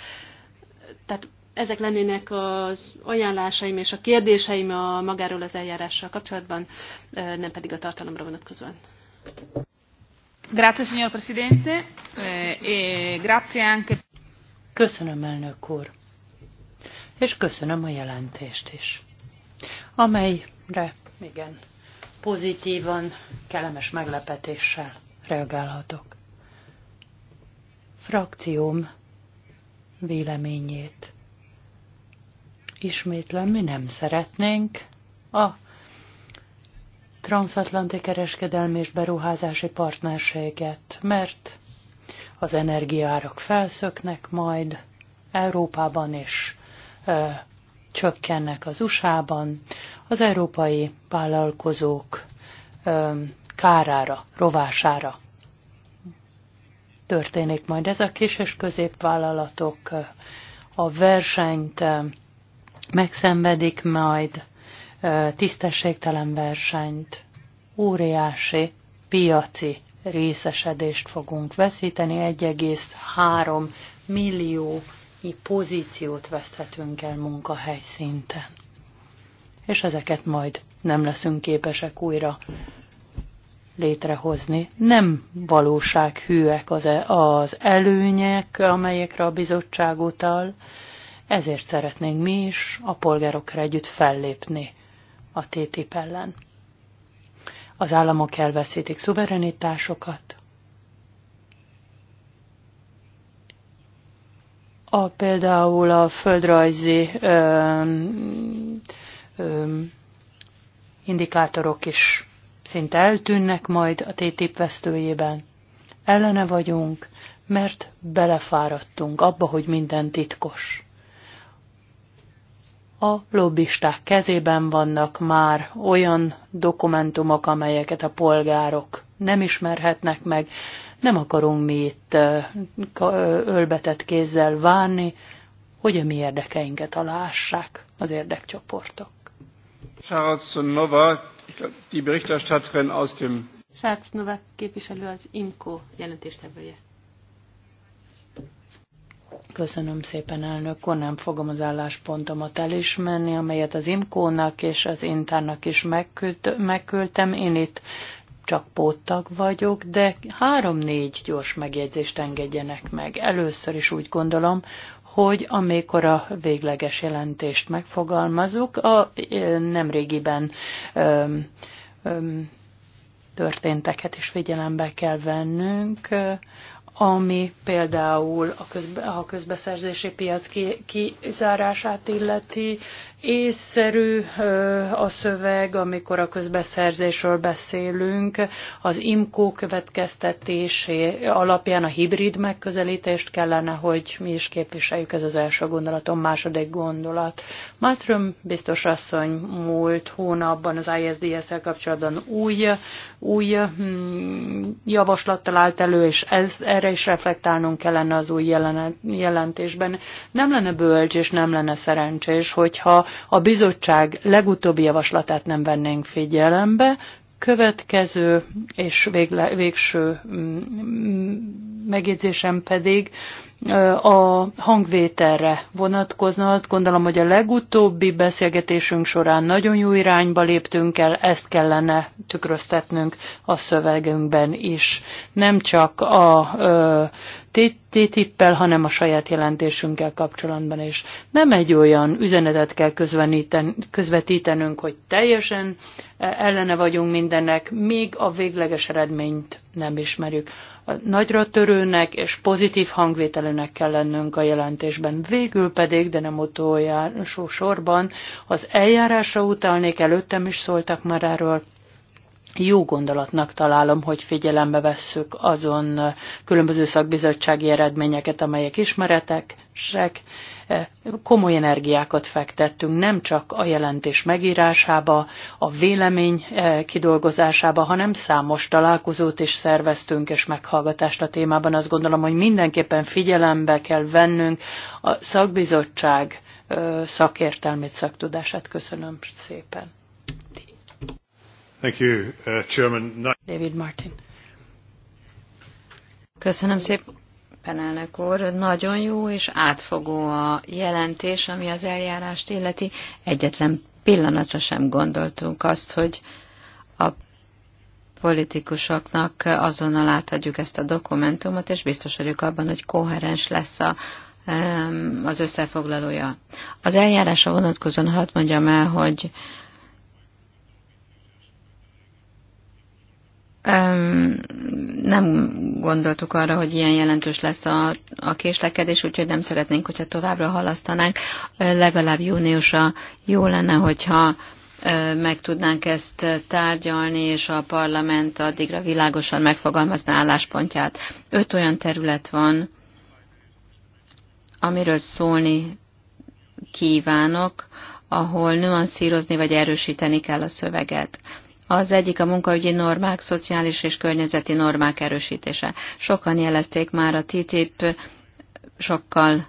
Tehát ezek lennének az ajánlásaim és a kérdéseim a magáról az eljárással kapcsolatban, nem pedig a tartalomra vonatkozóan. Grazie, signor Presidente, eh, e grazie anche... Köszönöm, elnök úr, és köszönöm a jelentést is, amelyre igen, pozitívan, kellemes meglepetéssel reagálhatok. Frakcióm véleményét ismétlen, mi nem szeretnénk a transatlanti kereskedelmi és beruházási partnerséget, mert az energiárak felszöknek majd Európában is ö, csökkennek az USA-ban, az európai vállalkozók ö, kárára, rovására történik majd ez a kis és középvállalatok a versenyt megszenvedik majd tisztességtelen versenyt, óriási piaci részesedést fogunk veszíteni, 1,3 millió pozíciót veszthetünk el munkahely szinten. És ezeket majd nem leszünk képesek újra létrehozni. Nem valósághűek az, e- az előnyek, amelyekre a bizottság utal, ezért szeretnénk mi is a polgárokra együtt fellépni a TTIP ellen. Az államok elveszítik szuverenitásokat, a például a földrajzi ö, ö, indikátorok is szinte eltűnnek majd a TTIP vesztőjében. Ellene vagyunk, mert belefáradtunk abba, hogy minden titkos a lobbisták kezében vannak már olyan dokumentumok, amelyeket a polgárok nem ismerhetnek meg. Nem akarunk mi itt ölbetett kézzel várni, hogy a mi érdekeinket alássák az érdekcsoportok. Sárc Novák aus dem képviselő az IMCO jelentéstevője. Köszönöm szépen, elnök úr. Nem fogom az álláspontomat elismerni, amelyet az IMKÓ-nak és az Intának is megküldtem. Én itt csak póttag vagyok, de három-négy gyors megjegyzést engedjenek meg. Először is úgy gondolom, hogy amikor a végleges jelentést megfogalmazunk, a nemrégiben öm, öm, történteket is figyelembe kell vennünk ami például a, közbeszerzési piac kizárását illeti, észszerű a szöveg, amikor a közbeszerzésről beszélünk, az IMCO következtetésé alapján a hibrid megközelítést kellene, hogy mi is képviseljük, ez az első gondolatom, második gondolat. Malmström biztos asszony múlt hónapban az isds el kapcsolatban új, új hm, javaslattal állt elő, és ez, erre is reflektálnunk kellene az új jelentésben. Nem lenne bölcs és nem lenne szerencsés, hogyha a bizottság legutóbbi javaslatát nem vennénk figyelembe, következő és végle, végső mm, mm, megjegyzésem pedig a hangvételre vonatkozna. Azt gondolom, hogy a legutóbbi beszélgetésünk során nagyon jó irányba léptünk el, ezt kellene tükröztetnünk a szövegünkben is. Nem csak a TTIP-pel, hanem a saját jelentésünkkel kapcsolatban is. Nem egy olyan üzenetet kell közvetítenünk, hogy teljesen e, ellene vagyunk mindennek, még a végleges eredményt nem ismerjük nagyra törőnek és pozitív hangvételűnek kell lennünk a jelentésben. Végül pedig, de nem utolsó sorban, az eljárásra utalnék, előttem is szóltak már erről, jó gondolatnak találom, hogy figyelembe vesszük azon különböző szakbizottsági eredményeket, amelyek ismeretesek, komoly energiákat fektettünk, nem csak a jelentés megírásába, a vélemény eh, kidolgozásába, hanem számos találkozót is szerveztünk és meghallgatást a témában. Azt gondolom, hogy mindenképpen figyelembe kell vennünk a szakbizottság eh, szakértelmét, szaktudását. Köszönöm szépen. Thank you, uh, Chairman. David Martin. Köszönöm szépen szépen, elnök úr. Nagyon jó és átfogó a jelentés, ami az eljárást illeti. Egyetlen pillanatra sem gondoltunk azt, hogy a politikusoknak azonnal átadjuk ezt a dokumentumot, és biztos vagyok abban, hogy koherens lesz a, az összefoglalója. Az eljárásra vonatkozóan hadd mondjam el, hogy nem gondoltuk arra, hogy ilyen jelentős lesz a, a késlekedés, úgyhogy nem szeretnénk, hogyha továbbra halasztanánk. Legalább júniusa jó lenne, hogyha meg tudnánk ezt tárgyalni, és a parlament addigra világosan megfogalmazná álláspontját. Öt olyan terület van, amiről szólni kívánok, ahol nüanszírozni vagy erősíteni kell a szöveget. Az egyik a munkaügyi normák, szociális és környezeti normák erősítése. Sokan jelezték már a TTIP sokkal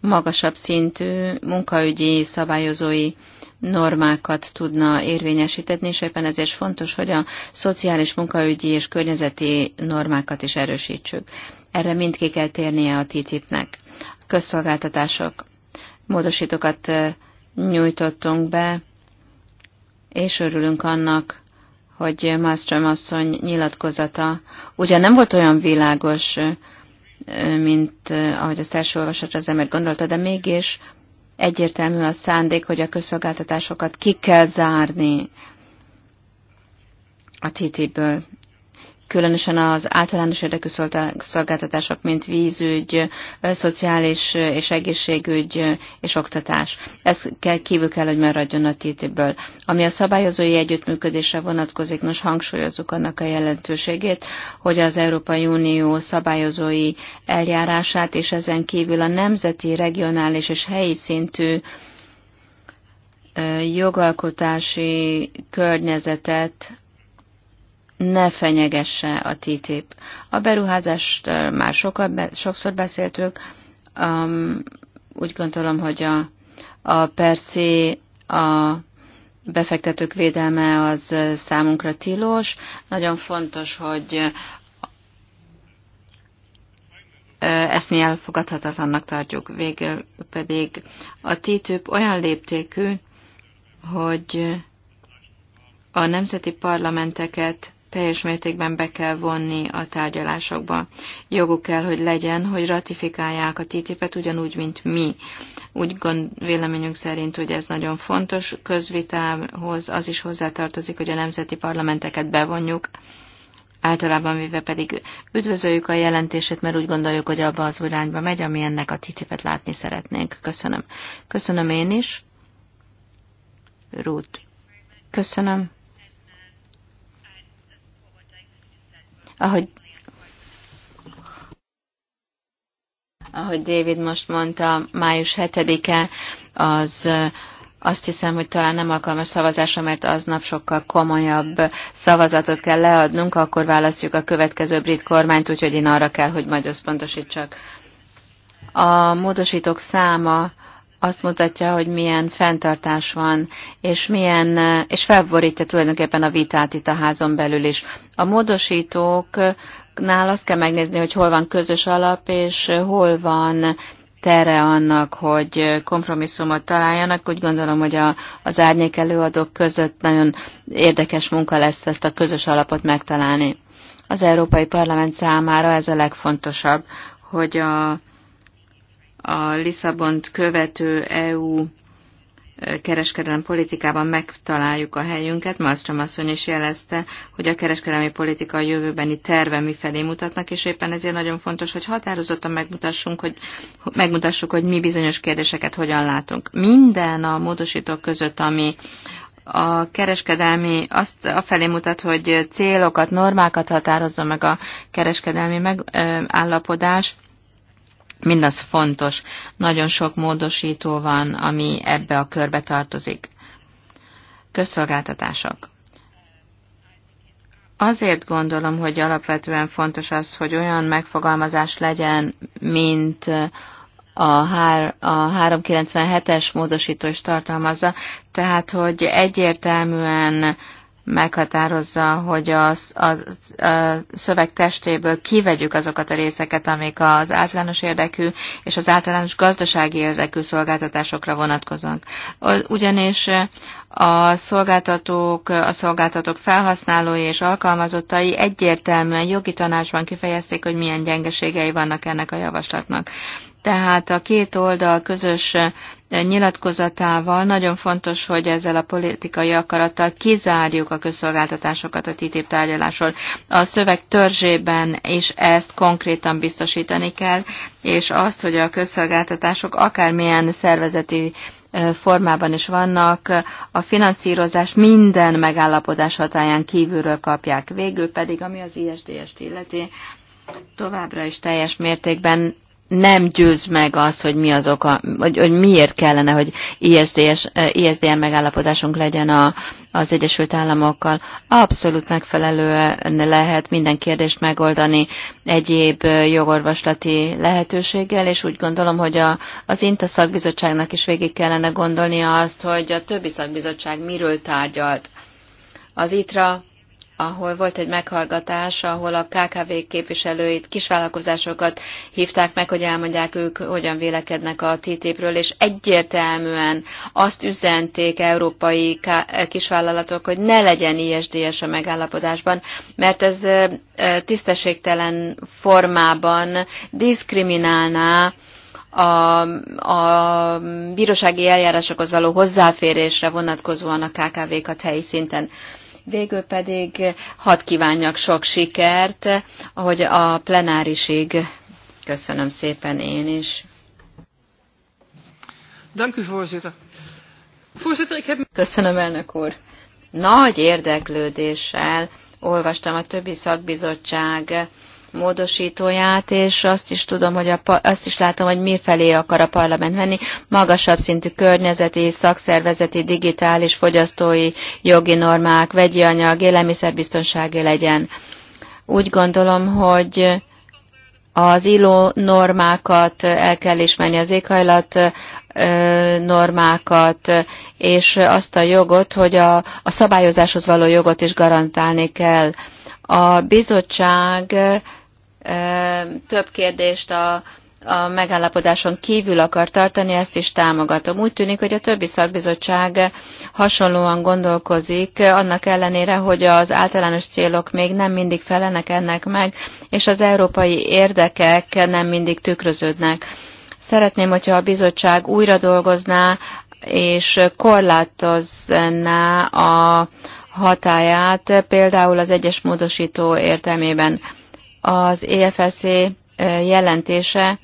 magasabb szintű munkaügyi szabályozói normákat tudna érvényesíteni, és éppen ezért fontos, hogy a szociális munkaügyi és környezeti normákat is erősítsük. Erre mind ki kell térnie a TTIP-nek. Közszolgáltatások. Módosítókat nyújtottunk be és örülünk annak, hogy Malmström asszony nyilatkozata ugyan nem volt olyan világos, mint ahogy azt első olvasatra az ember gondolta, de mégis egyértelmű a szándék, hogy a közszolgáltatásokat ki kell zárni a TTIP-ből különösen az általános érdekű szolgáltatások, mint vízügy, szociális és egészségügy és oktatás. Ez kell, kívül kell, hogy maradjon a TTIP-ből. Ami a szabályozói együttműködésre vonatkozik, nos hangsúlyozzuk annak a jelentőségét, hogy az Európai Unió szabályozói eljárását, és ezen kívül a nemzeti, regionális és helyi szintű jogalkotási környezetet ne fenyegesse a TTIP. A beruházást már sokat, sokszor beszéltük, um, úgy gondolom, hogy a, a perci a befektetők védelme az számunkra tilos. Nagyon fontos, hogy ezt mi elfogadhatatlannak tartjuk. Végül pedig a TTIP olyan léptékű, hogy a nemzeti parlamenteket teljes mértékben be kell vonni a tárgyalásokba. Joguk kell, hogy legyen, hogy ratifikálják a TTIP-et ugyanúgy, mint mi. Úgy gond, véleményünk szerint, hogy ez nagyon fontos közvitához, az is hozzátartozik, hogy a nemzeti parlamenteket bevonjuk, Általában véve pedig üdvözöljük a jelentését, mert úgy gondoljuk, hogy abba az irányba megy, ami ennek a titipet látni szeretnénk. Köszönöm. Köszönöm én is. Ruth. Köszönöm. ahogy ahogy David most mondta, május 7-e az azt hiszem, hogy talán nem alkalmas szavazásra, mert aznap sokkal komolyabb szavazatot kell leadnunk, akkor választjuk a következő brit kormányt, úgyhogy én arra kell, hogy majd összpontosítsak. A módosítók száma azt mutatja, hogy milyen fenntartás van, és, milyen, és felborítja tulajdonképpen a vitát itt a házon belül is. A módosítóknál azt kell megnézni, hogy hol van közös alap, és hol van tere annak, hogy kompromisszumot találjanak. Úgy gondolom, hogy a, az árnyék előadók között nagyon érdekes munka lesz ezt a közös alapot megtalálni. Az Európai Parlament számára ez a legfontosabb, hogy a a Lisszabont követő EU kereskedelem politikában megtaláljuk a helyünket. Malmström asszony is jelezte, hogy a kereskedelmi politika a jövőbeni terve mifelé mutatnak, és éppen ezért nagyon fontos, hogy határozottan megmutassunk, hogy, megmutassuk, hogy mi bizonyos kérdéseket hogyan látunk. Minden a módosítók között, ami a kereskedelmi azt a felé mutat, hogy célokat, normákat határozza meg a kereskedelmi megállapodás, mindaz fontos. Nagyon sok módosító van, ami ebbe a körbe tartozik. Közszolgáltatások. Azért gondolom, hogy alapvetően fontos az, hogy olyan megfogalmazás legyen, mint a, a 397-es módosító is tartalmazza, tehát hogy egyértelműen meghatározza, hogy a, a, a szöveg testéből kivegyük azokat a részeket, amik az általános érdekű és az általános gazdasági érdekű szolgáltatásokra vonatkoznak. Ugyanis a szolgáltatók, a szolgáltatók felhasználói és alkalmazottai egyértelműen jogi tanácsban kifejezték, hogy milyen gyengeségei vannak ennek a javaslatnak. Tehát a két oldal közös nyilatkozatával nagyon fontos, hogy ezzel a politikai akarattal kizárjuk a közszolgáltatásokat a TTIP tárgyalásról. A szöveg törzsében is ezt konkrétan biztosítani kell, és azt, hogy a közszolgáltatások akármilyen szervezeti formában is vannak, a finanszírozás minden megállapodás hatáján kívülről kapják. Végül pedig, ami az ISDS-t illeti, továbbra is teljes mértékben nem győz meg az, hogy mi az oka, vagy hogy miért kellene, hogy ISDN eh, megállapodásunk legyen a, az Egyesült Államokkal. Abszolút megfelelően lehet minden kérdést megoldani egyéb eh, jogorvoslati lehetőséggel, és úgy gondolom, hogy a, az INTA szakbizottságnak is végig kellene gondolnia azt, hogy a többi szakbizottság miről tárgyalt. Az ITRA ahol volt egy meghallgatás, ahol a KKV képviselőit, kisvállalkozásokat hívták meg, hogy elmondják ők, hogyan vélekednek a TTIP-ről, és egyértelműen azt üzenték európai eh, kisvállalatok, hogy ne legyen ISDS a megállapodásban, mert ez eh, eh, tisztességtelen formában diszkriminálná a, a bírósági eljárásokhoz való hozzáférésre vonatkozóan a KKV-kat helyi szinten. Végül pedig hadd kívánjak sok sikert, ahogy a plenárisig. Köszönöm szépen én is. Köszönöm, elnök úr. Nagy érdeklődéssel olvastam a többi szakbizottság módosítóját, és azt is tudom, hogy a, azt is látom, hogy mi felé akar a parlament menni. Magasabb szintű környezeti, szakszervezeti, digitális, fogyasztói, jogi normák, vegyi anyag, élelmiszerbiztonsági legyen. Úgy gondolom, hogy az ILO normákat el kell ismerni, az éghajlat normákat, és azt a jogot, hogy a, a szabályozáshoz való jogot is garantálni kell. A bizottság több kérdést a, a megállapodáson kívül akar tartani, ezt is támogatom. Úgy tűnik, hogy a többi szakbizottság hasonlóan gondolkozik, annak ellenére, hogy az általános célok még nem mindig felelnek ennek meg, és az európai érdekek nem mindig tükröződnek. Szeretném, hogyha a bizottság újra dolgozná, és korlátozná a hatáját, például az egyes módosító értelmében az EFSZ jelentése,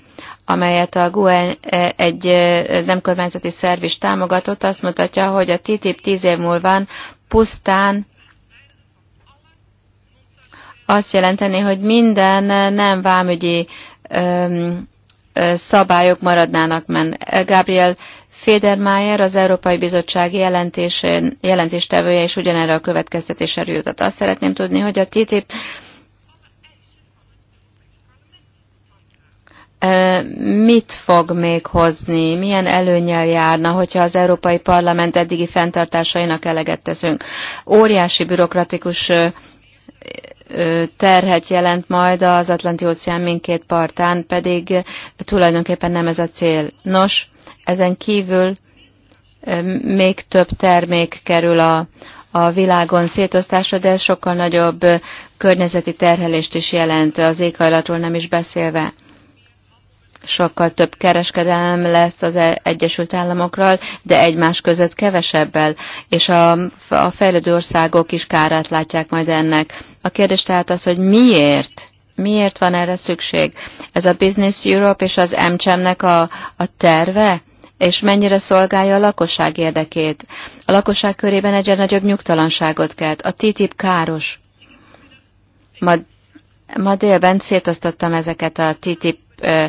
amelyet a GUE egy nem kormányzati szerv is támogatott, azt mutatja, hogy a TTIP tíz év múlva pusztán azt jelenteni, hogy minden nem vámügyi szabályok maradnának men. Gabriel Federmayer, az Európai Bizottság jelentéstevője is ugyanerre a következtetésre jutott. Azt szeretném tudni, hogy a TTIP mit fog még hozni, milyen előnyel járna, hogyha az Európai Parlament eddigi fenntartásainak eleget teszünk. Óriási bürokratikus terhet jelent majd az Atlanti-óceán mindkét partán, pedig tulajdonképpen nem ez a cél. Nos, ezen kívül még több termék kerül a, a világon szétosztásra, de ez sokkal nagyobb környezeti terhelést is jelent, az éghajlatról nem is beszélve sokkal több kereskedelem lesz az e- Egyesült Államokról, de egymás között kevesebbel, és a, a fejlődő országok is kárát látják majd ennek. A kérdés tehát az, hogy miért? Miért van erre szükség? Ez a Business Europe és az MCM-nek e a, a terve? és mennyire szolgálja a lakosság érdekét. A lakosság körében egyre nagyobb nyugtalanságot kelt. A TTIP káros. Ma, ma délben szétosztottam ezeket a TTIP ö,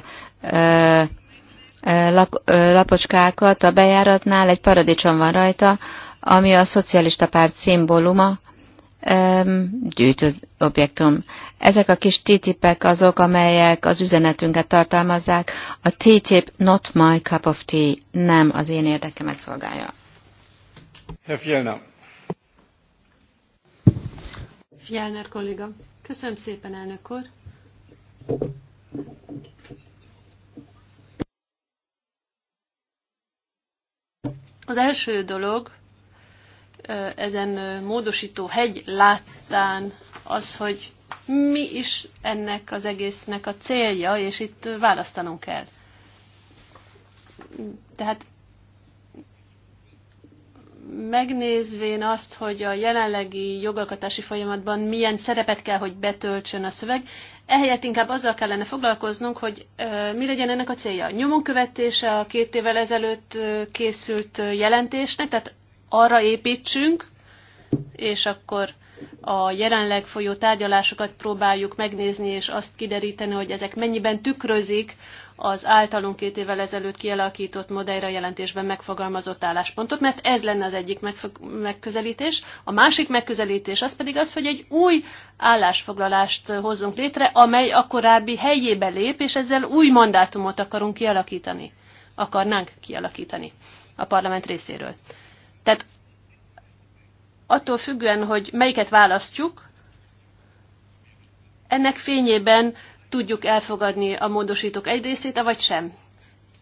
lap, lapocskákat a bejáratnál, egy paradicsom van rajta, ami a szocialista párt szimbóluma, gyűjtött objektum. Ezek a kis TTIP-ek azok, amelyek az üzenetünket tartalmazzák. A TTIP not my cup of tea nem az én érdekemet szolgálja. Fjellner kolléga. Köszönöm szépen, elnök úr. Az első dolog ezen módosító hegy láttán az, hogy mi is ennek az egésznek a célja, és itt választanunk kell. Tehát megnézvén azt, hogy a jelenlegi jogalkotási folyamatban milyen szerepet kell, hogy betöltsön a szöveg, ehelyett inkább azzal kellene foglalkoznunk, hogy mi legyen ennek a célja. Nyomon követése a két évvel ezelőtt készült jelentésnek, tehát arra építsünk, és akkor a jelenleg folyó tárgyalásokat próbáljuk megnézni, és azt kideríteni, hogy ezek mennyiben tükrözik az általunk két évvel ezelőtt kialakított modellre jelentésben megfogalmazott álláspontot, mert ez lenne az egyik megközelítés. A másik megközelítés az pedig az, hogy egy új állásfoglalást hozzunk létre, amely a korábbi helyébe lép, és ezzel új mandátumot akarunk kialakítani. Akarnánk kialakítani a parlament részéről. Tehát attól függően, hogy melyiket választjuk, ennek fényében tudjuk elfogadni a módosítók egy részét, vagy sem.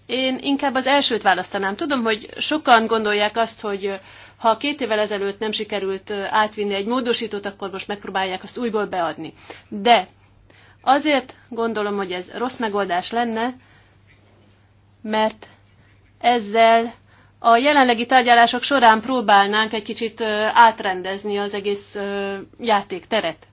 Én inkább az elsőt választanám. Tudom, hogy sokan gondolják azt, hogy ha két évvel ezelőtt nem sikerült átvinni egy módosítót, akkor most megpróbálják azt újból beadni. De azért gondolom, hogy ez rossz megoldás lenne, mert ezzel a jelenlegi tárgyalások során próbálnánk egy kicsit átrendezni az egész játékteret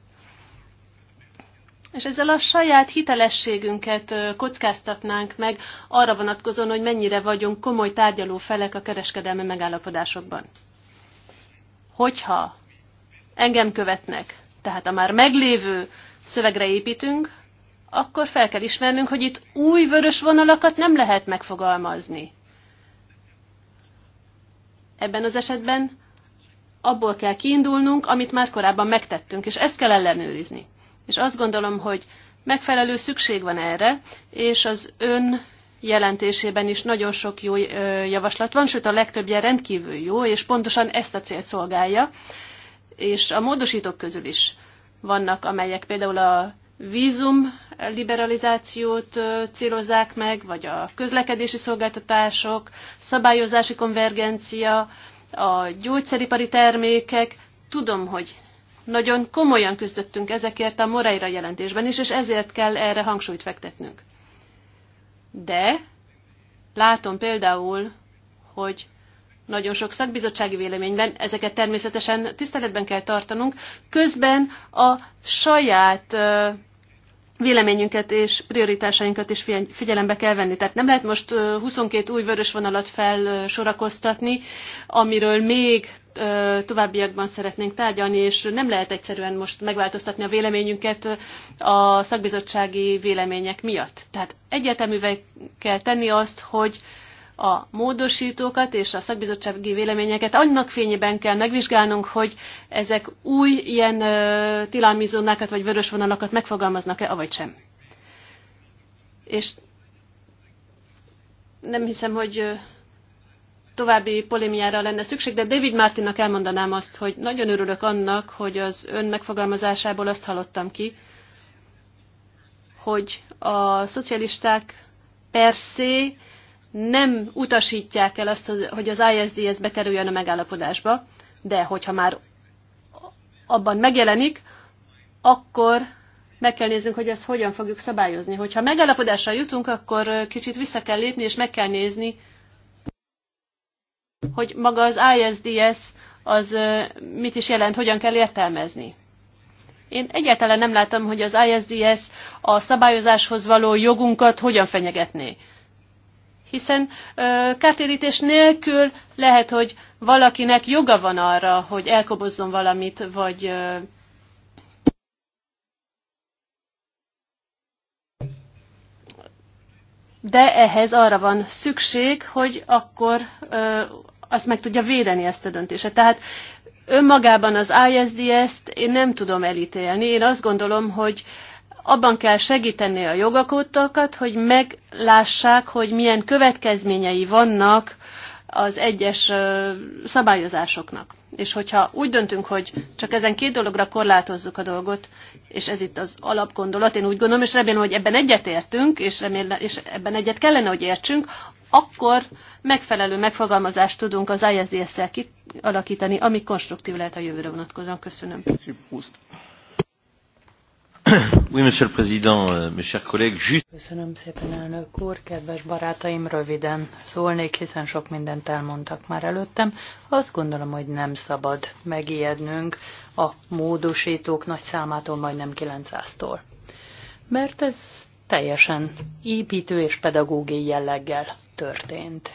és ezzel a saját hitelességünket kockáztatnánk meg arra vonatkozóan, hogy mennyire vagyunk komoly tárgyaló felek a kereskedelmi megállapodásokban. Hogyha engem követnek, tehát a már meglévő szövegre építünk, akkor fel kell ismernünk, hogy itt új vörös vonalakat nem lehet megfogalmazni. Ebben az esetben abból kell kiindulnunk, amit már korábban megtettünk, és ezt kell ellenőrizni. És azt gondolom, hogy megfelelő szükség van erre, és az ön jelentésében is nagyon sok jó javaslat van, sőt a legtöbbje rendkívül jó, és pontosan ezt a célt szolgálja. És a módosítók közül is vannak, amelyek például a vízum liberalizációt célozzák meg, vagy a közlekedési szolgáltatások, szabályozási konvergencia, a gyógyszeripari termékek. Tudom, hogy nagyon komolyan küzdöttünk ezekért a Moreira jelentésben is, és ezért kell erre hangsúlyt fektetnünk. De látom például, hogy nagyon sok szakbizottsági véleményben, ezeket természetesen tiszteletben kell tartanunk, közben a saját véleményünket és prioritásainkat is figyelembe kell venni. Tehát nem lehet most 22 új vörös vonalat felsorakoztatni, amiről még továbbiakban szeretnénk tárgyalni, és nem lehet egyszerűen most megváltoztatni a véleményünket a szakbizottsági vélemények miatt. Tehát egyeteművel kell tenni azt, hogy a módosítókat és a szakbizottsági véleményeket annak fényében kell megvizsgálnunk, hogy ezek új ilyen tilalmizónákat tilalmi zónákat vagy vörös vonalakat megfogalmaznak-e, avagy sem. És nem hiszem, hogy további polémiára lenne szükség, de David Martinnak elmondanám azt, hogy nagyon örülök annak, hogy az ön megfogalmazásából azt hallottam ki, hogy a szocialisták persze nem utasítják el azt, hogy az ISDS bekerüljön a megállapodásba, de hogyha már abban megjelenik, akkor meg kell néznünk, hogy ezt hogyan fogjuk szabályozni. Hogyha megállapodásra jutunk, akkor kicsit vissza kell lépni, és meg kell nézni, hogy maga az ISDS az mit is jelent, hogyan kell értelmezni. Én egyáltalán nem látom, hogy az ISDS a szabályozáshoz való jogunkat hogyan fenyegetné. Hiszen ö, kártérítés nélkül lehet, hogy valakinek joga van arra, hogy elkobozzon valamit, vagy ö, de ehhez arra van szükség, hogy akkor ö, azt meg tudja védeni ezt a döntése. Tehát önmagában az ISDS-t én nem tudom elítélni. Én azt gondolom, hogy abban kell segíteni a jogakottakat, hogy meglássák, hogy milyen következményei vannak az egyes szabályozásoknak. És hogyha úgy döntünk, hogy csak ezen két dologra korlátozzuk a dolgot, és ez itt az alapgondolat, én úgy gondolom, és remélem, hogy ebben egyet értünk, és, remélem, és ebben egyet kellene, hogy értsünk, akkor megfelelő megfogalmazást tudunk az ISDS-szel kialakítani, ami konstruktív lehet a jövőre vonatkozóan. Köszönöm. Oui, monsieur le président, euh, mes chers collègues, juste... Köszönöm szépen, elnök úr, kedves barátaim, röviden szólnék, hiszen sok mindent elmondtak már előttem. Azt gondolom, hogy nem szabad megijednünk a módosítók nagy számától, majdnem 900-tól. Mert ez teljesen építő és pedagógiai jelleggel történt.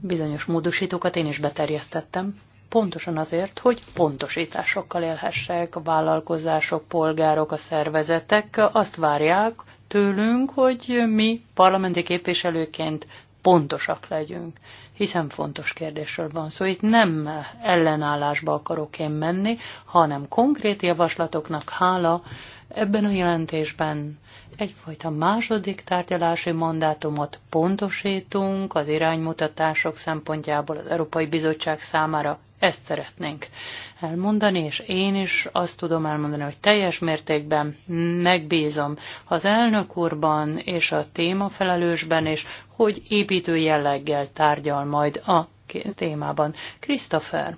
Bizonyos módosítókat én is beterjesztettem, pontosan azért, hogy pontosításokkal élhessek, a vállalkozások, polgárok, a szervezetek azt várják tőlünk, hogy mi parlamenti képviselőként pontosak legyünk, hiszen fontos kérdésről van szó. Itt nem ellenállásba akarok én menni, hanem konkrét javaslatoknak hála ebben a jelentésben egyfajta második tárgyalási mandátumot pontosítunk az iránymutatások szempontjából az Európai Bizottság számára. Ezt szeretnénk elmondani, és én is azt tudom elmondani, hogy teljes mértékben megbízom az elnök úrban és a témafelelősben, és hogy építő jelleggel tárgyal majd a témában. Christopher,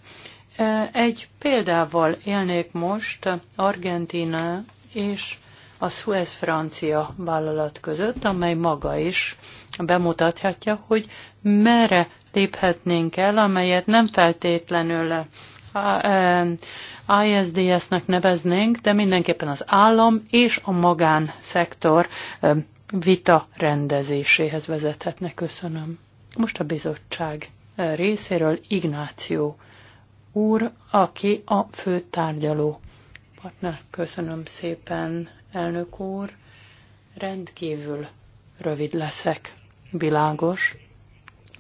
eh, egy példával élnék most Argentina és a Suez francia vállalat között, amely maga is bemutathatja, hogy merre léphetnénk el, amelyet nem feltétlenül eh, eh, ISDS-nek neveznénk, de mindenképpen az állam és a magánszektor eh, vita rendezéséhez vezethetne. Köszönöm. Most a bizottság részéről Ignáció úr, aki a fő tárgyaló csapatnak. Köszönöm szépen, elnök úr. Rendkívül rövid leszek. Világos,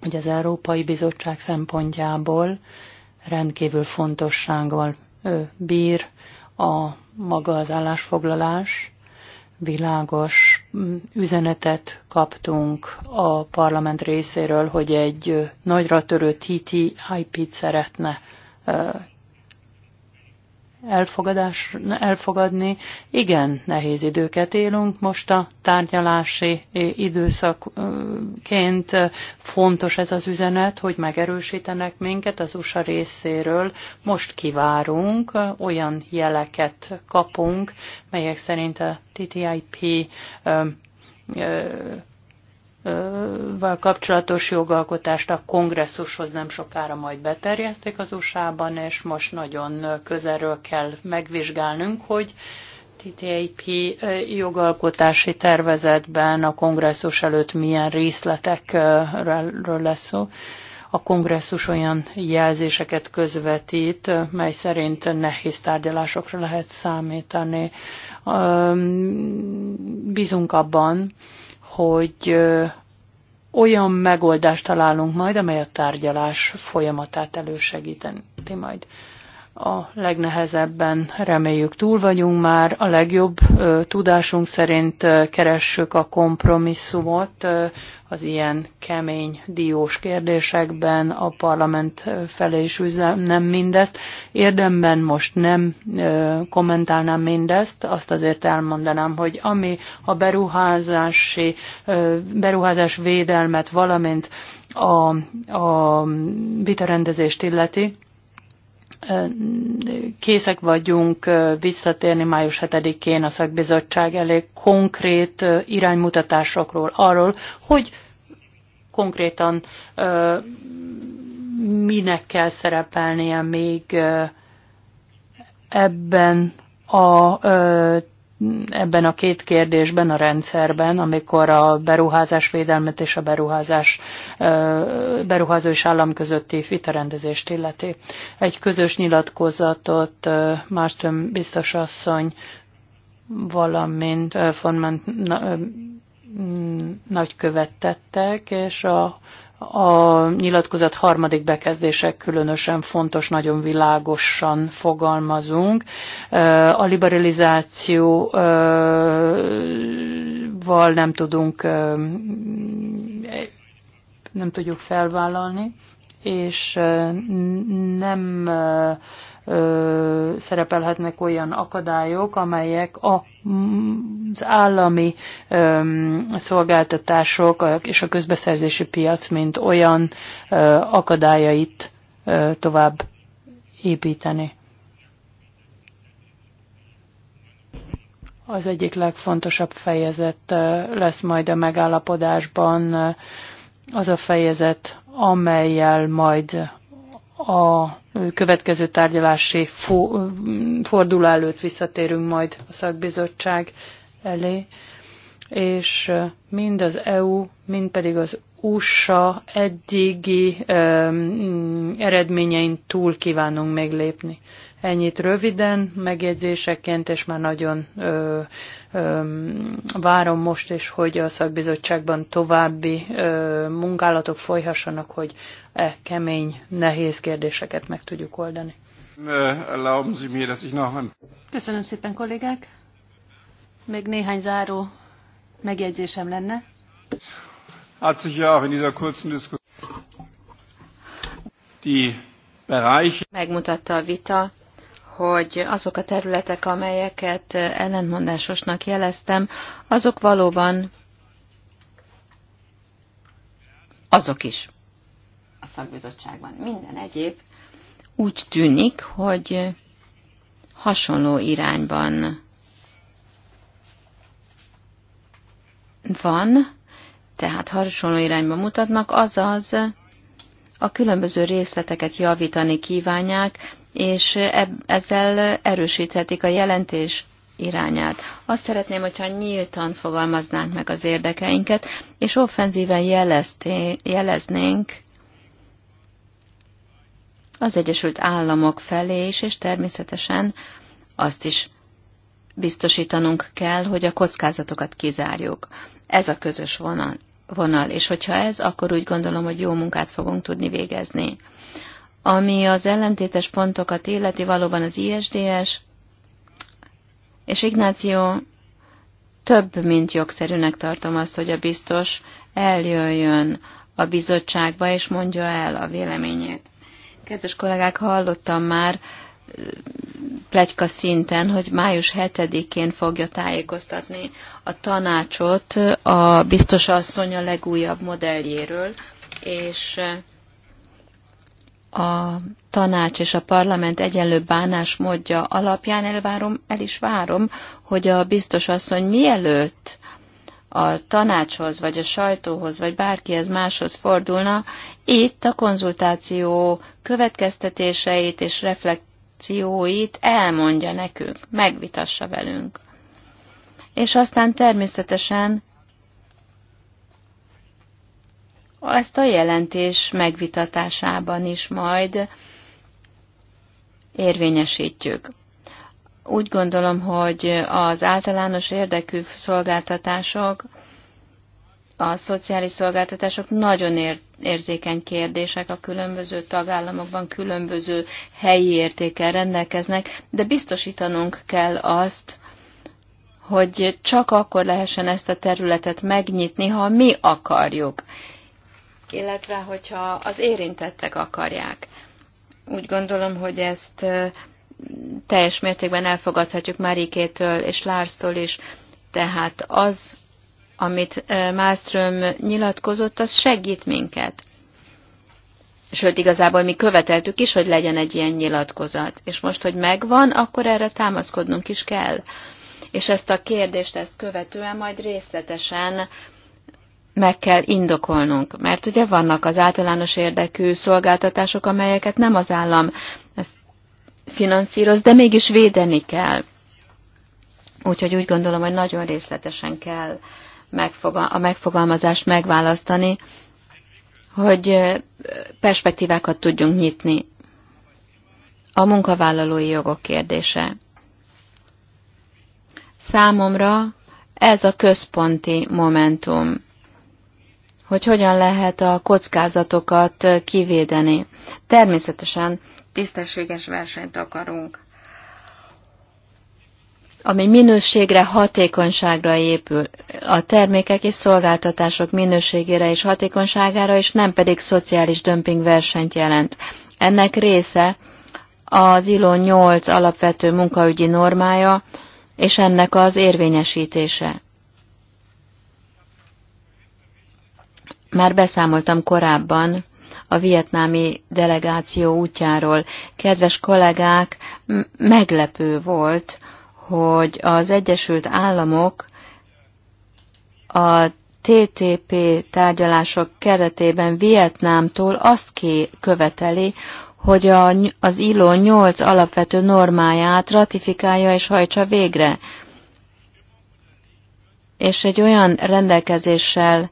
hogy az Európai Bizottság szempontjából rendkívül fontossággal bír a maga az állásfoglalás, világos üzenetet kaptunk a parlament részéről, hogy egy nagyra törő TTIP-t szeretne elfogadás, elfogadni. Igen, nehéz időket élünk most a tárgyalási eh, időszakként. Fontos ez az üzenet, hogy megerősítenek minket az USA részéről. Most kivárunk, olyan jeleket kapunk, melyek szerint a TTIP eh, eh, kapcsolatos jogalkotást a kongresszushoz nem sokára majd beterjeszték az USA-ban, és most nagyon közelről kell megvizsgálnunk, hogy TTIP eh, jogalkotási tervezetben a kongresszus előtt milyen részletekről lesz szó. A kongresszus olyan jelzéseket közvetít, mely szerint nehéz tárgyalásokra lehet számítani. Bízunk abban, hogy olyan megoldást találunk majd, amely a tárgyalás folyamatát elősegíteni majd a legnehezebben reméljük túl vagyunk már, a legjobb ö, tudásunk szerint ö, keressük a kompromisszumot ö, az ilyen kemény diós kérdésekben, a parlament felé is nem mindezt. Érdemben most nem ö, kommentálnám mindezt, azt azért elmondanám, hogy ami a beruházási, ö, beruházás védelmet, valamint a, a vitarendezést illeti, készek vagyunk visszatérni május 7-én a szakbizottság elé konkrét iránymutatásokról arról, hogy konkrétan minek kell szerepelnie még ebben a ebben a két kérdésben a rendszerben, amikor a beruházás védelmet és a beruházás, beruházó és állam közötti vitarendezést illeti. Egy közös nyilatkozatot Márton biztosasszony, valamint Forman nagykövet tettek, és a a nyilatkozat harmadik bekezdések különösen fontos, nagyon világosan fogalmazunk. A liberalizációval nem tudunk nem tudjuk felvállalni, és nem ö, szerepelhetnek olyan akadályok, amelyek a, az állami ö, szolgáltatások és a közbeszerzési piac, mint olyan ö, akadályait ö, tovább építeni. Az egyik legfontosabb fejezet lesz majd a megállapodásban az a fejezet, amelyel majd a következő tárgyalási forduló előtt visszatérünk majd a szakbizottság elé, és mind az EU, mind pedig az USA eddigi um, eredményein túl kívánunk meglépni. Ennyit röviden, megjegyzéseként, és már nagyon ö, ö, várom most is, hogy a szakbizottságban további ö, munkálatok folyhassanak, hogy e kemény, nehéz kérdéseket meg tudjuk oldani. Köszönöm szépen, kollégák! Még néhány záró megjegyzésem lenne. Hat in dieser kurzen Diskussion die Bereiche. Megmutatta a vita hogy azok a területek, amelyeket ellentmondásosnak jeleztem, azok valóban azok is a szakbizottságban. Minden egyéb úgy tűnik, hogy hasonló irányban van, tehát hasonló irányban mutatnak, azaz a különböző részleteket javítani kívánják, és ezzel erősíthetik a jelentés irányát. Azt szeretném, hogyha nyíltan fogalmaznánk meg az érdekeinket, és offenzíven jeleznénk az Egyesült Államok felé is, és természetesen azt is biztosítanunk kell, hogy a kockázatokat kizárjuk. Ez a közös vonal, vonal, és hogyha ez, akkor úgy gondolom, hogy jó munkát fogunk tudni végezni. Ami az ellentétes pontokat illeti, valóban az ISDS, és Ignáció több, mint jogszerűnek tartom azt, hogy a biztos eljöjjön a bizottságba, és mondja el a véleményét. Kedves kollégák, hallottam már eh, plegyka szinten, hogy május 7-én fogja tájékoztatni a tanácsot a biztos asszony a legújabb modelljéről, és eh, a tanács és a parlament egyenlő bánásmódja alapján elvárom, el is várom, hogy a biztos asszony mielőtt a tanácshoz, vagy a sajtóhoz, vagy bárkihez máshoz fordulna, itt a konzultáció következtetéseit és reflekcióit elmondja nekünk, megvitassa velünk. És aztán természetesen ezt a jelentés megvitatásában is majd érvényesítjük. Úgy gondolom, hogy az általános érdekű szolgáltatások, a szociális szolgáltatások nagyon ér- érzékeny kérdések a különböző tagállamokban, különböző helyi értékkel rendelkeznek, de biztosítanunk kell azt, hogy csak akkor lehessen ezt a területet megnyitni, ha mi akarjuk illetve hogyha az érintettek akarják. Úgy gondolom, hogy ezt teljes mértékben elfogadhatjuk Marikétől és Lárztól is. Tehát az, amit Mástrom nyilatkozott, az segít minket. Sőt, igazából mi követeltük is, hogy legyen egy ilyen nyilatkozat. És most, hogy megvan, akkor erre támaszkodnunk is kell. És ezt a kérdést, ezt követően majd részletesen meg kell indokolnunk, mert ugye vannak az általános érdekű szolgáltatások, amelyeket nem az állam finanszíroz, de mégis védeni kell. Úgyhogy úgy gondolom, hogy nagyon részletesen kell a megfogalmazást megválasztani, hogy perspektívákat tudjunk nyitni. A munkavállalói jogok kérdése. Számomra ez a központi momentum hogy hogyan lehet a kockázatokat kivédeni. Természetesen tisztességes versenyt akarunk, ami minőségre, hatékonyságra épül, a termékek és szolgáltatások minőségére és hatékonyságára, és nem pedig szociális dömping versenyt jelent. Ennek része az ILO 8 alapvető munkaügyi normája, és ennek az érvényesítése. Már beszámoltam korábban a vietnámi delegáció útjáról. Kedves kollégák, meglepő volt, hogy az Egyesült Államok a TTP tárgyalások keretében Vietnámtól azt ki követeli, hogy a, az ILO 8 alapvető normáját ratifikálja és hajtsa végre. És egy olyan rendelkezéssel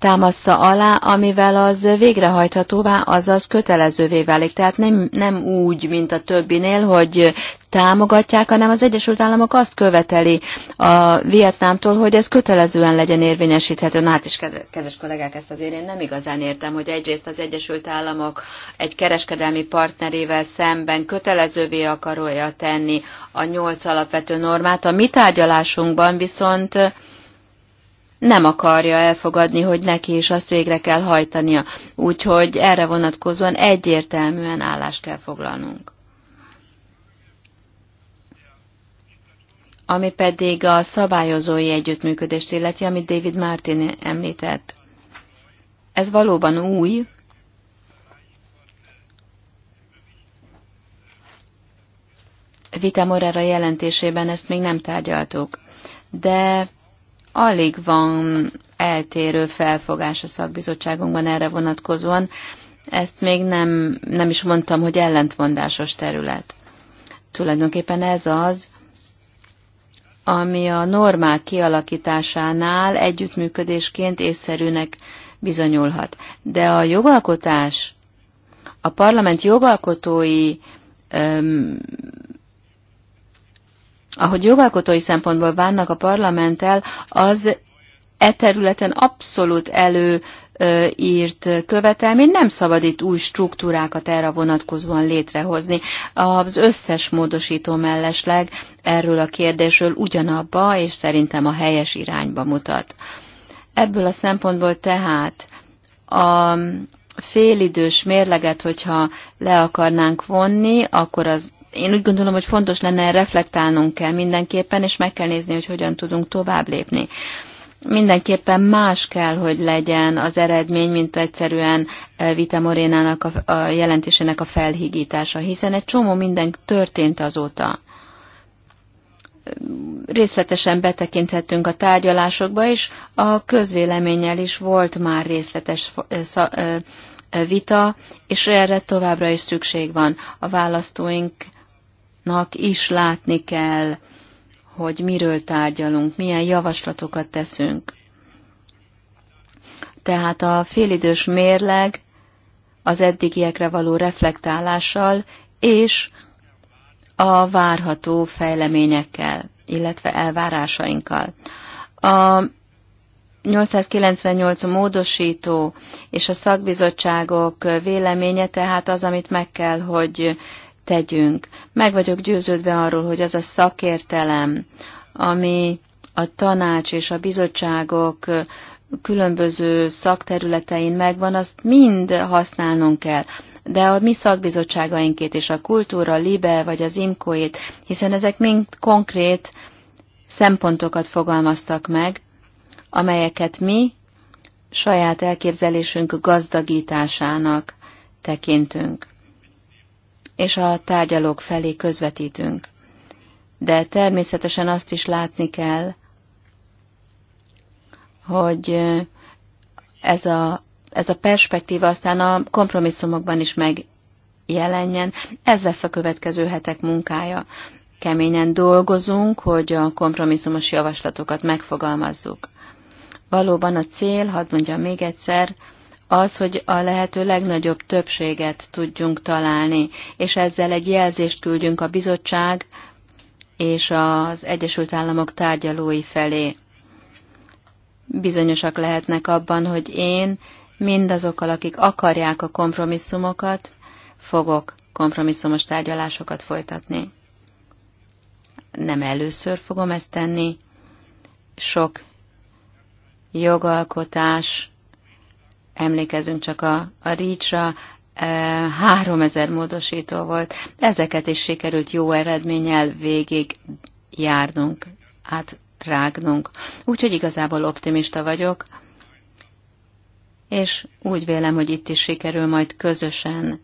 támaszza alá, amivel az végrehajthatóvá, azaz kötelezővé válik. Tehát nem, nem úgy, mint a többinél, hogy támogatják, hanem az Egyesült Államok azt követeli a Vietnámtól, hogy ez kötelezően legyen érvényesíthető. Na hát is, kedves kollégák, ezt azért én nem igazán értem, hogy egyrészt az Egyesült Államok egy kereskedelmi partnerével szemben kötelezővé akarolja tenni a nyolc alapvető normát. A mi tárgyalásunkban viszont nem akarja elfogadni, hogy neki is azt végre kell hajtania. Úgyhogy erre vonatkozóan egyértelműen állást kell foglalnunk. Ami pedig a szabályozói együttműködést illeti, amit David Martin említett. Ez valóban új, Vita Morera jelentésében ezt még nem tárgyaltuk. De alig van eltérő felfogás a szakbizottságunkban erre vonatkozóan. Ezt még nem, nem is mondtam, hogy ellentmondásos terület. Tulajdonképpen ez az, ami a normál kialakításánál együttműködésként észszerűnek bizonyulhat. De a jogalkotás, a parlament jogalkotói öm, ahogy jogalkotói szempontból bánnak a parlamenttel, az e területen abszolút elő írt követelmény, nem szabad itt új struktúrákat erre vonatkozóan létrehozni. Az összes módosító mellesleg erről a kérdésről ugyanabba és szerintem a helyes irányba mutat. Ebből a szempontból tehát a félidős mérleget, hogyha le akarnánk vonni, akkor az én úgy gondolom, hogy fontos lenne reflektálnunk kell mindenképpen, és meg kell nézni, hogy hogyan tudunk tovább lépni. Mindenképpen más kell, hogy legyen az eredmény, mint egyszerűen e, Vita Morénának a, a jelentésének a felhigítása, hiszen egy csomó minden történt azóta részletesen betekinthettünk a tárgyalásokba, és a közvéleménnyel is volt már részletes e, e, vita, és erre továbbra is szükség van. A választóink nak is látni kell, hogy miről tárgyalunk, milyen javaslatokat teszünk. Tehát a félidős mérleg az eddigiekre való reflektálással és a várható fejleményekkel, illetve elvárásainkkal. A 898 módosító és a szakbizottságok véleménye tehát az, amit meg kell, hogy tegyünk. Meg vagyok győződve arról, hogy az a szakértelem, ami a tanács és a bizottságok különböző szakterületein megvan, azt mind használnunk kell. De a mi szakbizottságainkét és a kultúra, a libe vagy az imkoét, hiszen ezek mind konkrét szempontokat fogalmaztak meg, amelyeket mi saját elképzelésünk gazdagításának tekintünk és a tárgyalók felé közvetítünk. De természetesen azt is látni kell, hogy ez a, ez a perspektíva aztán a kompromisszumokban is megjelenjen. Ez lesz a következő hetek munkája. Keményen dolgozunk, hogy a kompromisszumos javaslatokat megfogalmazzuk. Valóban a cél, hadd mondjam még egyszer, az, hogy a lehető legnagyobb többséget tudjunk találni, és ezzel egy jelzést küldjünk a bizottság és az Egyesült Államok tárgyalói felé. Bizonyosak lehetnek abban, hogy én mindazokkal, akik akarják a kompromisszumokat, fogok kompromisszumos tárgyalásokat folytatni. Nem először fogom ezt tenni. Sok jogalkotás Emlékezünk csak a, a Reach-ra, 3000 e, módosító volt. Ezeket is sikerült jó eredménnyel végig járnunk, rágnunk. Úgyhogy igazából optimista vagyok, és úgy vélem, hogy itt is sikerül majd közösen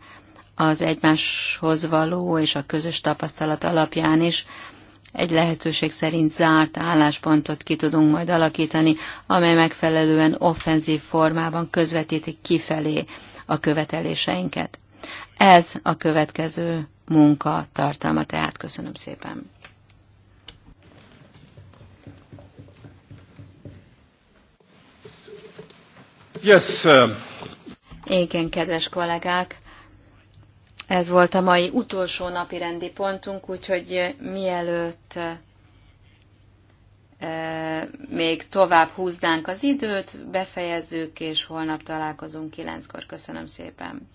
az egymáshoz való és a közös tapasztalat alapján is egy lehetőség szerint zárt álláspontot ki tudunk majd alakítani, amely megfelelően offenzív formában közvetítik kifelé a követeléseinket. Ez a következő munka tartalma, tehát köszönöm szépen. Yes, sir. Igen, kedves kollégák, ez volt a mai utolsó napi rendi pontunk, úgyhogy mielőtt e, még tovább húznánk az időt, befejezzük, és holnap találkozunk kilenckor. Köszönöm szépen!